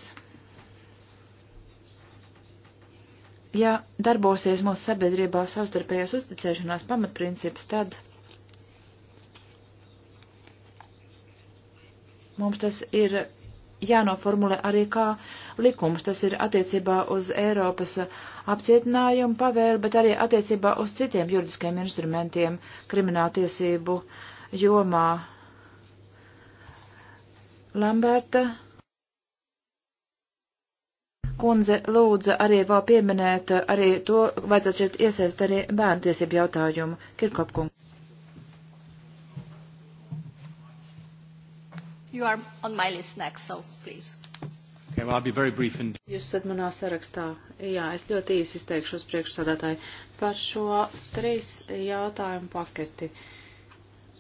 Ja darbosies mūsu sabiedrībā savstarpējās uzticēšanās pamatprincips, tad mums tas ir jānoformulē arī kā likums. Tas ir attiecībā uz Eiropas apcietinājumu pavēlu, bet arī attiecībā uz citiem juridiskiem instrumentiem krimināltiesību jomā. Lamberta kundze lūdza arī vēl pieminēt, arī to vajadzētu šeit iesaist arī bērnu tiesību jautājumu. Kirkopkungs. You are on my list next, so please. Okay, well, I'll be very brief and... Jūs esat manā sarakstā. Jā, es ļoti īsi izteikšos priekšsādātāji par šo trīs jautājumu paketi. Uh,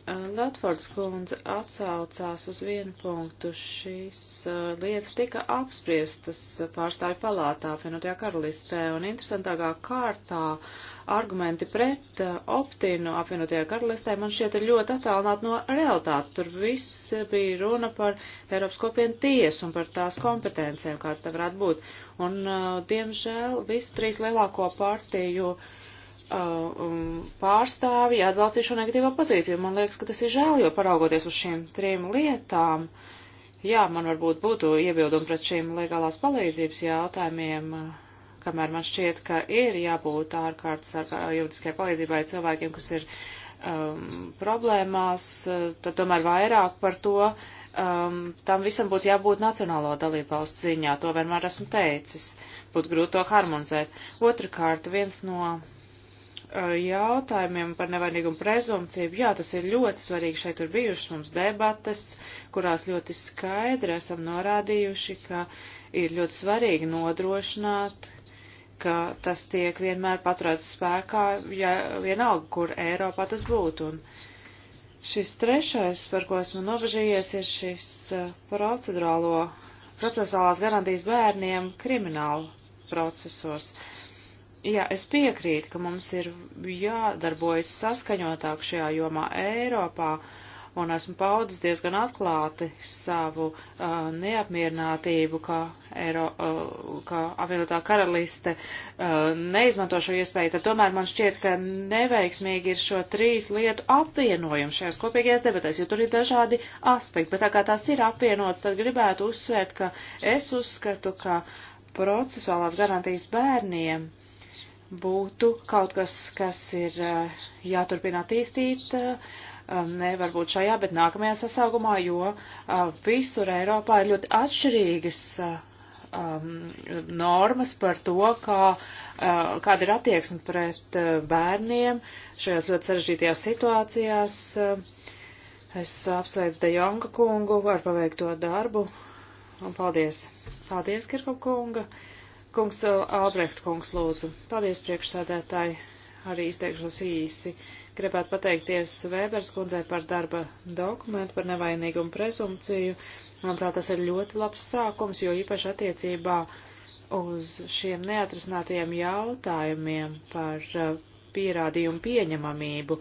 Latvords kundze atsaucās uz vienu punktu. Šīs uh, lietas tika apspriestas pārstāju palātā, vienotajā karalistē, un interesantākā kārtā argumenti pret uh, optinu apvienotajā karalistē man šķiet ir ļoti attālināti no realitātes. Tur viss bija runa par Eiropas kopienu tiesu un par tās kompetencēm, kāds tā varētu būt. Un, uh, diemžēl, visu trīs lielāko partiju uh, Uh, um, pārstāvji atbalstīja šo negatīvo pozīciju. Man liekas, ka tas ir žēl, jo paraugoties uz šīm trim lietām, jā, man varbūt būtu iebildumi pret šīm legālās palīdzības jautājumiem, uh, kamēr man šķiet, ka ir jābūt ārkārtas juridiskai palīdzībai cilvēkiem, kas ir um, problēmās, uh, tad tomēr vairāk par to. Um, tam visam būtu jābūt nacionālo dalību valsts ziņā, to vienmēr esmu teicis. Būtu grūti to harmonizēt. Otrakārt, viens no Eh, jautājumiem par nevainīgumu prezumciju. Jā, tas ir ļoti svarīgi. Šeit ir bijušas mums debates, kurās ļoti skaidri esam norādījuši, ka ir ļoti svarīgi nodrošināt, ka tas tiek vienmēr paturēts spēkā, ja vienalga, kur Eiropā tas būtu. Un šis trešais, par ko esmu nobežījies, ir šis eh, procedurālo, procesuālās garantijas bērniem kriminālu procesos. Uh, Jā, es piekrītu, ka mums ir jādarbojas saskaņotāk šajā jomā Eiropā, un esmu paudis diezgan atklāti savu uh, neapmierinātību, ka, Eiro, uh, ka apvienotā karaliste uh, neizmanto šo iespēju, tad tomēr man šķiet, ka neveiksmīgi ir šo trīs lietu apvienojumu šajās kopīgajās debatēs, jo tur ir dažādi aspekti, bet tā kā tās ir apvienotas, tad gribētu uzsvērt, ka es uzskatu, ka procesuālās garantijas bērniem uh, būtu kaut kas, kas ir eh, jāturpina attīstīt, eh, um, ne varbūt šajā, bet nākamajā sasaugumā, jo eh, visur Eiropā ir ļoti atšķirīgas um, normas par to, kā, kāda ir attieksme pret bērniem šajās ļoti sarežģītajās situācijās. Es apsveicu De Jonga kungu ar paveikto darbu un paldies. Paldies, Kirkop kunga. Kungs eh, Albrecht kungs lūdzu. Paldies priekšsādētāji. Arī izteikšos īsi. Gribētu pateikties Vēbers kundzei par darba dokumentu, par nevainīgumu prezumpciju. Manuprāt, tas ir ļoti labs sākums, jo īpaši attiecībā uz šiem neatrisinātajiem jautājumiem par eh, pierādījumu pieņemamību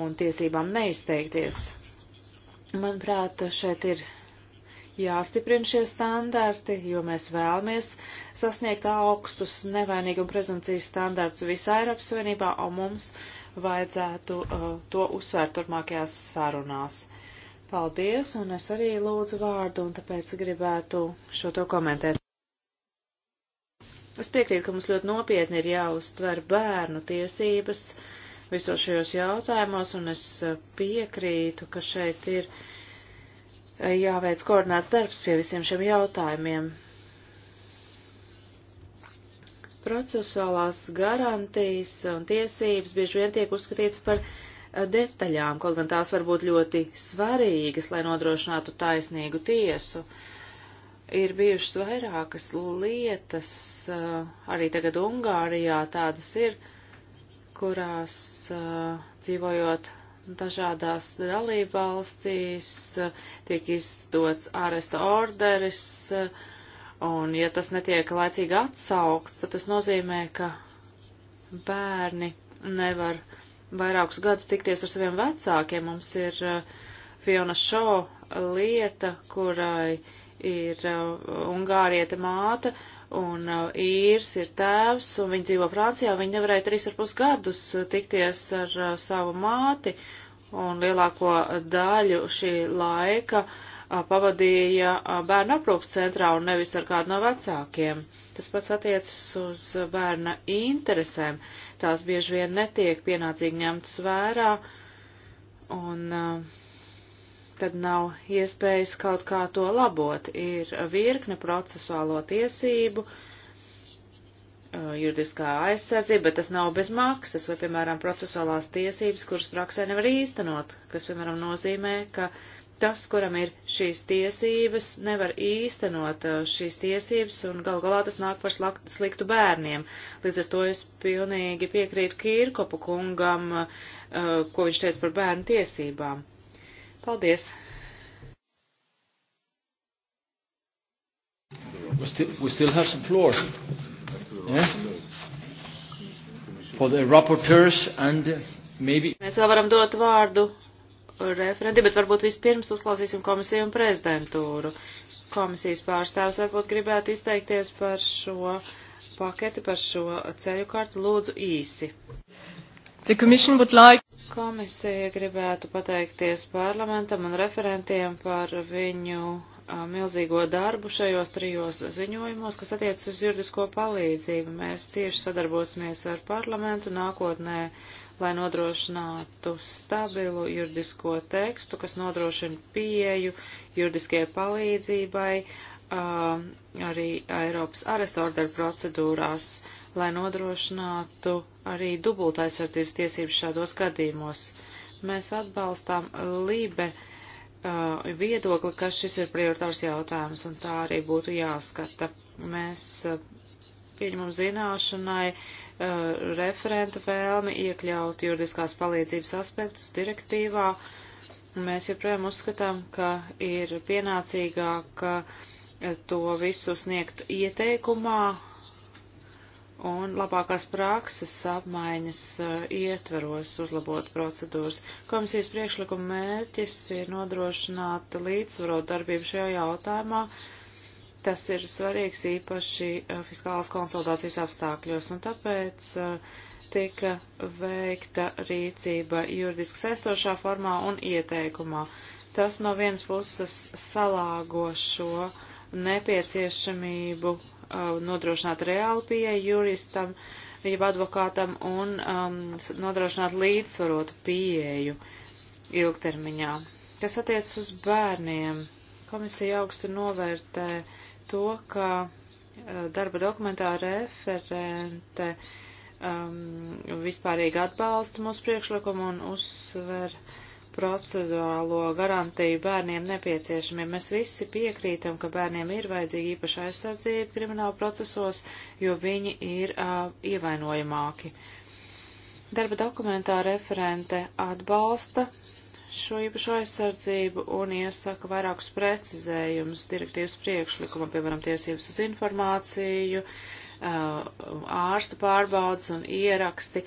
un tiesībām neizteikties. Manuprāt, šeit ir jāstiprina šie standarti, jo mēs vēlamies sasniegt augstus nevainīguma prezumcijas standartus visā Eiropas Savienībā, un mums vajadzētu uh, to uzsvērt turpmākajās sarunās. Paldies, un es arī lūdzu vārdu, un tāpēc gribētu šo to komentēt. Es piekrītu, ka mums ļoti nopietni ir jāuztver bērnu tiesības visos šajos jautājumos, un es uh, piekrītu, ka šeit ir uh, Eh, jāveic koordinēts darbs pie visiem šiem jautājumiem. Procesuālās garantijas un tiesības bieži vien tiek uzskatītas par eh, detaļām, kaut gan tās var būt ļoti svarīgas, lai nodrošinātu taisnīgu tiesu. Ir bijušas vairākas lietas, eh, arī tagad Ungārijā tādas ir, kurās dzīvojot dažādās dalībvalstīs tiek izdots āresta orderis, un ja tas netiek laicīgi atsaukts, tad tas nozīmē, ka bērni nevar vairākus gadus tikties ar saviem vecākiem. Mums ir uh, Fiona Šo lieta, kurai ir uh, ungārieta māte, un uh, īrs ir tēvs, un viņi dzīvo Francijā, viņi nevarēja trīs ar pus gadus uh, tikties ar uh, savu māti, un lielāko daļu šī laika pavadīja bērnu aprūpas centrā un nevis ar kādu no vecākiem. Tas pats attiecas uz bērna interesēm. Tās bieži vien netiek pienācīgi ņemtas vērā, un uh, tad nav iespējas kaut kā to labot. Ir virkne procesuālo tiesību, juridiskā aizsardzība, bet tas nav bez maksas, vai, piemēram, procesuālās tiesības, kuras praksē nevar īstenot, kas, piemēram, nozīmē, ka tas, kuram ir šīs tiesības, nevar īstenot šīs tiesības, un gal galā tas nāk par sliktu bērniem. Līdz ar to es pilnīgi piekrītu Kirkopu kungam, ko viņš teica par bērnu tiesībām. Paldies! We still, we still have some floor. Yeah? For the rapporteurs and uh, maybe... Mēs vēl varam dot vārdu referenti, bet varbūt vispirms uzklausīsim komisiju un prezidentūru. Komisijas pārstāvs varbūt gribētu izteikties par šo paketi, par šo ceļu kartu. Lūdzu īsi. Like... Komisija gribētu pateikties parlamentam un referentiem par viņu milzīgo darbu šajos trijos ziņojumos, kas attiecas uz juridisko palīdzību. Mēs cieši sadarbosimies ar parlamentu nākotnē, lai nodrošinātu stabilu juridisko tekstu, kas nodrošina pieeju juridiskajai palīdzībai arī Eiropas arestordera procedūrās lai nodrošinātu arī dubulta aizsardzības tiesības šādos gadījumos. Mēs atbalstām Lībe uh, viedokli, ka šis ir prioritārs jautājums, un tā arī būtu jāskata. Mēs uh, pieņemam zināšanai uh, referenta vēlmi iekļaut juridiskās palīdzības aspektus direktīvā. Mēs joprojām uzskatām, ka ir pienācīgāk uh, to visu sniegt ieteikumā, un labākās prakses apmaiņas eh, ietveros uzlabot procedūras. Komisijas priekšlikuma mērķis ir nodrošināt līdzsvarot darbību šajā jautājumā. Tas ir svarīgs īpaši eh, fiskālās konsultācijas apstākļos, un tāpēc eh, tika veikta rīcība juridiski saistošā formā un ieteikumā. Tas no vienas puses salāgo šo nepieciešamību uh, Uh, nodrošināt reālu pieeju juristam, jeb advokātam un um, nodrošināt līdzsvarotu pieeju ilgtermiņā. Kas attiec uz bērniem, komisija augstu novērtē to, ka uh, darba dokumentā referente um, vispārīgi atbalsta mūsu priekšlikumu un uzsver uh, procedurālo garantiju bērniem nepieciešamiem. Mēs visi piekrītam, ka bērniem ir vajadzīga īpaša aizsardzība krimināla procesos, jo viņi ir uh, ievainojamāki. Darba dokumentā referente atbalsta šo īpašo aizsardzību un iesaka vairākus precizējumus direktīvas priekšlikuma, piemēram, tiesības uz informāciju, ārsta pārbaudas un ieraksti.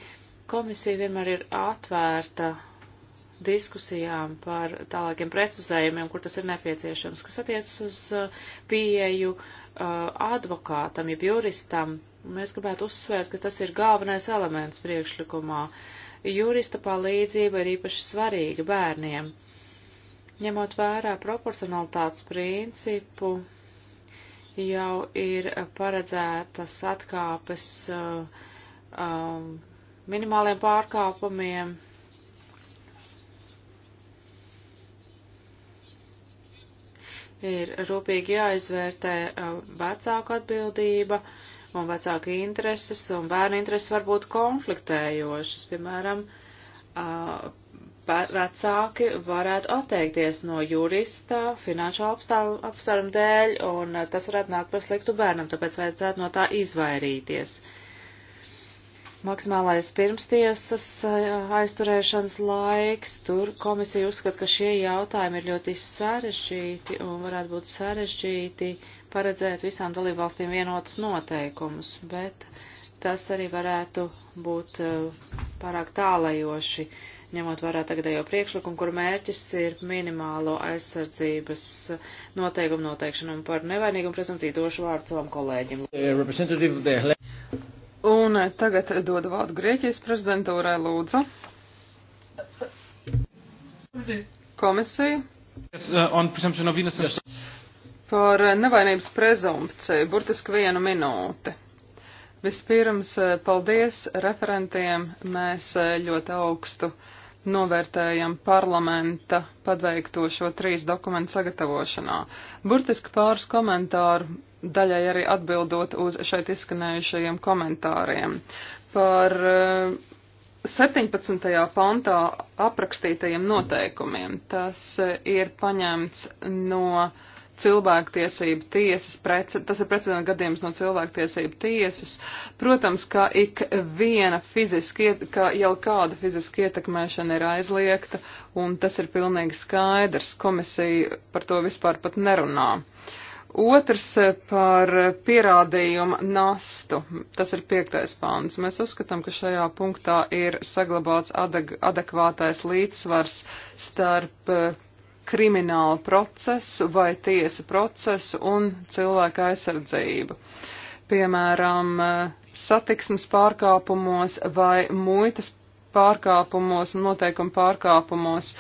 Komisija vienmēr ir atvērta diskusijām par tālākiem precizējumiem, kur tas ir nepieciešams, kas attiecas uz uh, pieeju uh, advokātam, jeb juristam. Mēs gribētu uzsvērt, ka tas ir galvenais elements priekšlikumā. Jurista palīdzība ir īpaši svarīga bērniem. Ņemot vērā proporcionalitātes principu, jau ir paredzētas atkāpes uh, um, minimāliem pārkāpumiem, ir rūpīgi jāizvērtē vecāku atbildība un vecāku intereses, un bērnu intereses var būt konfliktējošas. Piemēram, vecāki varētu atteikties no jurista finanšu apstākļu dēļ, un tas varētu nākt par sliktu bērnam, tāpēc vajadzētu no tā izvairīties maksimālais pirmstiesas eh, aizturēšanas laiks. Tur komisija uzskata, ka šie jautājumi ir ļoti sarežģīti un varētu būt sarežģīti paredzēt visām dalībvalstīm vienotas noteikumus, bet tas arī varētu būt eh, pārāk tālajoši, ņemot vērā tagadējo priekšlikumu, kur mērķis ir minimālo aizsardzības noteikumu noteikšanu un par nevainīgumu prezumciju došu vārdu savam kolēģim. Eh, Un tagad dodu vārdu Grieķijas prezidentūrai lūdzu. Komisija. Yes, uh, yes. Par nevainības prezumpciju burtiski vienu minūti. Vispirms uh, paldies referentiem. Mēs uh, ļoti augstu novērtējam parlamenta paveikto šo trīs dokumentu sagatavošanā. Burtiski pāris komentāru daļai arī atbildot uz šeit izskanējušajiem komentāriem. Par 17. Eh, pantā aprakstītajiem noteikumiem tas eh, ir paņemts no cilvēktiesību tiesas, prece, tas ir precedenta gadījums no cilvēktiesību tiesas. Protams, ka ik viena fiziski, ka jau kāda fiziski ietekmēšana ir aizliegta, un tas ir pilnīgi skaidrs, komisija par to vispār pat nerunā. Uh, Otrs eh, par pierādījumu nastu. Tas ir piektais pāns. Mēs uzskatām, ka šajā punktā ir saglabāts adekvātais līdzsvars starp eh, kriminālu procesu vai tiesu procesu un cilvēka aizsardzību. Piemēram, eh, satiksmes pārkāpumos vai muitas pārkāpumos un noteikumu pārkāpumos.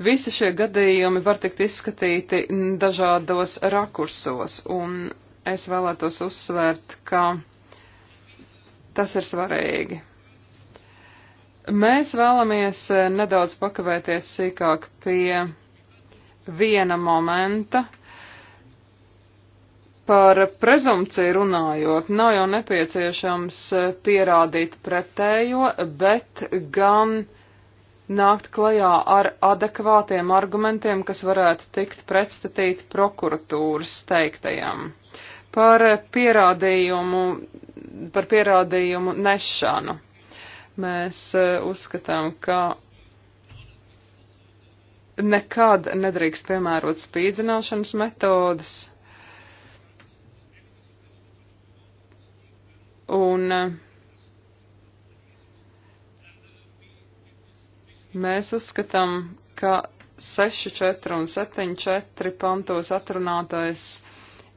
Visi šie gadījumi var tikt izskatīti dažādos rakursos, un es vēlētos uzsvērt, ka tas ir svarīgi. Mēs vēlamies nedaudz pakavēties sīkāk pie viena momenta, par prezumciju runājot, nav jau nepieciešams pierādīt pretējo, bet gan uh, nākt klajā ar adekvātiem argumentiem, kas varētu tikt pretstatīti prokuratūras teiktajam. Par pierādījumu, par pierādījumu nešanu. Mēs e, uzskatām, ka nekad nedrīkst piemērot spīdzināšanas metodas. Un uh, Mēs uzskatām, ka 6.4 un 7.4 pantos atrunātais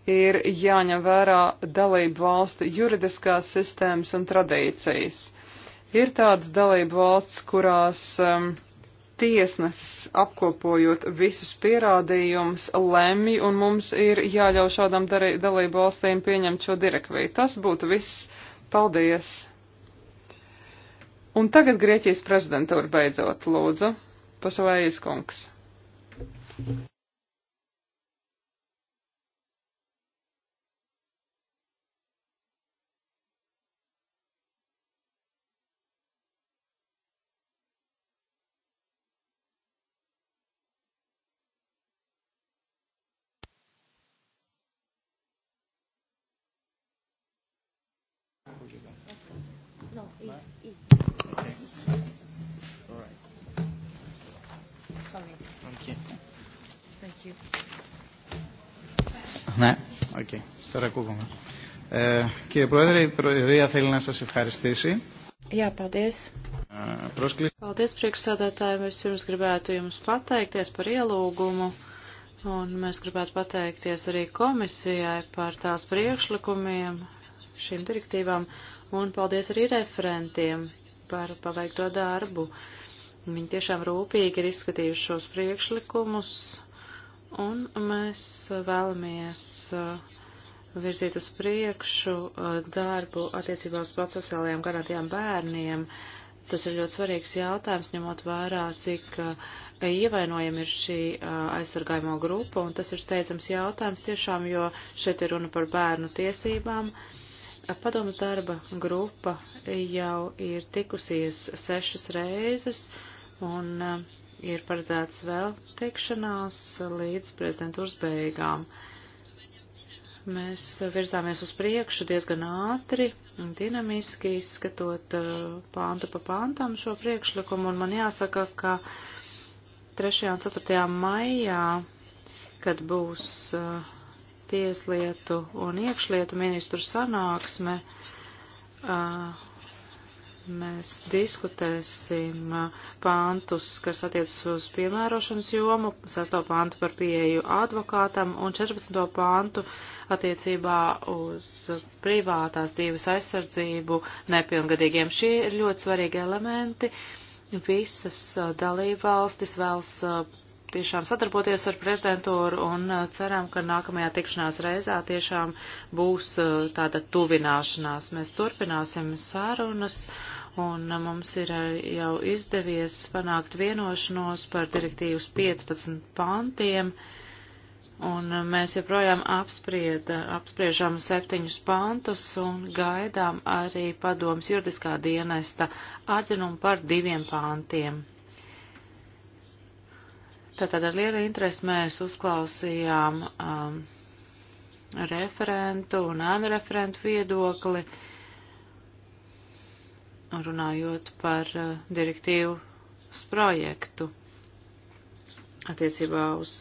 ir jāņem vērā dalību valstu juridiskās sistēmas un tradīcijas. Ir tādas dalību valsts, kurās um, tiesnesis apkopojot visus pierādījumus lemj, un mums ir jāļauj šādām dalību valstīm pieņemt šo direktīvu. Tas būtu viss. Paldies! Un tagad Grieķijas prezidentūra beidzot, lūdzu, pašavājas kungs. Thank you. Ναι, οκ. Okay. Τώρα ακούγομαι. Ε, κύριε Πρόεδρε, η Προεδρία θέλει να σας ευχαριστήσει. Jā, paldies. Uh, Prosklīt. Paldies, priekšsādātāji. Mēs pirms gribētu jums pateikties par ielūgumu, un mēs gribētu pateikties arī komisijai par tās priekšlikumiem, šīm direktīvām, un paldies arī referentiem par paveikto darbu. Viņi tiešām rūpīgi ir izskatījuši šos priekšlikumus un mēs vēlamies uh, virzīt uz priekšu uh, darbu attiecībā uz sociālajām garantijām bērniem. Tas ir ļoti svarīgs jautājums, ņemot vērā, cik uh, ievainojama ir šī aizsargājamo grupa, un tas ir steidzams jautājums tiešām, jo šeit ir runa par bērnu tiesībām. Padomas darba grupa jau ir tikusies sešas reizes, un uh, ir paredzēts vēl tikšanās līdz prezidentūras beigām. Mēs virzāmies uz priekšu diezgan ātri un dinamiski izskatot eh, pāntu pa pāntam šo priekšlikumu, un man jāsaka, ka 3. un 4. maijā, kad būs eh, tieslietu un iekšlietu ministru sanāksme, uh, Mēs diskutēsim pāntus, kas attiecas uz piemērošanas jomu, 6. pāntu par pieeju advokātam un 14. pāntu attiecībā uz privātās dzīves aizsardzību nepilngadīgiem. Šie ir ļoti svarīgi elementi. Visas dalībvalstis vēlas tiešām sadarboties ar prezidentūru un uh, ceram, ka nākamajā tikšanās reizā tiešām būs uh, tāda tuvināšanās. Mēs turpināsim sārunas un uh, mums ir jau izdevies panākt vienošanos par direktīvas 15 pantiem. Un mēs joprojām apspried, apspriežam septiņus pantus un gaidām arī padomas juridiskā dienesta atzinumu par diviem pantiem. Tātad ar lielu interesi mēs uzklausījām um, referentu un anreferentu viedokli, runājot par uh, direktīvas projektu attiecībā uz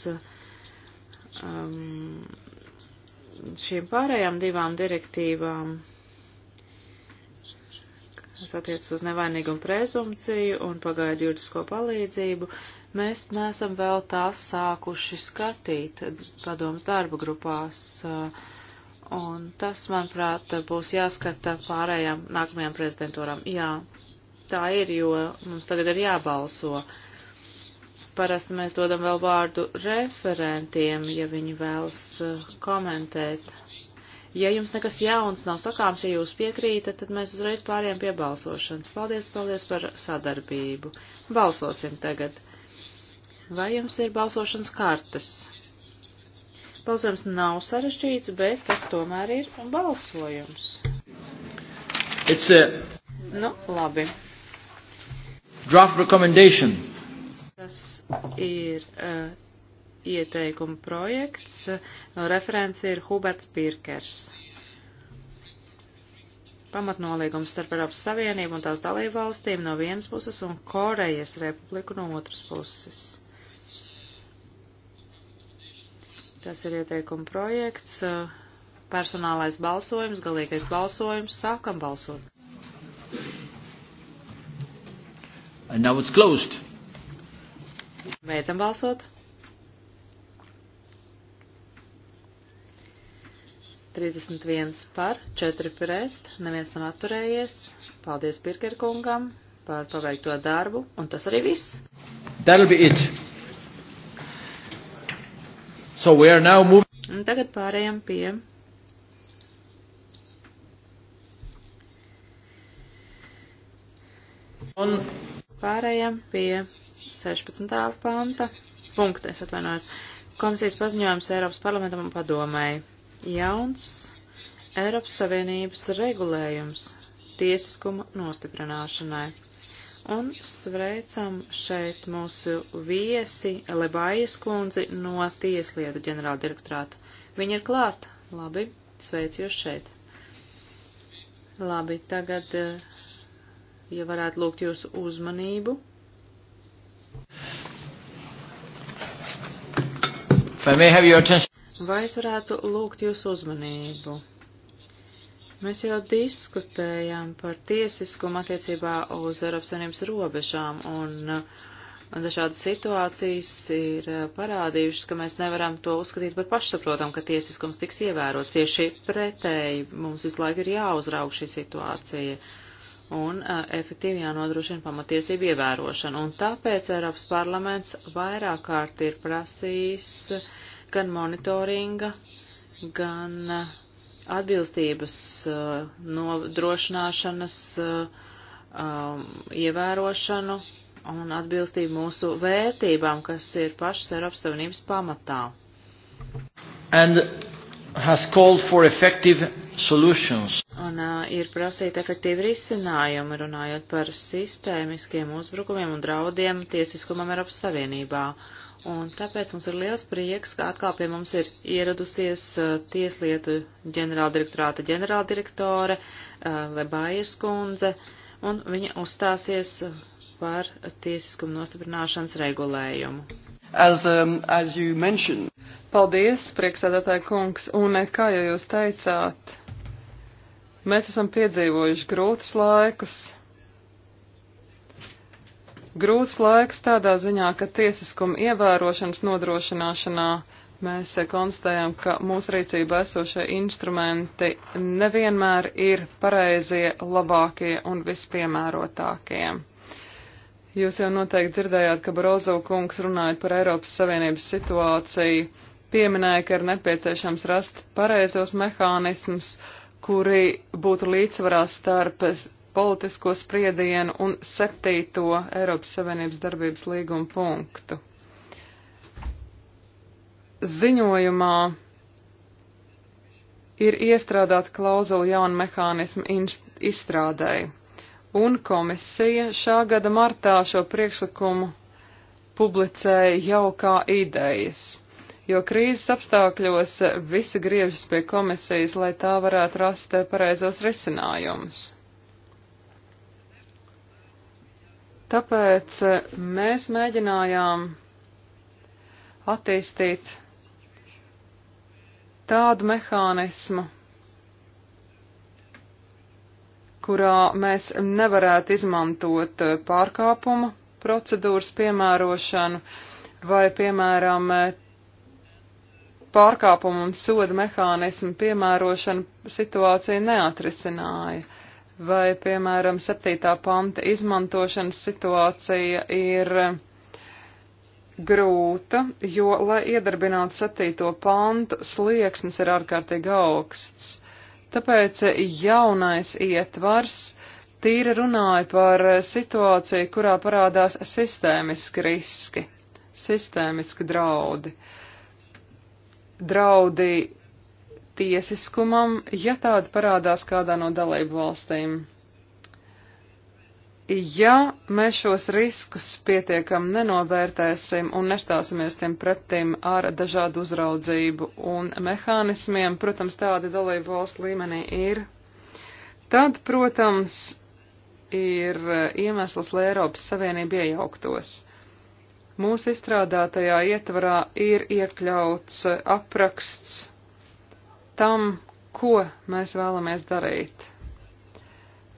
um, šīm pārējām divām direktīvām kas attiec uz nevainīgumu prezumciju un pagaidu juridisko palīdzību, mēs nesam vēl tās sākuši skatīt padomas darba grupās. Un tas, manuprāt, būs jāskata pārējām nākamajām prezidentūram. Jā, tā ir, jo mums tagad ir jābalso. Parasti mēs dodam vēl vārdu referentiem, ja viņi vēlas uh, komentēt Ja jums nekas jauns nav sakāms, ja jūs piekrītat, tad mēs uzreiz pāriem pie balsošanas. Paldies, paldies par sadarbību. Balsosim tagad. Vai jums ir balsošanas kartes? Balsojums nav sarežģīts, bet tas tomēr ir balsojums. It's a... Nu, labi draft recommendation. Tas ir uh, ieteikuma projekts. Referents ir Huberts Pirkers. Pamatnolīgums starp Eiropas Savienību un tās dalību valstīm no vienas puses un Korejas republiku no otras puses. Tas ir ieteikuma projekts. Personālais balsojums, galīgais balsojums, sākam balsot. And now it's closed. Beidzam balsot. 31 par, 4 pret, neviens nav atturējies. Paldies Pirker kungam par paveikto darbu, un tas arī viss. That'll be it. So we are now moving. Un tagad pārējām pie. Un pārējām pie 16. panta. Punkta, es atvainojos. Komisijas paziņojums Eiropas parlamentam un padomēji jauns Eiropas Savienības regulējums tiesiskuma nostiprināšanai. Un sveicam šeit mūsu viesi Lebājas kundzi no Tieslietu ģenerāla direktorāta. Viņa ir klāt. Labi, sveicu jūs šeit. Labi, tagad, eh, ja varētu lūgt jūsu uzmanību. If I may have your attention vai es varētu lūgt jūsu uzmanību? Mēs jau diskutējām par tiesiskumu attiecībā uz Eiropas Savienības robežām, un uh, dažādas situācijas ir uh, parādījušas, ka mēs nevaram to uzskatīt par pašsaprotam, ka tiesiskums tiks ievērots. Tieši pretēji mums visu laiku ir jāuzraug šī situācija un uh, efektīvi jānodrošina pamatiesību ievērošana. Un tāpēc Eiropas parlaments vairāk kārt ir prasījis gan monitoringa, gan uh, atbilstības uh, nodrošināšanas uh, um, ievērošanu un atbilstību mūsu vērtībām, kas ir pašas Eiropas Savienības pamatā. And has called for effective solutions. Un uh, ir prasīta efektīva risinājuma, runājot par sistēmiskiem uzbrukumiem un draudiem tiesiskumam Eiropas Savienībā. Uh, Un tāpēc mums ir liels prieks, ka atkal pie mums ir ieradusies uh, tieslietu ģenerāldirektorāta ģenerāldirektore uh, Lebairs kundze, un viņa uzstāsies par tiesiskumu nostiprināšanas regulējumu. As, um, as you mentioned. Paldies, priekšsēdētāji kungs, un eh, kā jau jūs teicāt, mēs esam piedzīvojuši grūtus laikus, grūts laiks tādā ziņā, ka tiesiskuma ievērošanas nodrošināšanā mēs konstatējam, ka mūsu rīcībā esošie instrumenti nevienmēr ir pareizie, labākie un vispiemērotākie. Jūs jau noteikti dzirdējāt, ka Barozo kungs runājot par Eiropas Savienības situāciju, pieminēja, ka ir nepieciešams rast pareizos mehānismus, kuri būtu līdzsvarā starp politisko spriedienu un septīto Eiropas Savienības darbības līguma punktu. Ziņojumā ir iestrādāta klauzula jaunu mehānismu izstrādēji, un komisija šā gada martā šo priekšlikumu publicēja jau kā idejas, jo krīzes apstākļos visi griežas pie komisijas, lai tā varētu rast pareizos risinājumus. Tāpēc eh, mēs mēģinājām attīstīt tādu mehānismu, kurā mēs nevarētu izmantot eh, pārkāpuma procedūras piemērošanu vai, piemēram, eh, pārkāpumu un soda mehānismu piemērošanu situācija neatrisināja vai, piemēram, septītā panta izmantošanas situācija ir grūta, jo, lai iedarbinātu septīto pantu, slieksnis ir ārkārtīgi augsts. Tāpēc jaunais ietvars tīri runāja par situāciju, kurā parādās sistēmiski riski, sistēmiski draudi. Draudi tiesiskumam, ja tāda parādās kādā no dalību valstīm. Ja mēs šos riskus pietiekam nenovērtēsim un nestāsimies tiem pretim ar dažādu uzraudzību un mehānismiem, protams, tādi dalību valsts līmenī ir, tad, protams, ir iemesls, lai Eiropas Savienība iejauktos. Mūsu izstrādātajā ietvarā ir iekļauts apraksts tam, ko mēs vēlamies darīt.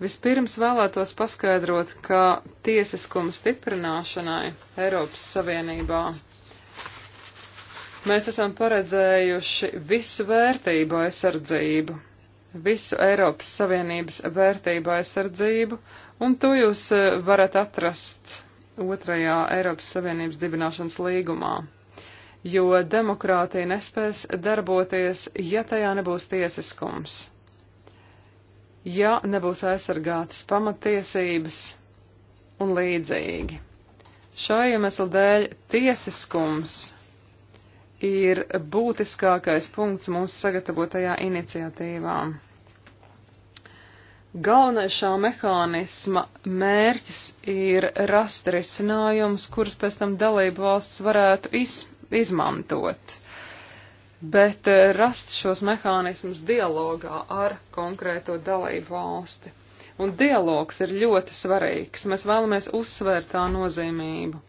Vispirms vēlētos paskaidrot, ka tiesiskuma stiprināšanai Eiropas Savienībā mēs esam paredzējuši visu vērtību aizsardzību, visu Eiropas Savienības vērtību aizsardzību, un to jūs eh, varat atrast otrajā Eiropas Savienības dibināšanas līgumā jo demokrātija nespēs darboties, ja tajā nebūs tiesiskums. Ja nebūs aizsargātas pamatiesības un līdzīgi. Šā iemesla dēļ tiesiskums ir būtiskākais punkts mūsu sagatavotajā iniciatīvā. Galvenais šā mehānisma mērķis ir rast risinājums, kurus pēc tam dalību valsts varētu iz, izmantot. Bet eh, rast šos mehānismus dialogā ar konkrēto dalību valsti. Un dialogs ir ļoti svarīgs. Mēs vēlamies uzsvērt tā nozīmību.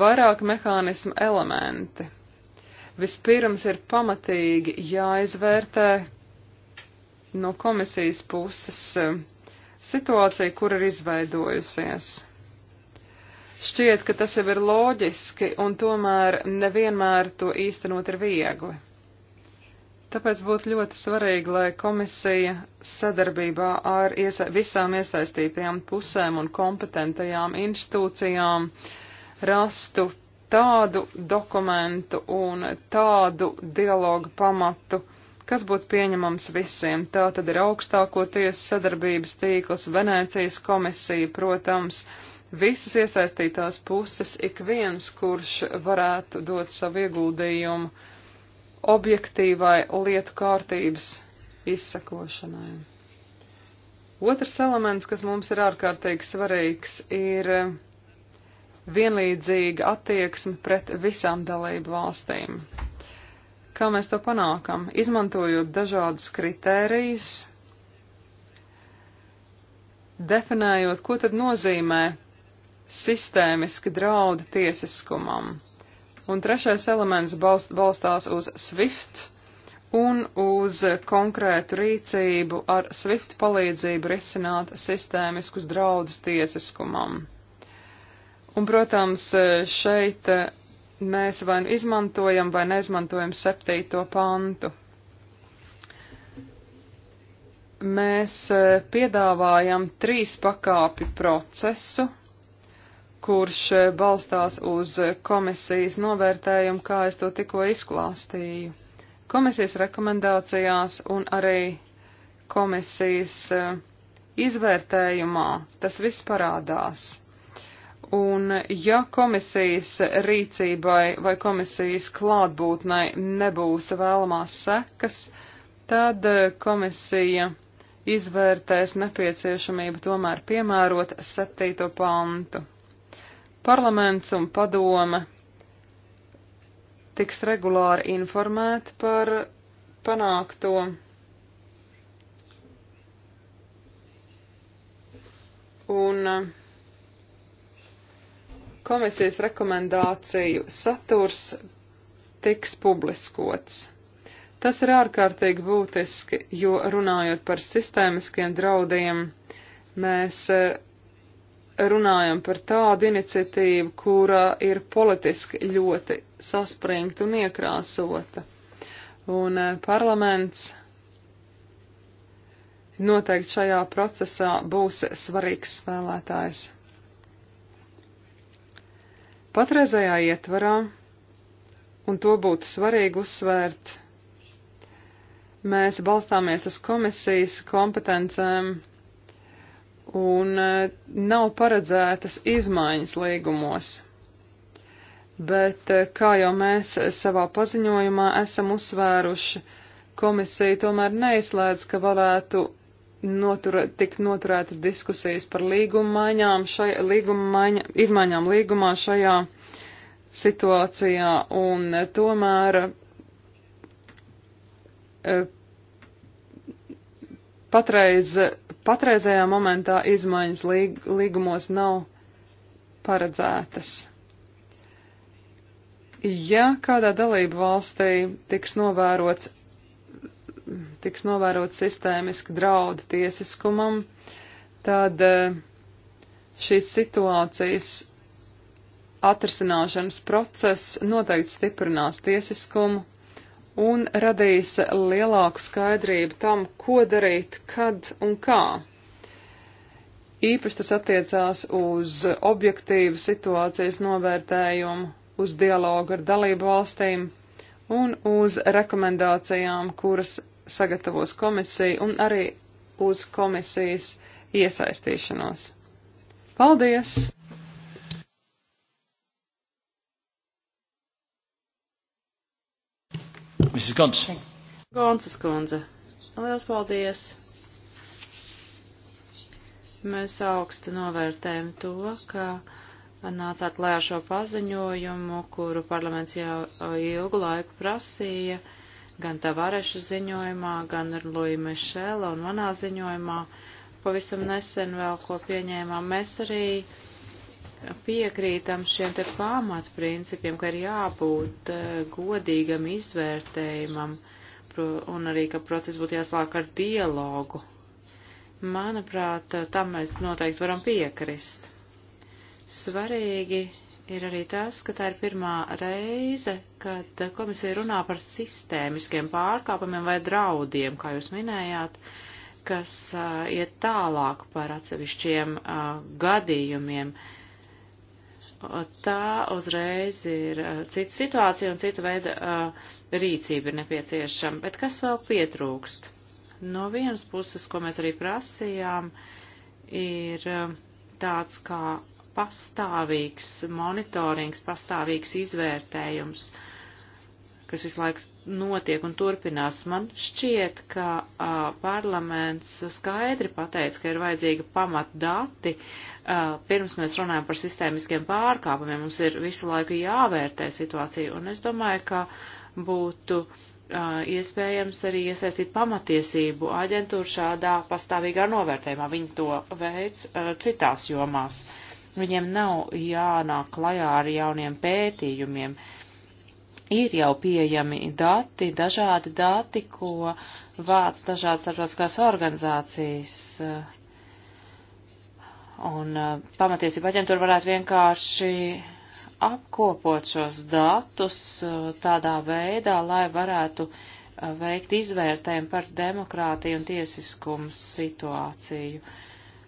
Vairāk mehānismu elementi. Vispirms ir pamatīgi jāizvērtē no komisijas puses eh, situācija, kur ir izveidojusies Šķiet, ka tas jau ir loģiski, un tomēr nevienmēr to īstenot ir viegli. Tāpēc būtu ļoti svarīgi, lai komisija sadarbībā ar iesa visām iesaistītajām pusēm un kompetentajām institūcijām rastu tādu dokumentu un tādu dialogu pamatu, kas būtu pieņemams visiem. Tā tad ir augstāko tiesu sadarbības tīkls, Venēcijas komisija, protams, uh, visas iesaistītās puses, ik viens, kurš varētu dot savu ieguldījumu objektīvai lietu kārtības izsakošanai. Otrs elements, kas mums ir ārkārtīgi svarīgs, ir vienlīdzīga attieksme pret visām dalību valstīm. Kā mēs to panākam? Izmantojot dažādus kritērijus, definējot, ko tad nozīmē sistēmiski draudi tiesiskumam. Un trešais elements balst, balstās uz SWIFT un uz konkrētu rīcību ar SWIFT palīdzību risināt sistēmiskus draudus tiesiskumam. Un, protams, šeit mēs vai nu izmantojam vai neizmantojam septīto pantu. Mēs eh, piedāvājam trīs pakāpju procesu kurš eh, balstās uz komisijas novērtējumu, kā es to tikko izklāstīju. Komisijas rekomendācijās un arī komisijas eh, izvērtējumā tas viss parādās. Un ja komisijas rīcībai vai komisijas klātbūtnei nebūs vēlamās sekas, tad eh, komisija izvērtēs nepieciešamību tomēr piemērot septīto pantu. Parlaments un padome tiks regulāri informēti par panākto. Un uh, komisijas rekomendāciju saturs tiks publiskots. Tas ir ārkārtīgi būtiski, jo runājot par sistēmiskiem draudiem, mēs uh, runājam par tādu iniciatīvu, kura ir politiski ļoti saspringta un iekrāsota. Un eh, parlaments noteikti šajā procesā būs svarīgs spēlētājs. Patreizajā ietvarā, un to būtu svarīgi uzsvērt, mēs balstāmies uz komisijas kompetencēm un eh, nav paredzētas izmaiņas līgumos. Bet, eh, kā jau mēs savā paziņojumā esam uzsvēruši, komisija tomēr neizslēdz, ka varētu notura, tikt noturētas diskusijas par līguma maiņām, šai, līguma maiņa, izmaiņām līgumā šajā situācijā, un eh, tomēr Patreiz, patreizējā momentā izmaiņas līg, līgumos nav paredzētas. Ja kādā dalību valstī tiks novērots, tiks novērots sistēmiski draudi tiesiskumam, tad eh, šīs situācijas atrisināšanas process noteikti stiprinās tiesiskumu un radīs lielāku skaidrību tam, ko darīt, kad un kā. Īpaši tas attiecās uz objektīvu situācijas novērtējumu, uz dialogu ar dalību valstīm un uz rekomendācijām, kuras sagatavos komisija un arī uz komisijas iesaistīšanos. Paldies! Mrs. Gons. Gonsas kundze. Liels paldies. Mēs augstu novērtējam to, ka nācāt lēr šo paziņojumu, kuru parlaments jau ilgu laiku prasīja, gan Tavareša ziņojumā, gan Lui Mišela un manā ziņojumā. Pavisam nesen vēl ko pieņēmām. Mēs arī uh, piekrītam šiem te pamatprincipiem, ka ir jābūt eh, godīgam izvērtējumam un arī, ka process būtu jāslāk ar dialogu. Manuprāt, eh, tam mēs noteikti varam piekrist. Svarīgi ir arī tas, ka tā ir pirmā reize, kad komisija runā par sistēmiskiem pārkāpumiem vai draudiem, kā jūs minējāt, kas uh, iet tālāk par atsevišķiem uh, gadījumiem. Uh, tā uzreiz ir uh, cita situācija un cita veida uh, rīcība ir nepieciešama. Bet kas vēl pietrūkst? No vienas puses, ko mēs arī prasījām, ir um, tāds kā pastāvīgs monitorings, pastāvīgs izvērtējums, kas visu laiku notiek un turpinās. Man šķiet, ka a, uh, parlaments skaidri pateica, ka ir vajadzīga pamatdati, a, pirms mēs runājam par sistēmiskiem pārkāpumiem, mums ir visu laiku jāvērtē situācija, un es domāju, ka būtu iespējams arī iesaistīt pamatiesību aģentūru šādā pastāvīgā novērtējumā. Viņi to veids citās jomās. Viņiem nav jānāk klajā ar jauniem pētījumiem. Ir jau pieejami dati, dažādi dati, ko vāc dažādas starptautiskās organizācijas Un uh, pamatiesība aģentūra varētu vienkārši apkopot šos datus uh, tādā veidā, lai varētu uh, veikt izvērtējumu par demokrātiju un tiesiskumu situāciju.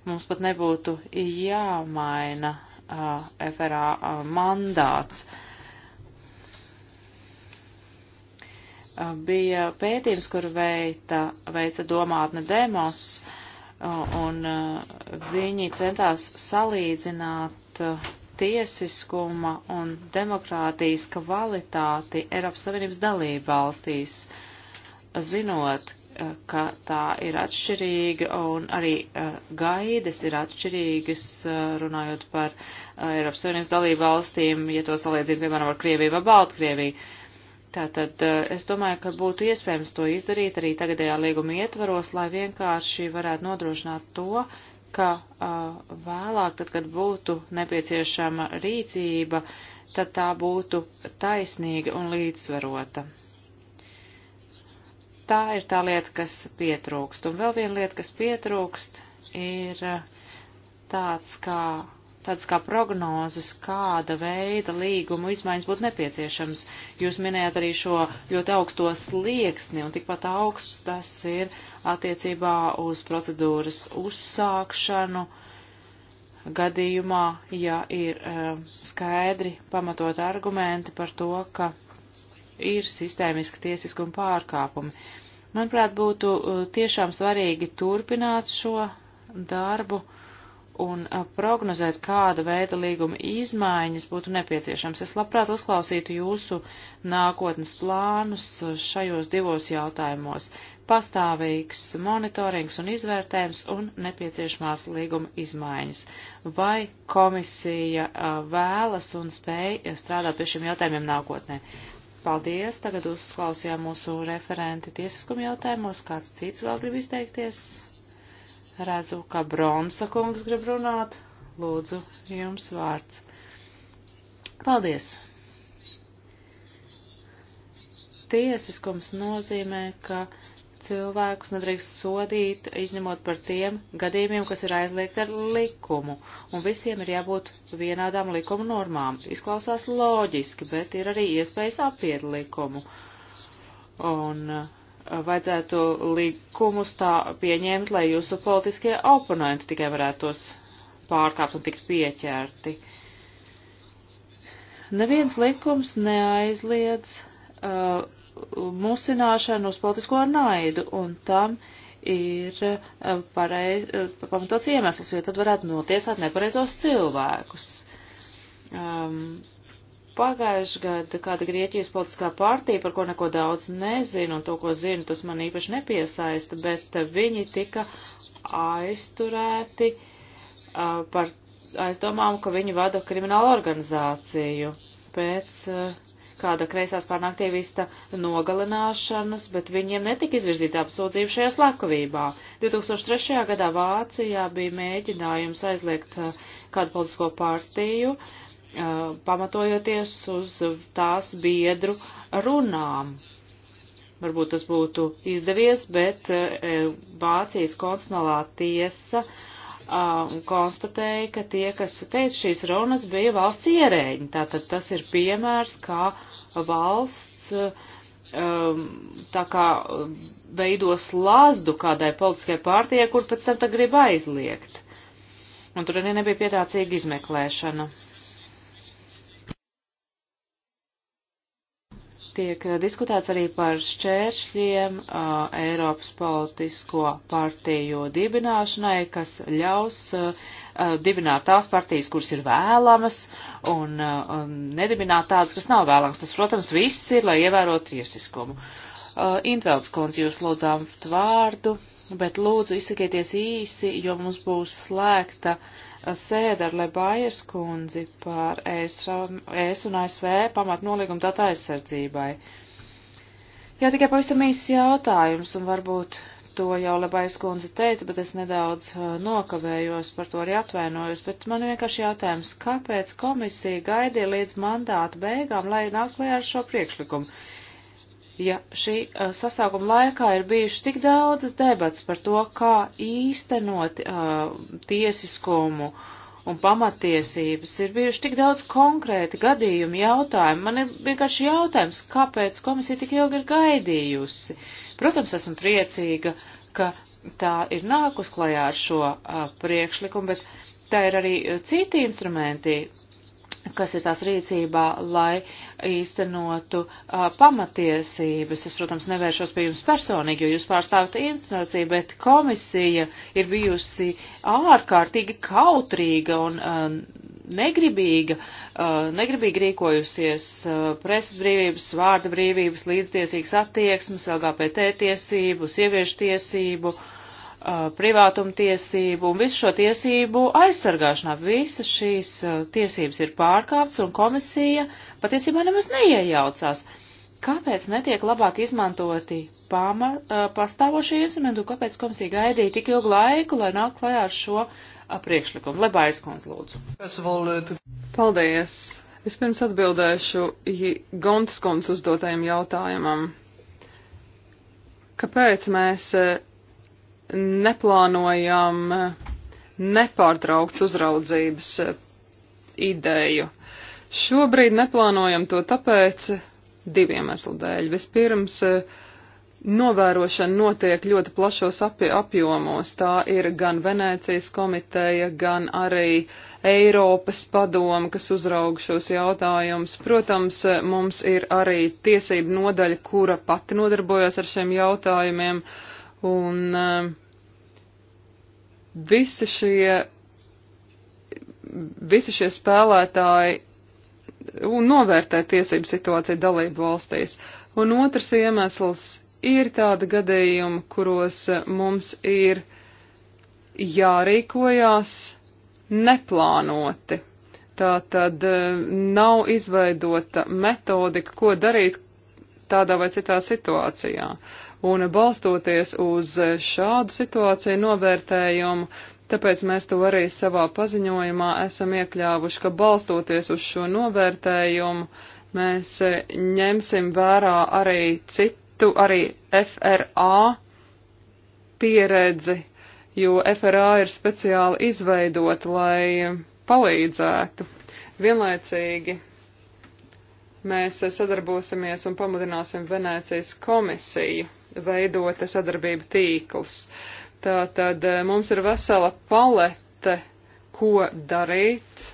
Mums pat nebūtu jāmaina uh, FRA uh, mandāts. Uh, bija pētījums, kur veita, veica domātne demos, uh, un e, viņi centās salīdzināt e, tiesiskuma un demokrātijas kvalitāti Eiropas Savienības dalību valstīs, zinot, e, ka tā ir atšķirīga un arī gaidas ir atšķirīgas, runājot par Eiropas Savienības dalību valstīm, ja to salīdzina, piemēram, ar Krieviju vai Baltkrieviju Tātad eh, es domāju, ka būtu iespējams to izdarīt arī tagadējā līguma ietvaros, lai vienkārši varētu nodrošināt to, ka uh, vēlāk, tad, kad būtu nepieciešama rīcība, tad tā būtu taisnīga un līdzsvarota. Tā ir tā lieta, kas pietrūkst. Un vēl viena lieta, kas pietrūkst, ir eh, tāds kā tāds kā prognozes, kāda veida līgumu izmaiņas būtu nepieciešams. Jūs minējat arī šo ļoti augsto slieksni, un tikpat augsts tas ir attiecībā uz procedūras uzsākšanu gadījumā, ja ir eh, skaidri pamatot argumenti par to, ka ir sistēmiski tiesiskuma pārkāpumi. Manuprāt, būtu eh, tiešām svarīgi turpināt šo darbu un prognozēt, kāda veida līguma izmaiņas būtu nepieciešams. Es labprāt uzklausītu jūsu nākotnes plānus šajos divos jautājumos - pastāvīgs monitorings un izvērtējums un nepieciešamās līguma izmaiņas. Vai komisija vēlas un spēj strādāt pie šiem jautājumiem nākotnē? Paldies, tagad uzklausījām mūsu referenti tiesiskuma jautājumos, kāds cits vēl grib izteikties? Redzu, ka Bronsa kungs grib runāt. Lūdzu, jums vārds. Paldies! Tiesiskums nozīmē, ka cilvēkus nedrīkst sodīt, izņemot par tiem gadījumiem, kas ir aizliegti ar likumu, un visiem ir jābūt vienādām likuma normām. Izklausās loģiski, bet ir arī iespējas apiet likumu. Un uh, vajadzētu likumus tā pieņemt, lai jūsu politiskie oponenti tikai varētu tos pārkāpt un tikt pieķerti. Neviens likums neaizliedz uh, musināšanu uz politisko naidu, un tam ir uh, pareiz, uh, pamatots iemesls, jo tad varētu notiesāt nepareizos cilvēkus. Um, pagājuši gadu kāda Grieķijas politiskā partija, par ko neko daudz nezinu, un to, ko zinu, tas man īpaši nepiesaista, bet eh, viņi tika aizturēti uh, par aizdomām, ka viņi vada kriminālu organizāciju pēc uh, kāda kreisās pārnaktīvista nogalināšanas, bet viņiem netika izvirzīta apsūdzība šajā slepkavībā. 2003. gadā Vācijā bija mēģinājums aizliegt uh, kādu politisko partiju, uh, pamatojoties uz tās biedru runām. Varbūt tas būtu izdevies, bet Vācijas konstitucionālā tiesa konstatēja, ka tie, kas teica šīs runas, bija valsts ierēģi. Tātad tas ir piemērs, kā valsts tā kā veido slazdu kādai politiskai pārtie, kur pēc tam tā grib aizliegt. Un tur arī nebija pietācīga izmeklēšana. Tiek eh, diskutēts arī par šķēršļiem uh, Eiropas politisko partiju dibināšanai, kas ļaus uh, dibināt tās partijas, kuras ir vēlamas, un uh, nedibināt tādas, kas nav vēlamas. Tas, protams, viss ir, lai ievērotu tiesiskumu. Uh, Intvelds kundze, jūs lūdzām vārdu, bet lūdzu izsakieties īsi, jo mums būs slēgta uh, sēde ar Lebājas kundzi par ES e un ASV pamatnolīgumu datu aizsardzībai. Jā, tikai pavisam īsts jautājums, un varbūt to jau Lebājas kundze teica, bet es nedaudz nokavējos, par to arī atvainojos, bet man vienkārši jautājums, kāpēc komisija gaidīja līdz mandāta beigām, lai nāk klajā ar šo priekšlikumu? ja šī uh, eh, sasaukuma laikā ir bijuši tik daudzas debats par to, kā īstenot uh, tiesiskumu un pamatiesības, ir bijuši tik daudz konkrēti gadījumi jautājumi. Man ir vienkārši jautājums, kāpēc komisija tik ilgi ir gaidījusi. Protams, esmu priecīga, ka tā ir nākus klajā ar šo uh, priekšlikumu, bet tā ir arī citi instrumenti, kas ir tās rīcībā, lai īstenotu uh, pamatiesības. Es, protams, nevēršos pie jums personīgi, jo jūs pārstāvat institūciju, bet komisija ir bijusi ārkārtīgi kautrīga un uh, negribīga, uh, negribīgi rīkojusies uh, preses brīvības, vārda brīvības, līdztiesīgas attieksmes, LGBT tiesību, sieviešu tiesību. Uh, Uh, privātumtiesību un visu šo tiesību aizsargāšanā. Visas šīs uh, tiesības ir pārkāptas un komisija patiesībā nemaz neiejaucās. Kāpēc netiek labāk izmantoti pama, uh, pastāvošie instrumenti un kāpēc komisija gaidīja tik ilgu laiku, lai nāk klajā ar šo priekšlikumu? Lebais kundz, lūdzu. Paldies. Es pirms atbildēšu Gontas kundz uzdotajam jautājumam. Kāpēc mēs neplānojam nepārtraukts uzraudzības eh, ideju. Šobrīd neplānojam to tāpēc diviem eslu dēļ. Vispirms, eh, novērošana notiek ļoti plašos apjomos. Tā ir gan Venēcijas komiteja, gan arī Eiropas padoma, kas uzraug šos jautājumus. Protams, eh, mums ir arī tiesība nodaļa, kura pati nodarbojas ar šiem jautājumiem. Uh, Un um, visi šie, visi šie spēlētāji un novērtē tiesību situāciju dalību valstīs. Un otrs iemesls ir tādi gadījumi, kuros mums ir jārīkojās neplānoti. Tā tad um, nav izveidota metodika, ko darīt tādā vai citā situācijā. Un balstoties uz šādu situāciju novērtējumu, tāpēc mēs to arī savā paziņojumā esam iekļāvuši, ka balstoties uz šo novērtējumu, mēs ņemsim vērā arī citu, arī FRA pieredzi, jo FRA ir speciāli izveidota, lai palīdzētu. Vienlaicīgi mēs sadarbosimies un pamudināsim Venēcijas komisiju veidota sadarbība tīkls. Tātad eh, mums ir vesela palete, ko darīt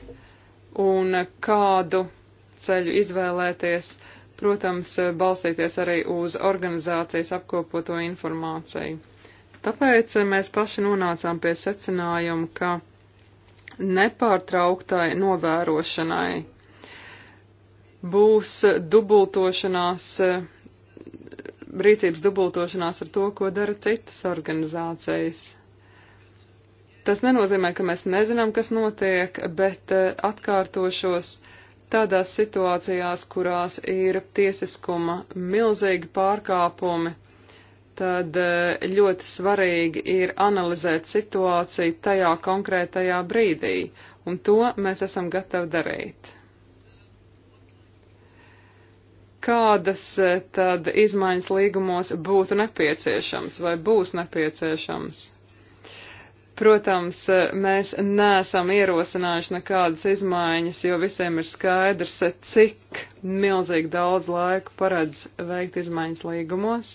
un kādu ceļu izvēlēties, protams, eh, balstīties arī uz organizācijas apkopoto informāciju. Tāpēc eh, mēs paši nonācām pie secinājuma, ka nepārtrauktai novērošanai būs dubultošanās rīcības dubultošanās ar to, ko dara citas organizācijas. Tas nenozīmē, ka mēs nezinām, kas notiek, bet eh, atkārtošos tādās situācijās, kurās ir tiesiskuma milzīgi pārkāpumi, tad eh, ļoti svarīgi ir analizēt situāciju tajā konkrētajā brīdī, un to mēs esam gatavi darīt kādas e, tad izmaiņas līgumos būtu nepieciešams vai būs nepieciešams? Protams, e, mēs neesam ierosinājuši nekādas izmaiņas, jo visiem ir skaidrs, e, cik milzīgi daudz laika paredz veikt izmaiņas līgumos.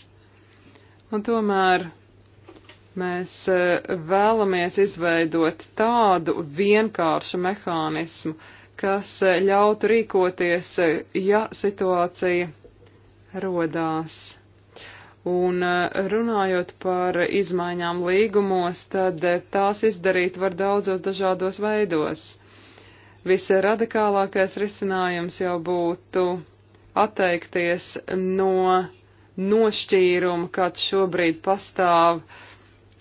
Un tomēr mēs vēlamies izveidot tādu vienkāršu mehānismu, kas eh, ļautu rīkoties, eh, ja situācija rodās. Un eh, runājot par izmaiņām līgumos, tad tās izdarīt var daudzos dažādos veidos. Visradikālākais risinājums jau būtu atteikties no nošķīruma, kāds šobrīd pastāv uh,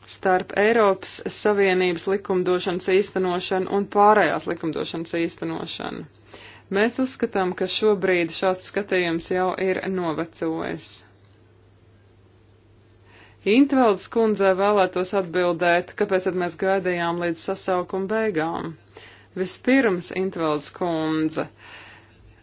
starp Eiropas Savienības likumdošanas īstenošanu un pārējās likumdošanas īstenošanu. Mēs uzskatām, ka šobrīd šāds skatījums jau ir novecojis. Intveldes kundzē vēlētos atbildēt, kāpēc tad mēs gaidījām līdz sasaukuma beigām. Vispirms Intveldes kundze. Uh,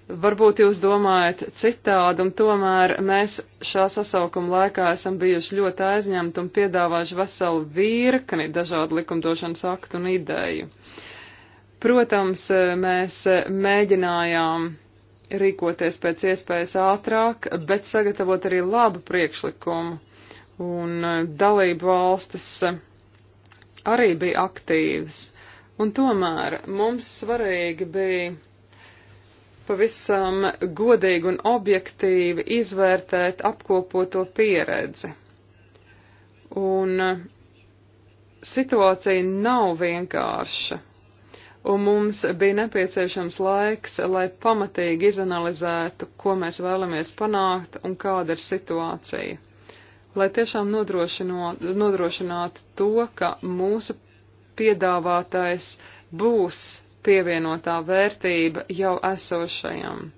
Varbūt jūs domājat citādi, un tomēr mēs šā sasaukuma laikā esam bijuši ļoti aizņemti un piedāvājuši veselu virkni dažādu likumdošanas aktu un ideju. Protams, mēs mēģinājām rīkoties pēc iespējas ātrāk, bet sagatavot arī labu priekšlikumu. Un e, dalību valstis arī bija aktīvas. Un tomēr mums svarīgi bija pavisam godīgi un objektīvi izvērtēt apkopoto pieredzi. Un uh, situācija nav vienkārša, un mums bija nepieciešams laiks, lai pamatīgi izanalizētu, ko mēs vēlamies panākt un kāda ir situācija. Lai tiešām nodrošinātu to, ka mūsu piedāvātais būs pievienotā vērtība jau esošajam.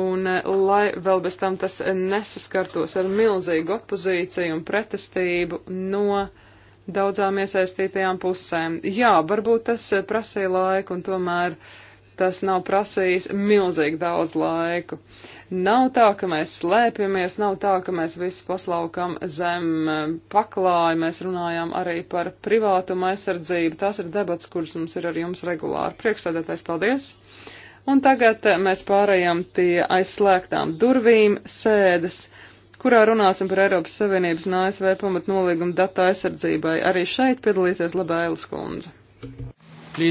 Un eh, lai vēl bez tam tas nesaskartos ar milzīgu opozīciju un pretestību no daudzām iesaistītajām pusēm. Jā, varbūt tas eh, prasīja laiku un tomēr uh, tas nav prasījis milzīgi daudz laiku. Nav tā, ka mēs slēpjamies, nav tā, ka mēs visu paslaukam zem e, paklāja, mēs runājām arī par privātumu aizsardzību. Tās ir debats, kuras mums ir ar jums regulāri. Priekšsēdētais, paldies! Un tagad e, mēs pārējām pie aizslēgtām durvīm sēdes, kurā runāsim par Eiropas Savienības un ASV pamatnolīgumu datu aizsardzībai. Arī šeit piedalīsies Labēlis kundze.